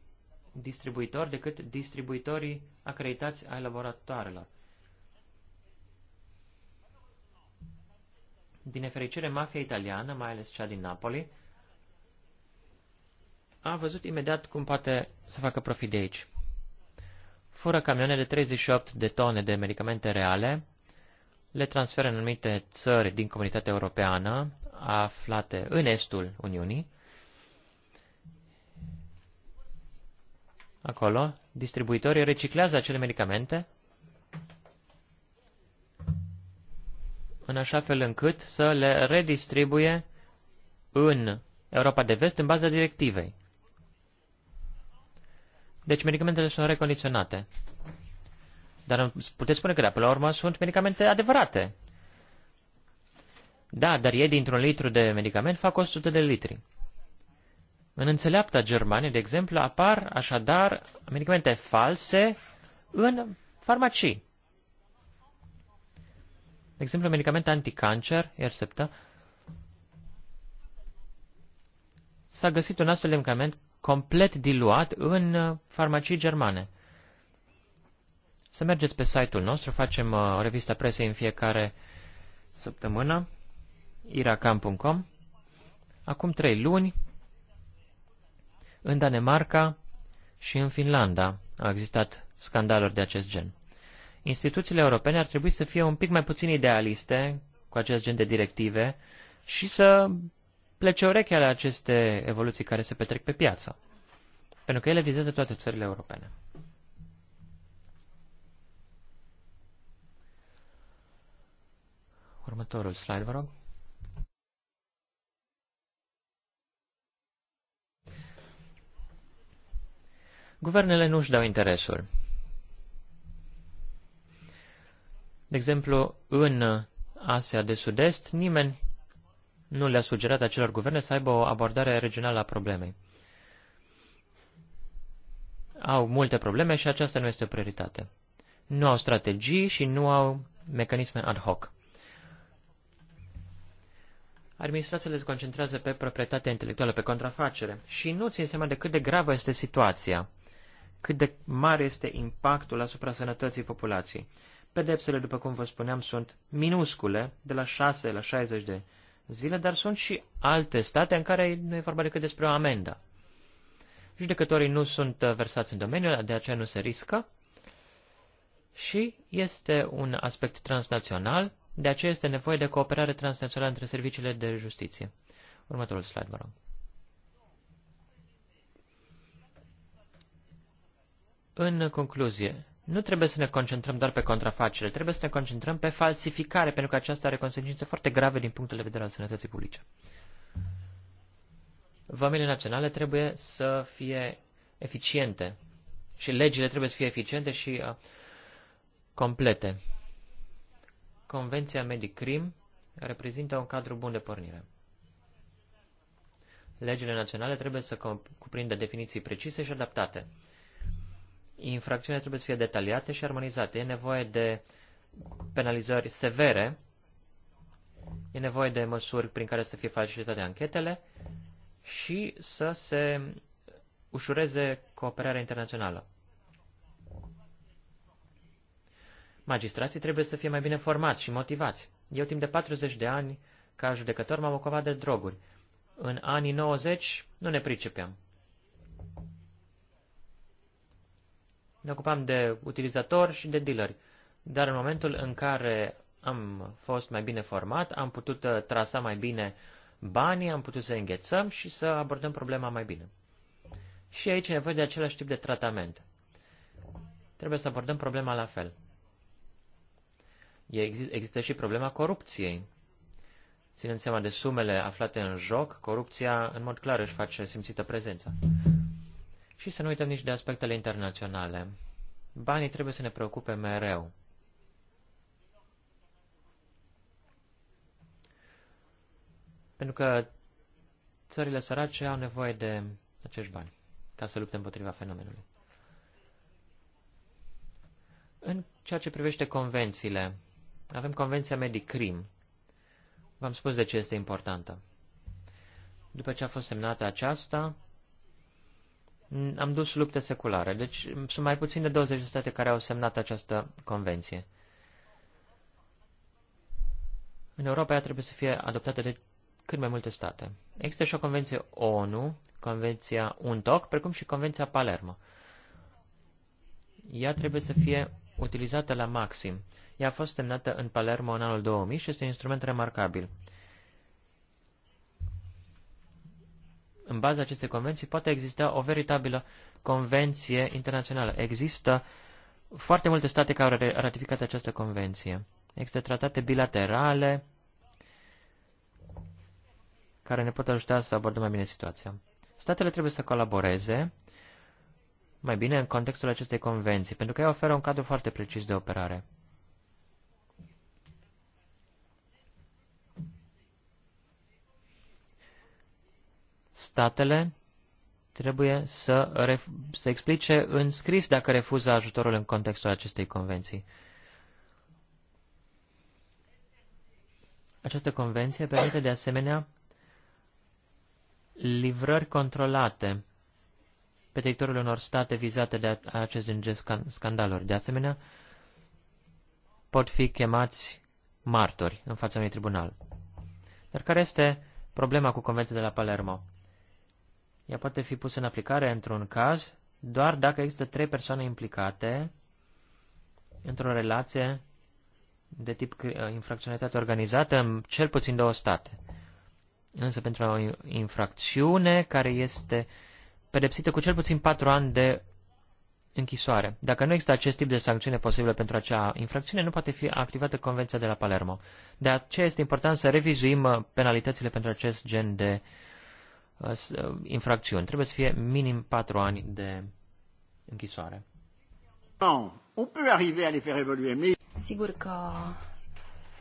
distribuitori decât distribuitorii acreditați ai laboratoarelor. Din nefericire, mafia italiană, mai ales cea din Napoli, a văzut imediat cum poate să facă profit de aici. Fură camioane de 38 de tone de medicamente reale, le transferă în anumite țări din comunitatea europeană, aflate în estul Uniunii, acolo, distribuitorii reciclează acele medicamente în așa fel încât să le redistribuie în Europa de Vest în baza directivei. Deci medicamentele sunt recondiționate. Dar puteți spune că, de la urmă, sunt medicamente adevărate, da, dar ei dintr-un litru de medicament fac 100 de litri. În înțeleapta Germane, de exemplu, apar așadar medicamente false în farmacii. De exemplu, medicament anticancer, Ersepta, s-a găsit un astfel de medicament complet diluat în uh, farmacii germane. Să mergeți pe site-ul nostru, facem uh, o revistă presei în fiecare săptămână iracam.com. Acum trei luni, în Danemarca și în Finlanda au existat scandaluri de acest gen. Instituțiile europene ar trebui să fie un pic mai puțin idealiste cu acest gen de directive și să plece urechea la aceste evoluții care se petrec pe piață, pentru că ele vizează toate țările europene. Următorul slide, vă rog. Guvernele nu își dau interesul. De exemplu, în Asia de Sud-Est, nimeni nu le-a sugerat acelor guverne să aibă o abordare regională a problemei. Au multe probleme și aceasta nu este o prioritate. Nu au strategii și nu au mecanisme ad hoc. Administrațiile se concentrează pe proprietatea intelectuală, pe contrafacere și nu țin seama de cât de gravă este situația cât de mare este impactul asupra sănătății populației. Pedepsele, după cum vă spuneam, sunt minuscule, de la 6 la 60 de zile, dar sunt și alte state în care nu e vorba decât despre o amendă. Judecătorii nu sunt uh, versați în domeniu, de aceea nu se riscă și este un aspect transnațional, de aceea este nevoie de cooperare transnațională între serviciile de justiție. Următorul slide, vă rog. În concluzie, nu trebuie să ne concentrăm doar pe contrafacere, trebuie să ne concentrăm pe falsificare, pentru că aceasta are consecințe foarte grave din punctul de vedere al sănătății publice. Vămile naționale trebuie să fie eficiente și legile trebuie să fie eficiente și uh, complete. Convenția Medicrim reprezintă un cadru bun de pornire. Legile naționale trebuie să cuprindă definiții precise și adaptate infracțiunile trebuie să fie detaliate și armonizate. E nevoie de penalizări severe, e nevoie de măsuri prin care să fie facilitate anchetele și să se ușureze cooperarea internațională. Magistrații trebuie să fie mai bine formați și motivați. Eu timp de 40 de ani, ca judecător, m-am ocupat de droguri. În anii 90 nu ne pricepeam. ne ocupam de utilizatori și de dealeri. Dar în momentul în care am fost mai bine format, am putut uh, trasa mai bine banii, am putut să înghețăm și să abordăm problema mai bine. Și aici e nevoie de același tip de tratament. Trebuie să abordăm problema la fel. Există și problema corupției. Ținând seama de sumele aflate în joc, corupția în mod clar își face simțită prezența. Și să nu uităm nici de aspectele internaționale. Banii trebuie să ne preocupe mereu. Pentru că țările sărace au nevoie de acești bani ca să lupte împotriva fenomenului. În ceea ce privește convențiile, avem Convenția Medicrim. V-am spus de ce este importantă. După ce a fost semnată aceasta, am dus lupte seculare. Deci sunt mai puțin de 20 de state care au semnat această convenție. În Europa ea trebuie să fie adoptată de cât mai multe state. Există și o convenție ONU, convenția UNTOC, precum și convenția Palermo. Ea trebuie să fie utilizată la maxim. Ea a fost semnată în Palermo în anul 2000 și este un instrument remarcabil. în baza acestei convenții poate exista o veritabilă convenție internațională. Există foarte multe state care au ratificat această convenție. Există tratate bilaterale care ne pot ajuta să abordăm mai bine situația. Statele trebuie să colaboreze mai bine în contextul acestei convenții, pentru că ea oferă un cadru foarte precis de operare. statele trebuie să, să explice în scris dacă refuză ajutorul în contextul acestei convenții. Această convenție permite de asemenea livrări controlate pe teritoriul unor state vizate de acest gen de scandaluri. De asemenea, pot fi chemați martori în fața unui tribunal. Dar care este problema cu Convenția de la Palermo? ea poate fi pusă în aplicare într-un caz doar dacă există trei persoane implicate într-o relație de tip uh, infracționalitate organizată în cel puțin două state. Însă pentru o infracțiune care este pedepsită cu cel puțin patru ani de închisoare. Dacă nu există acest tip de sancțiune posibilă pentru acea infracțiune, nu poate fi activată Convenția de la Palermo. De aceea este important să revizuim uh, penalitățile pentru acest gen de uh, Uh, infracțiuni. Trebuie să fie minim 4 ani de închisoare.
Sigur că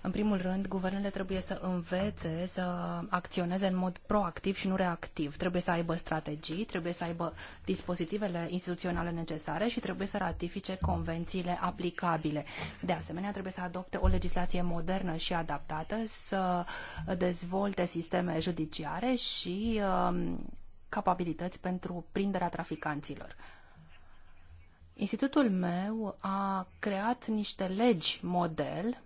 în primul rând, guvernele trebuie să învețe să acționeze în mod proactiv și nu reactiv. Trebuie să aibă strategii, trebuie să aibă dispozitivele instituționale necesare și trebuie să ratifice convențiile aplicabile. De asemenea, trebuie să adopte o legislație modernă și adaptată, să dezvolte sisteme judiciare și um, capabilități pentru prinderea traficanților. Institutul meu a creat niște legi model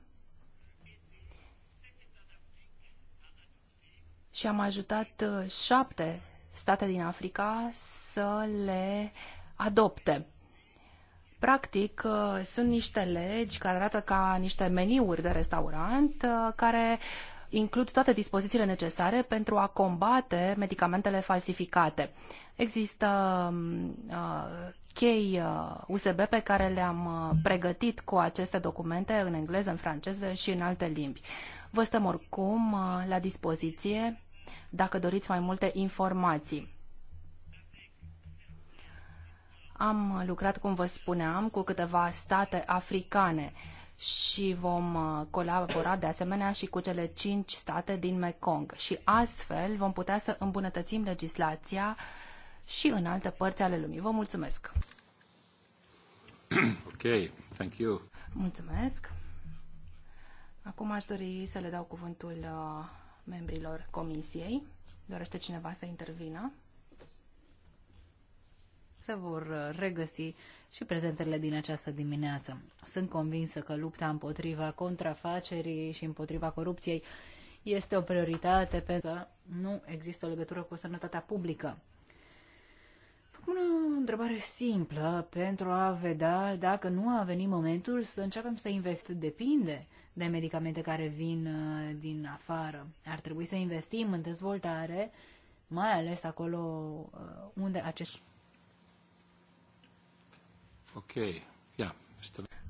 și am ajutat uh, șapte state din Africa să le adopte. Practic, uh, sunt niște legi care arată ca niște meniuri de restaurant uh, care includ toate dispozițiile necesare pentru a combate medicamentele falsificate. Există um, uh, chei USB uh, pe care le-am uh, pregătit cu aceste documente în engleză, în franceză și în alte limbi. Vă stăm oricum uh, la dispoziție dacă doriți mai multe informații. Am lucrat, cum vă spuneam, cu câteva state africane și vom colabora de asemenea și cu cele cinci state din Mekong și astfel vom putea să îmbunătățim legislația uh, și în alte părți ale lumii. Vă mulțumesc!
Ok, thank you.
Mulțumesc. Acum aș dori să le dau cuvântul uh, membrilor comisiei. Dorește cineva să intervină?
Se vor uh, regăsi și prezentările din această dimineață. Sunt convinsă că lupta împotriva contrafacerii și împotriva corupției este o prioritate pentru că nu există o legătură cu sănătatea publică o întrebare simplă pentru a vedea dacă nu a venit momentul să începem să investim. Depinde de medicamente care vin uh, din afară. Ar trebui să investim în dezvoltare, mai ales acolo
uh, unde acest...
Ok, ia. Yeah.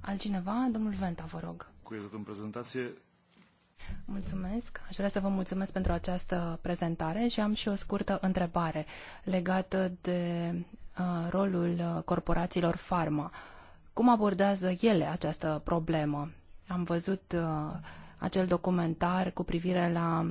Altcineva? Domnul Venta, vă rog.
Cu pentru prezentație.
Mulțumesc. Aș vrea să vă mulțumesc pentru această prezentare și am și o scurtă întrebare legată de uh, rolul uh, corporațiilor farma. Cum abordează ele această problemă? Am văzut uh, acel documentar cu privire la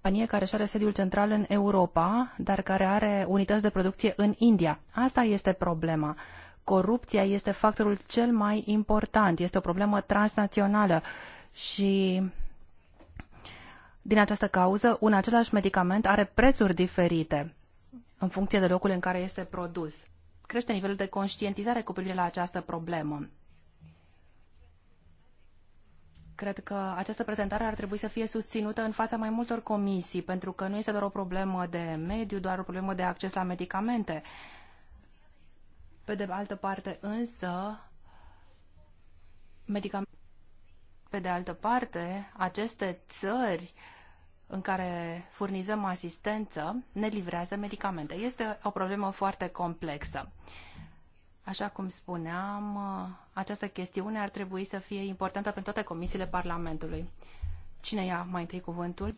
companie care și are sediul central în Europa, dar care are unități de producție în India. Asta este problema corupția este factorul cel mai important, este o problemă transnațională și din această cauză, un același medicament are prețuri diferite în funcție de locul în care este produs. Crește nivelul de conștientizare cu privire la această problemă. Cred că această prezentare ar trebui să fie susținută în fața mai multor comisii, pentru că nu este doar o problemă de mediu, doar o problemă de acces la medicamente. Pe de altă parte, însă, medicamente pe de altă parte, aceste țări în care furnizăm asistență ne livrează medicamente. Este o problemă foarte complexă. Așa cum spuneam, această chestiune ar trebui să fie importantă pentru toate comisiile Parlamentului. Cine ia mai întâi cuvântul?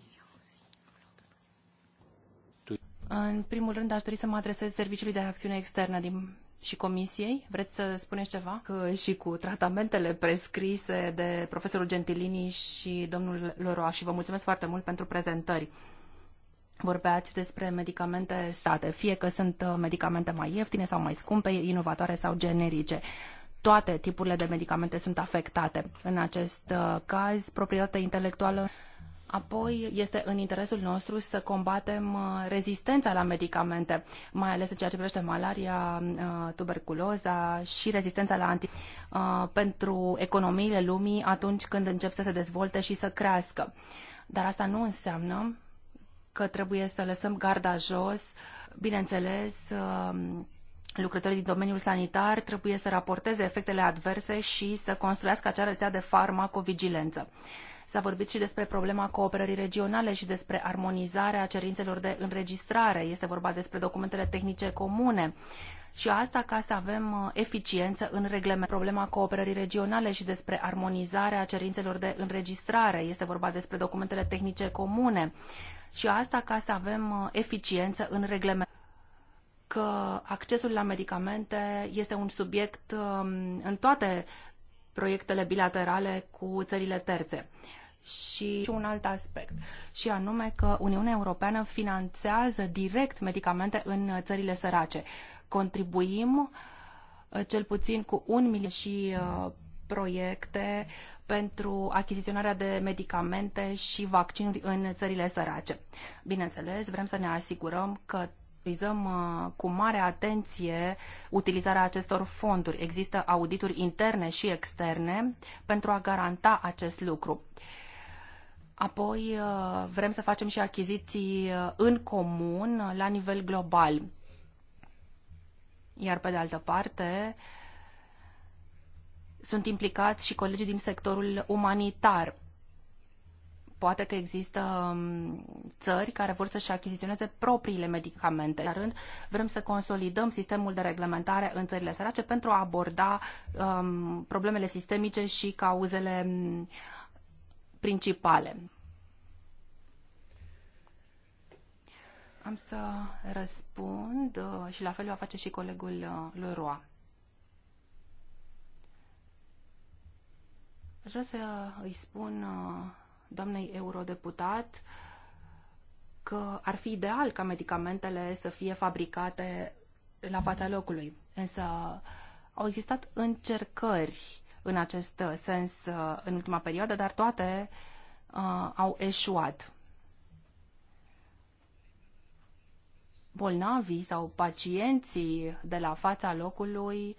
În primul rând, aș dori să mă adresez Serviciului de Acțiune Externă din și comisiei? Vreți să spuneți ceva? Că și cu tratamentele prescrise de profesorul Gentilini și domnul Leroy și vă mulțumesc foarte mult pentru prezentări. Vorbeați despre medicamente state, fie că sunt uh, medicamente mai ieftine sau mai scumpe, inovatoare sau generice toate tipurile de medicamente sunt afectate. În acest uh, caz, proprietatea intelectuală Apoi, este în interesul nostru să combatem uh, rezistența la medicamente, mai ales în ceea ce privește malaria, uh, tuberculoza și rezistența la anti uh, pentru economiile lumii atunci când încep să se dezvolte și să crească. Dar asta nu înseamnă că trebuie să lăsăm garda jos. Bineînțeles, lucrătorii din domeniul sanitar trebuie să raporteze efectele adverse și să construiască acea rețea de farmacovigilență. vigilență S-a vorbit și despre problema cooperării regionale și despre armonizarea cerințelor de înregistrare. Este vorba despre documentele tehnice comune și asta ca să avem uh, eficiență în reglement. Problema cooperării regionale și despre armonizarea cerințelor de înregistrare. Este vorba despre documentele tehnice comune și asta ca să avem uh, eficiență în reglement că accesul la medicamente este un subiect um, în toate proiectele bilaterale cu țările terțe. Și un alt aspect, și anume că Uniunea Europeană finanțează direct medicamente în țările sărace. Contribuim uh, cel puțin cu un milion și uh, proiecte pentru achiziționarea de medicamente și vaccinuri în țările sărace. Bineînțeles, vrem să ne asigurăm că monitorizăm uh, cu mare atenție utilizarea acestor fonduri. Există audituri interne și externe pentru a garanta acest lucru. Apoi uh, vrem să facem și achiziții uh, în comun la nivel global. Iar pe de altă parte, sunt implicați și colegii din sectorul umanitar. Poate că există um, țări care vor să-și achiziționeze propriile medicamente. La rând, vrem să consolidăm sistemul de reglementare în țările sărace pentru a aborda um, problemele sistemice și cauzele um, principale. Am să răspund uh, și la fel va face și colegul uh, Roa. Aș vrea să îi spun uh, doamnei eurodeputat că ar fi ideal ca medicamentele să fie fabricate la fața locului. Însă au existat încercări în acest sens uh, în ultima perioadă, dar toate uh, au eșuat. Bolnavii sau pacienții de la fața locului uh,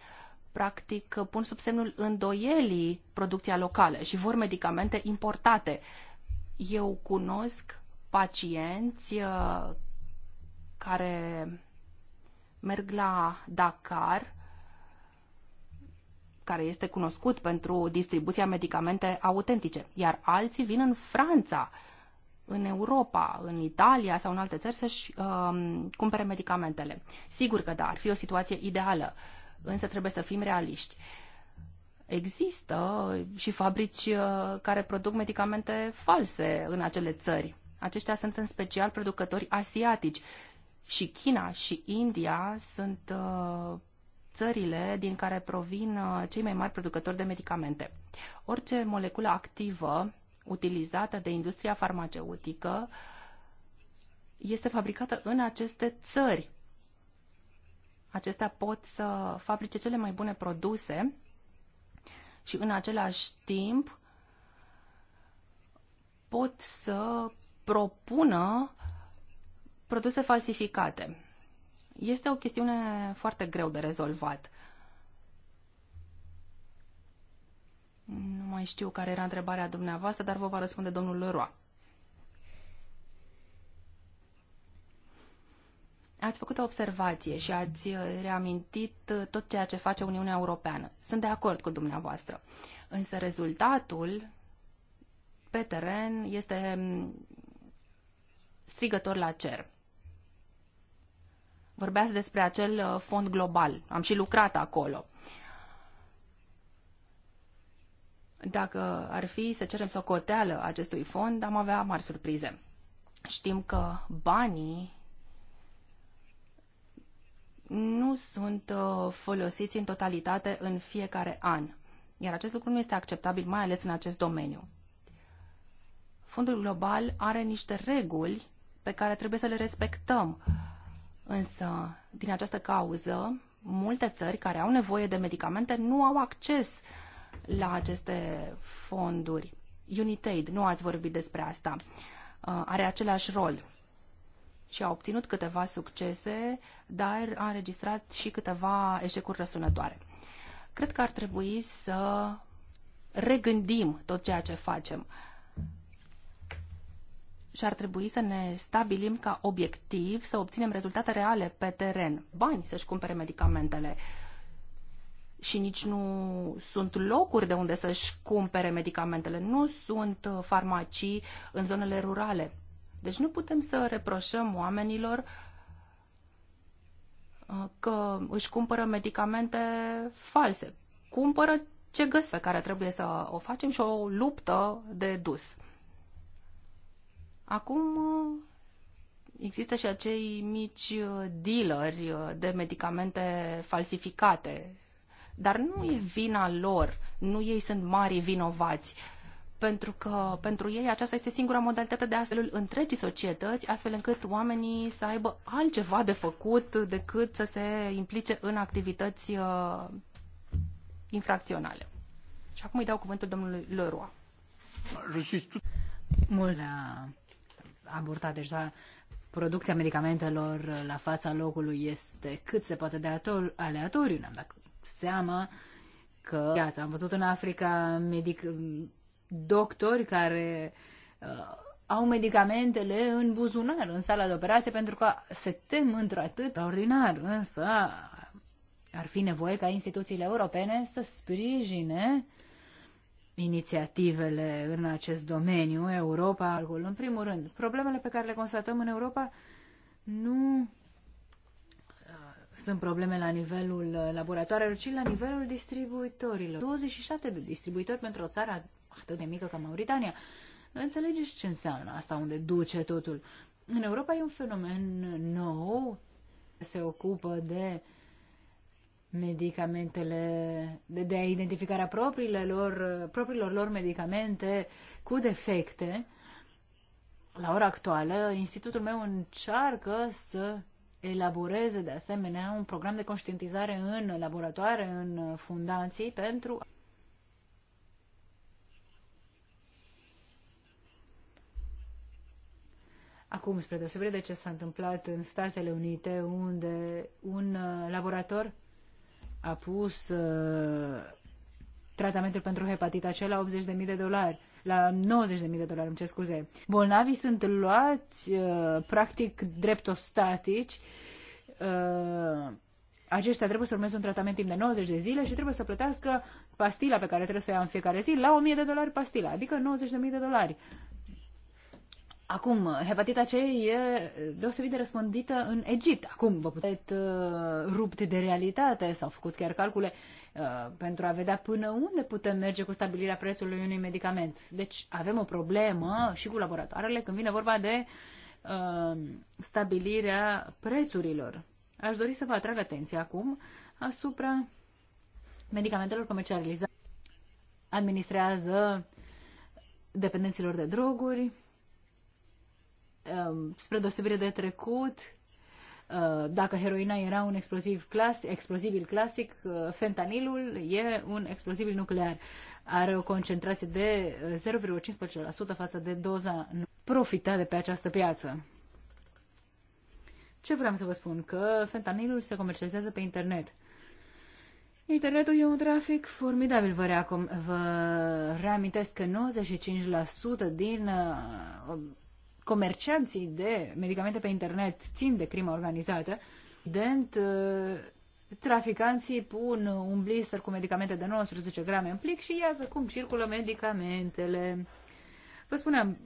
practic uh, pun sub semnul îndoielii producția locală și vor medicamente importate. Eu cunosc pacienți uh, care merg la Dakar, care este cunoscut pentru distribuția medicamente autentice, iar alții vin în Franța, în Europa, în Italia sau în alte țări să-și uh, cumpere medicamentele. Sigur că da, ar fi o situație ideală. Uh, însă trebuie să fim realiști. Există și fabrici uh, care produc medicamente false în acele țări. Aceștia sunt în special producători asiatici și China și India sunt uh, țările din care provin uh, cei mai mari producători de medicamente. Orice moleculă activă utilizată de industria farmaceutică este fabricată în aceste țări acestea pot să fabrice cele mai bune produse și în același timp pot să propună produse falsificate. Este o chestiune foarte greu de rezolvat. Nu mai știu care era întrebarea dumneavoastră, dar vă va răspunde domnul Leroy. Ați făcut o observație și ați uh, reamintit uh, tot ceea ce face Uniunea Europeană. Sunt de acord cu dumneavoastră. Însă rezultatul pe teren este mm, strigător la cer. Vorbeați despre acel uh, fond global. Am și lucrat acolo. Dacă ar fi să cerem socoteală acestui fond, am avea mari surprize. Știm că banii nu sunt uh, folosiți în totalitate în fiecare an. Iar acest lucru nu este acceptabil, mai ales în acest domeniu. Fondul global are niște reguli pe care trebuie să le respectăm. Însă, din această cauză, multe țări care au nevoie de medicamente nu au acces la aceste fonduri. Unitaid, nu ați vorbit despre asta, uh, are același rol și a obținut câteva succese, dar a înregistrat și câteva eșecuri răsunătoare. Cred că ar trebui să regândim tot ceea ce facem și ar trebui să ne stabilim ca obiectiv să obținem rezultate reale pe teren, bani să-și cumpere medicamentele. Și nici nu sunt locuri de unde să-și cumpere medicamentele, nu sunt farmacii în zonele rurale. Deci nu putem să reproșăm oamenilor uh, că își cumpără medicamente false. Cumpără ce găsesc pe care trebuie să o facem și o luptă de dus. Acum uh, există și acei mici uh, dealeri de medicamente falsificate, dar nu e vina lor, nu ei sunt mari vinovați pentru că pentru ei aceasta este singura modalitate de astfel întregii societăți, astfel încât oamenii să aibă altceva de făcut decât să se implice în activități uh, infracționale. Și acum îi dau cuvântul domnului Leroy.
Mult a abordat deja producția medicamentelor la fața locului este cât se poate de aleatoriu, n-am dat seama că, iată, am văzut în Africa medic, doctori care uh, au medicamentele în buzunar, în sala de operație, pentru că se tem într-atât extraordinar, însă ar fi nevoie ca instituțiile europene să sprijine inițiativele în acest domeniu, Europa, alcool. În primul rând, problemele pe care le constatăm în Europa nu uh, sunt probleme la nivelul uh, laboratoarelor, ci la nivelul distribuitorilor. 27 de distribuitori pentru o țară atât de mică ca Mauritania. Înțelegeți ce înseamnă asta, unde duce totul. În Europa e un fenomen nou, se ocupă de medicamentele, de, de identificarea propriilor lor, propriilor lor medicamente cu defecte. La ora actuală, institutul meu încearcă să elaboreze de asemenea un program de conștientizare în laboratoare, în fundații, pentru Acum, spre deosebire de ce s-a întâmplat în Statele Unite, unde un uh, laborator a pus uh, tratamentul pentru hepatita C la 80.000 de dolari, la 90.000 de dolari, îmi cer scuze. Bolnavii sunt luați, uh, practic, dreptostatici. Uh, aceștia trebuie să urmeze un tratament timp de 90 de zile și trebuie să plătească pastila pe care trebuie să o ia în fiecare zi la 1000 de dolari pastila, adică 90.000 de dolari. Acum, hepatita C e deosebit de răspândită în Egipt. Acum, vă puteți uh, rupte de realitate, s-au făcut chiar calcule uh, pentru a vedea până unde putem merge cu stabilirea prețului unui medicament. Deci avem o problemă și cu laboratoarele când vine vorba de uh, stabilirea prețurilor. Aș dori să vă atrag atenția acum asupra medicamentelor comercializate. Administrează dependenților de droguri, Um, spre deosebire de trecut, uh, dacă heroina era un exploziv clasic, explozibil clasic, uh, fentanilul e un explozibil nuclear. Are o concentrație de 0,15% uh, față de doza profita de pe această piață. Ce vreau să vă spun? Că fentanilul se comercializează pe internet. Internetul e un trafic formidabil, vă, reacom- vă reamintesc că 95% din comercianții de medicamente pe internet țin de crimă organizată, dent uh, traficanții pun un blister cu medicamente de 19 grame în plic și iază cum circulă medicamentele. Vă spuneam,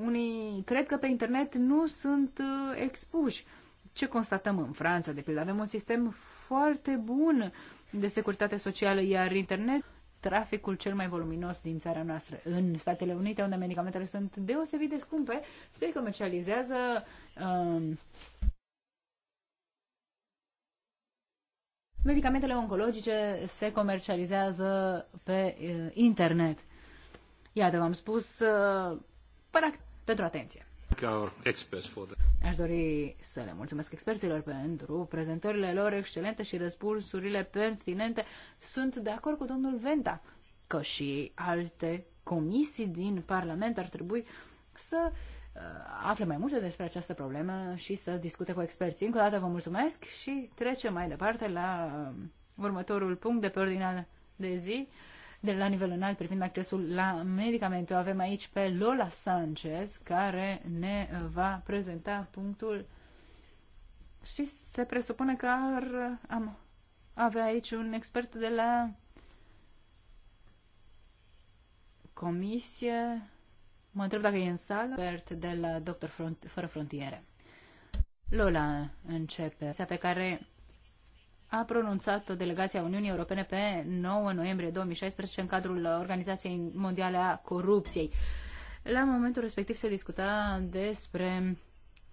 unii cred că pe internet nu sunt uh, expuși. Ce constatăm în Franța, de pildă? Avem un sistem foarte bun de securitate socială, iar internet traficul cel mai voluminos din țara noastră. În Statele Unite, unde medicamentele sunt deosebit de scumpe, se comercializează um, medicamentele oncologice se comercializează pe uh, internet. Iată, v-am spus, uh, pentru atenție. Aș dori să le mulțumesc experților pentru prezentările lor excelente și răspunsurile pertinente. Sunt de acord cu domnul Venta că și alte comisii din Parlament ar trebui să uh, afle mai multe despre această problemă și să discute cu experții. Încă o dată vă mulțumesc și trecem mai departe la um, următorul punct de pe ordinea de zi de la nivel înalt privind accesul la medicamente. O avem aici pe Lola Sanchez, care ne va prezenta punctul și se presupune că ar, am avea aici un expert de la comisie. Mă întreb dacă e în sală. Expert de la Doctor Front, Fără Frontiere. Lola începe. Pe care a pronunțat delegația Uniunii Europene pe 9 noiembrie 2016 în cadrul Organizației Mondiale a Corupției. La momentul respectiv se discuta despre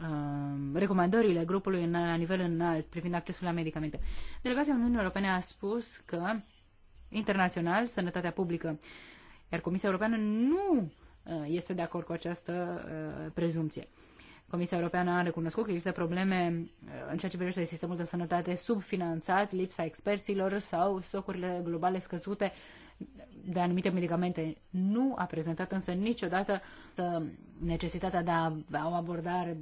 um, recomandările grupului în, la nivel înalt privind accesul la medicamente. Delegația Uniunii Europene a spus că internațional, sănătatea publică, iar Comisia Europeană nu uh, este de acord cu această uh, prezumție. Comisia Europeană a recunoscut că există probleme uh, în ceea ce privește sistemul de sănătate subfinanțat, lipsa experților sau stocurile globale scăzute de anumite medicamente. Nu a prezentat însă niciodată uh, necesitatea de a avea o abordare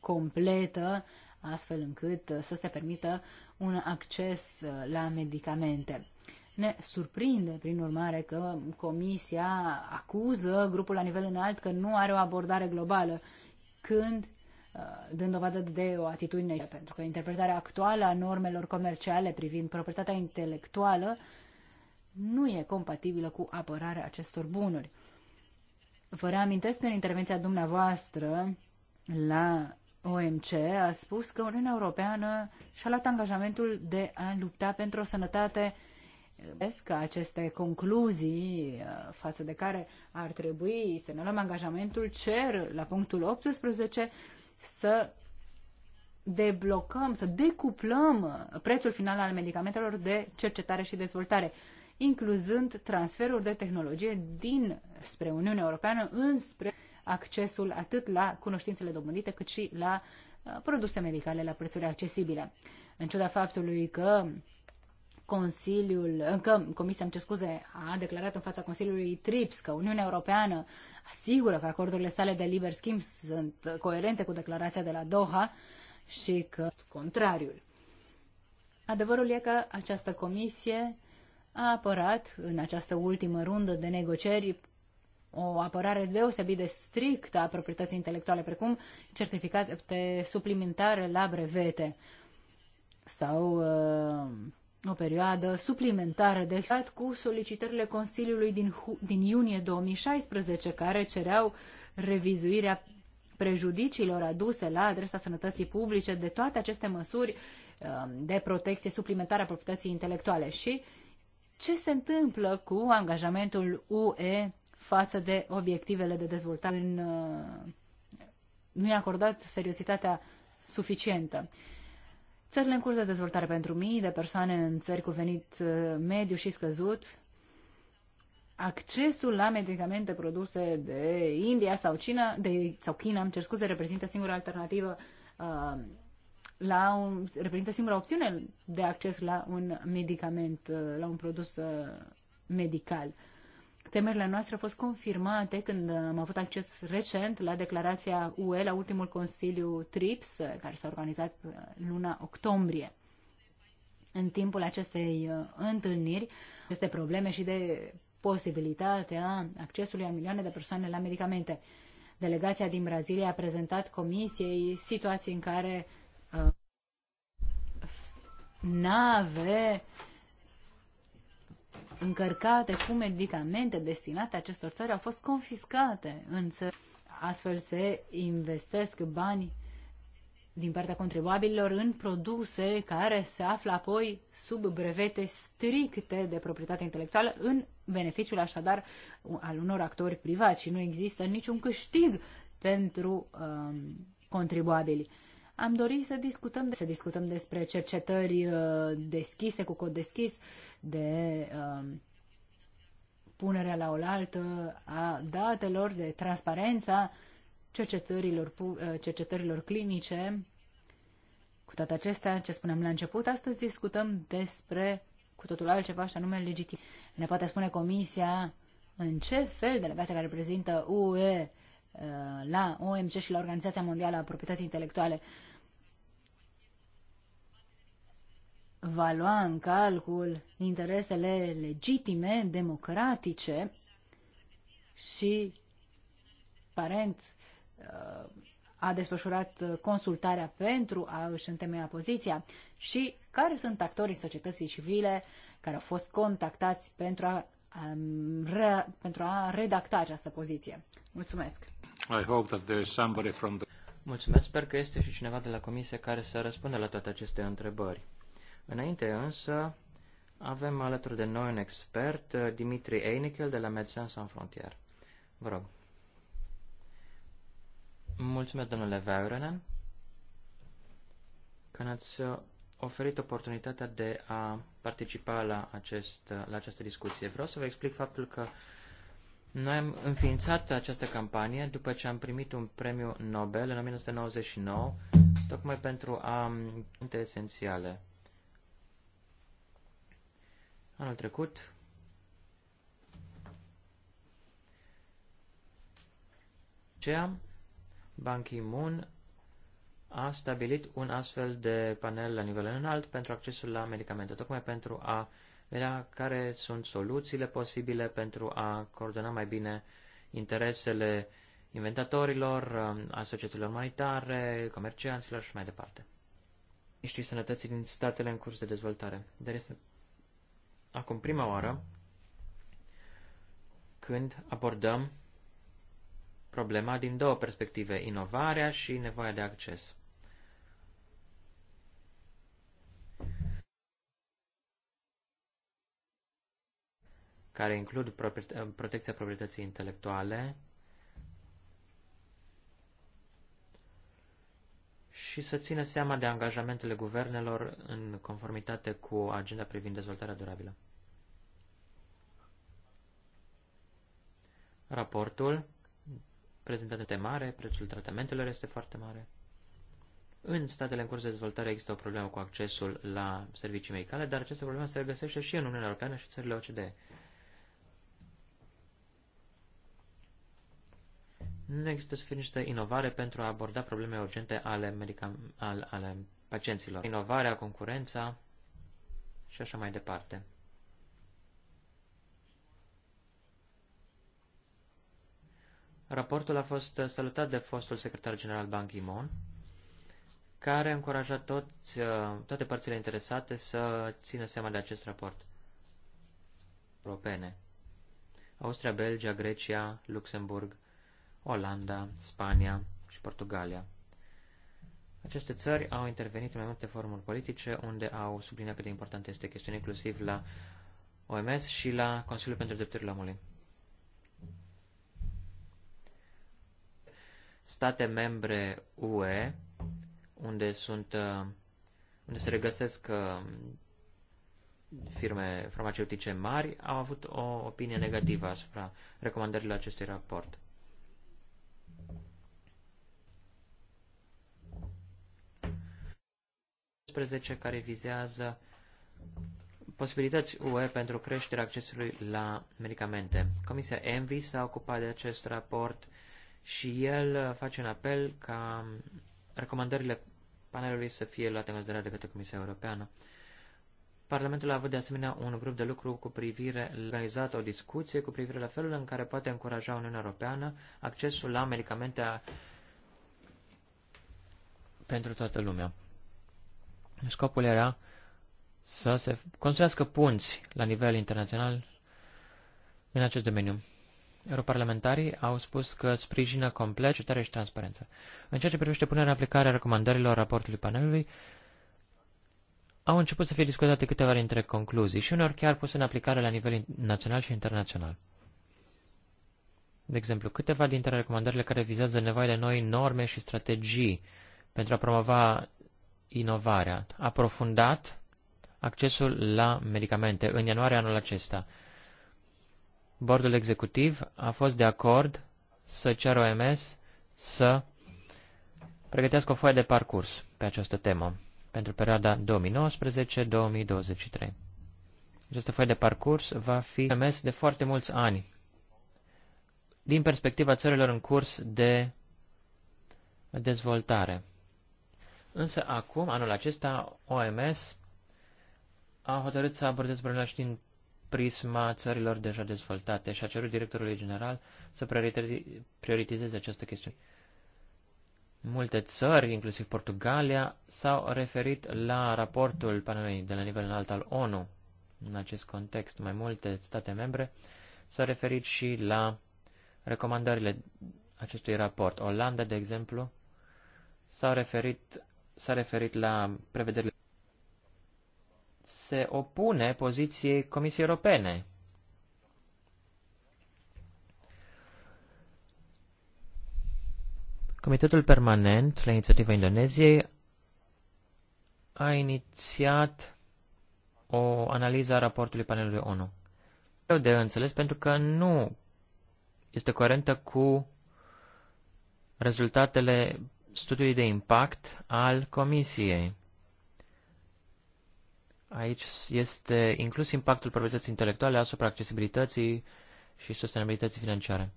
completă astfel încât uh, să se permită un acces la medicamente. Ne surprinde, prin urmare, că Comisia acuză grupul la nivel înalt că nu are o abordare globală când uh, dând dovadă de o atitudine, pentru că interpretarea actuală a normelor comerciale privind proprietatea intelectuală nu e compatibilă cu apărarea acestor bunuri. Vă reamintesc că în intervenția dumneavoastră la OMC a spus că Uniunea Europeană și-a luat angajamentul de a lupta pentru o sănătate uh, că aceste concluzii uh, față de care ar trebui să ne luăm angajamentul cer la punctul 18 să deblocăm, să decuplăm uh, prețul final al medicamentelor de cercetare și dezvoltare, incluzând transferul de tehnologie din spre Uniunea Europeană înspre accesul atât la cunoștințele dobândite cât și la uh, produse medicale la prețuri accesibile. În ciuda faptului că Consiliul, încă Comisia, îmi scuze, a declarat în fața Consiliului TRIPS că Uniunea Europeană asigură că acordurile sale de liber schimb sunt coerente cu declarația de la Doha și că contrariul. Adevărul e că această comisie a apărat în această ultimă rundă de negocieri o apărare deosebit de strictă a proprietății intelectuale, precum certificate suplimentare la brevete sau uh, o perioadă suplimentară de stat cu solicitările Consiliului din, din iunie 2016, care cereau revizuirea prejudiciilor aduse la adresa sănătății publice de toate aceste măsuri um, de protecție suplimentară a proprietății intelectuale și ce se întâmplă cu angajamentul UE față de obiectivele de dezvoltare în, uh, nu i-a acordat seriozitatea suficientă. Țările în curs de dezvoltare pentru mii de persoane în țări cu venit uh, mediu și scăzut, accesul la medicamente produse de India sau China, de, sau China, îmi cer scuze, reprezintă singura alternativă uh, la un, reprezintă singura opțiune de acces la un medicament, uh, la un produs uh, medical. Uh, Temerile noastre au fost confirmate când am avut acces recent la declarația UE la ultimul Consiliu TRIPS, care s-a organizat uh, luna octombrie. În timpul acestei uh, întâlniri, aceste probleme și de posibilitatea accesului a milioane de persoane la medicamente. Delegația din Brazilia a prezentat comisiei situații în care uh, nave uh, încărcate cu medicamente destinate acestor țări au fost confiscate în țări. Astfel se investesc bani din partea contribuabililor în produse care se află apoi sub brevete stricte de proprietate intelectuală în beneficiul așadar al unor actori privați și nu există niciun câștig pentru um, contribuabili. Am dorit să discutăm, de, să discutăm despre cercetări uh, deschise, cu cod deschis, de uh, punerea la oaltă a datelor, de transparența cercetărilor, uh, cercetărilor clinice. Cu toate acestea, ce spuneam la început, astăzi discutăm despre cu totul altceva, și anume legitim. Ne poate spune Comisia în ce fel delegația care reprezintă UE Uh, la OMC și la Organizația Mondială a Proprietății Intelectuale va lua în calcul interesele legitime, democratice și parent uh, a desfășurat consultarea pentru a își întemeia poziția și care sunt actorii societății civile care au fost contactați pentru a re, pentru a redacta această poziție. Mulțumesc.
I hope that there is somebody from the...
Mulțumesc, sper că este și cineva de la comisie care să răspundă la toate aceste întrebări. Înainte însă, avem alături de noi un expert, uh, Dimitri Einichel de la Médecins Sans Frontières. Vă rog. Mulțumesc, domnule Vaurenen, că ați uh, oferit oportunitatea de a participa la, acest, la această discuție. Vreau să vă explic faptul că noi am înființat această campanie după ce am primit un premiu Nobel în 1999, tocmai pentru a puncte esențiale. Anul trecut aceea, Ban Ki-moon a stabilit un astfel de panel la nivel înalt pentru accesul la medicamente, tocmai pentru a vedea care sunt soluțiile posibile pentru a coordona mai bine interesele inventatorilor, asociațiilor umanitare, comercianților și mai departe. Știi sănătății din statele în curs de dezvoltare. Dar este acum prima oară când abordăm problema din două perspective, inovarea și nevoia de acces. care includ eh, protecția proprietății intelectuale și să țină seama de angajamentele guvernelor în conformitate cu agenda privind dezvoltarea durabilă. Raportul prezentat de mare, prețul tratamentelor este foarte mare. În statele în curs de dezvoltare există o problemă cu accesul la servicii medicale, dar această problemă se regăsește și în Uniunea Europeană și țările OCDE. nu există suficientă inovare pentru a aborda probleme urgente ale, medica, al, ale pacienților. Inovarea, concurența și așa mai departe. Raportul a fost salutat de fostul secretar general Ban Ki-moon, care a încurajat toți, toate părțile interesate să țină seama de acest raport. Europene. Austria, Belgia, Grecia, Luxemburg Olanda, Spania și Portugalia. Aceste țări au intervenit în mai multe formuri politice, unde au subliniat cât de importantă este chestiunea, inclusiv la OMS și la Consiliul pentru Drepturile Omului. State membre UE, unde sunt uh, unde se regăsesc uh, firme farmaceutice mari, au avut o opinie negativă asupra recomandărilor acestui raport. 18 care vizează posibilități UE pentru creșterea accesului la medicamente. Comisia ENVI s-a ocupat de acest raport și el face un apel ca recomandările panelului să fie luate în considerare de către Comisia Europeană. Parlamentul a avut de asemenea un grup de lucru cu privire organizat o discuție cu privire la felul în care poate încuraja Uniunea Europeană accesul la medicamente pentru toată lumea. Scopul era să se construiască punți la nivel internațional în acest domeniu. Europarlamentarii au spus că sprijină complet cercetare și transparență. În ceea ce privește punerea în aplicare a recomandărilor raportului panelului, au început să fie discutate câteva dintre concluzii și uneori chiar puse în aplicare la nivel național și internațional. De exemplu, câteva dintre recomandările care vizează nevoile noi norme și strategii pentru a promova inovarea, aprofundat accesul la medicamente în ianuarie anul acesta. Bordul executiv a fost de acord să ceară OMS să pregătească o foaie de parcurs pe această temă pentru perioada 2019-2023. Această foaie de parcurs va fi OMS de foarte mulți ani din perspectiva țărilor în curs de dezvoltare. Însă acum, anul acesta, OMS a hotărât să abordeze problema și din prisma țărilor deja dezvoltate și a cerut directorului general să prioritizeze această chestiune. Multe țări, inclusiv Portugalia, s-au referit la raportul panelului de la nivel înalt al ONU. În acest context, mai multe state membre s-au referit și la recomandările acestui raport. Olanda, de exemplu, s-au referit s-a referit la prevederile. Se opune poziției Comisiei Europene. Comitetul Permanent la inițiativa Indoneziei a inițiat o analiză a raportului panelului ONU. Eu de înțeles pentru că nu este coerentă cu rezultatele studiului de impact al Comisiei. Aici este inclus impactul proprietății intelectuale asupra accesibilității și sustenabilității financiare.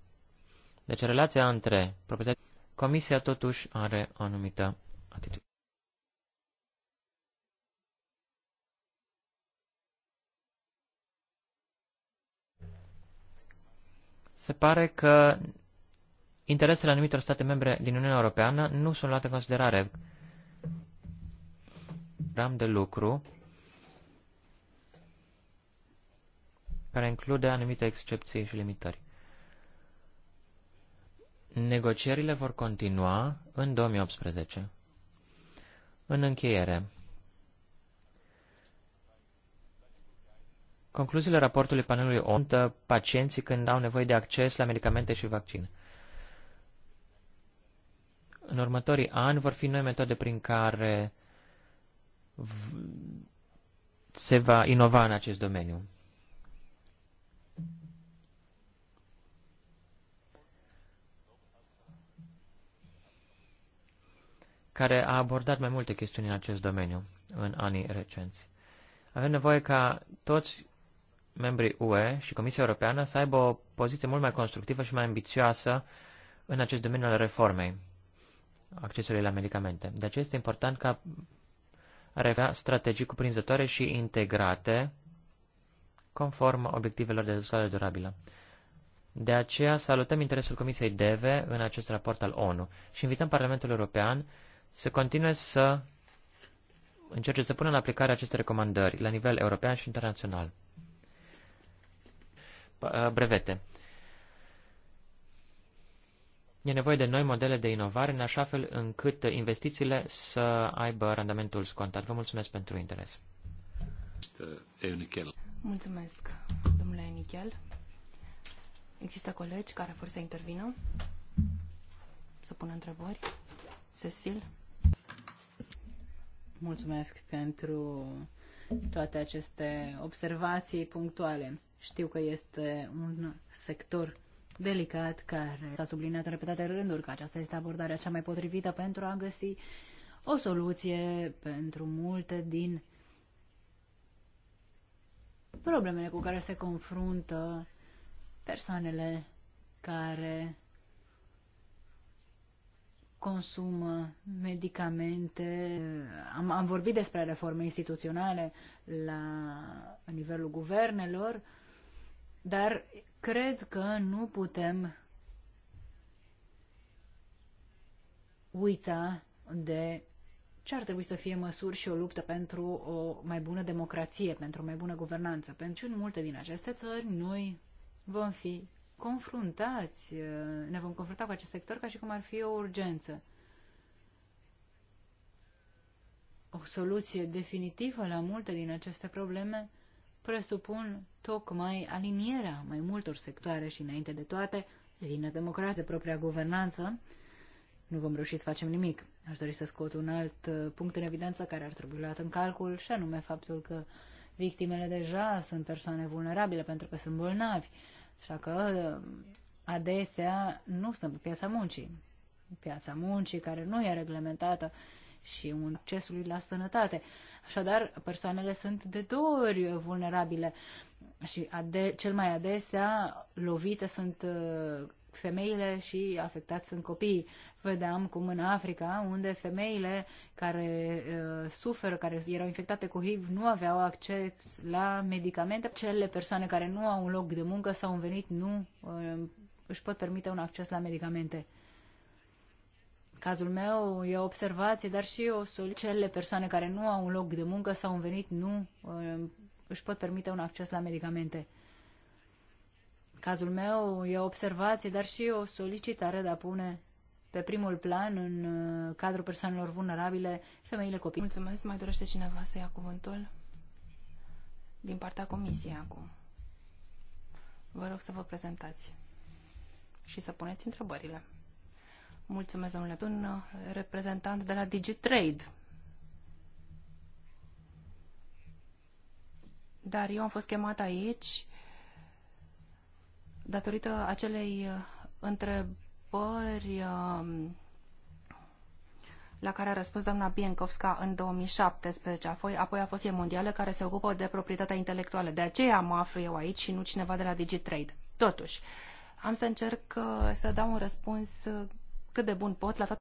Deci relația între proprietate... Comisia totuși are o anumită atitudine. Se pare că interesele anumitor state membre din Uniunea Europeană nu sunt luate în considerare. Ram de lucru care include anumite excepții și limitări. Negocierile vor continua în 2018. În încheiere, concluziile raportului panelului ONT pacienții când au nevoie de acces la medicamente și vaccin în următorii ani vor fi noi metode prin care se va inova în acest domeniu. care a abordat mai multe chestiuni în acest domeniu în anii recenți. Avem nevoie ca toți membrii UE și Comisia Europeană să aibă o poziție mult mai constructivă și mai ambițioasă în acest domeniu al reformei accesului la medicamente. De aceea este important ca ar avea strategii cuprinzătoare și integrate conform obiectivelor de dezvoltare durabilă. De aceea salutăm interesul Comisiei DEVE în acest raport al ONU și invităm Parlamentul European să continue să încerce să pună în aplicare aceste recomandări la nivel european și internațional. Uh, brevete. E nevoie de noi modele de inovare în așa fel încât investițiile să aibă randamentul scontat. Vă mulțumesc pentru interes.
Mulțumesc, domnule Enichel. Există colegi care vor să intervină? Să pună întrebări? Cecil? Mulțumesc
pentru toate aceste observații punctuale. Știu că este un sector delicat care s-a subliniat în repetate rânduri că aceasta este abordarea cea mai potrivită pentru a găsi o soluție pentru multe din problemele cu care se confruntă persoanele care consumă medicamente. Am, am vorbit despre reforme instituționale la nivelul guvernelor. Dar cred că nu putem uita de ce ar trebui să fie măsuri și o luptă pentru o mai bună democrație, pentru o mai bună guvernanță. Pentru în multe din aceste țări noi vom fi confruntați, ne vom confrunta cu acest sector ca și cum ar fi o urgență. O soluție definitivă la multe din aceste probleme presupun tocmai alinierea mai multor sectoare și, înainte de toate, vină democrație, propria guvernanță, nu vom reuși să facem nimic. Aș dori să scot un alt uh, punct în evidență care ar trebui luat în calcul și anume faptul că victimele deja sunt persoane vulnerabile pentru că sunt bolnavi, așa că uh, adesea nu sunt pe piața muncii. Piața muncii care nu e reglementată și un accesului la sănătate. Așadar, persoanele sunt de două ori vulnerabile și ade- cel mai adesea lovite sunt uh, femeile și afectați sunt copiii. Vedeam cum în Africa, unde femeile care uh, suferă, care erau infectate cu HIV, nu aveau acces la medicamente. Cele persoane care nu au un loc de muncă sau un venit nu uh, își pot permite un acces la medicamente. Cazul meu e o observație, dar și o Cele persoane care nu au un loc de muncă sau un venit nu um, își pot permite un acces la medicamente. Cazul meu e o observație, dar și o solicitare de a pune pe primul plan în uh, cadrul persoanelor vulnerabile, femeile copii. Mulțumesc. Mai dorește cineva
să ia cuvântul? Din partea comisiei acum. Vă rog să vă prezentați și să puneți întrebările. Mulțumesc, domnule Bun, reprezentant de la DigiTrade. Dar eu am fost chemat aici datorită acelei uh, întrebări um, la care a răspuns doamna Biencovska în 2017, apoi a fost e mondială care se ocupă de proprietatea intelectuală. De aceea mă aflu eu aici și nu cineva de la DigiTrade. Totuși, am să încerc uh, să dau un răspuns uh, cât
de bun pot la toate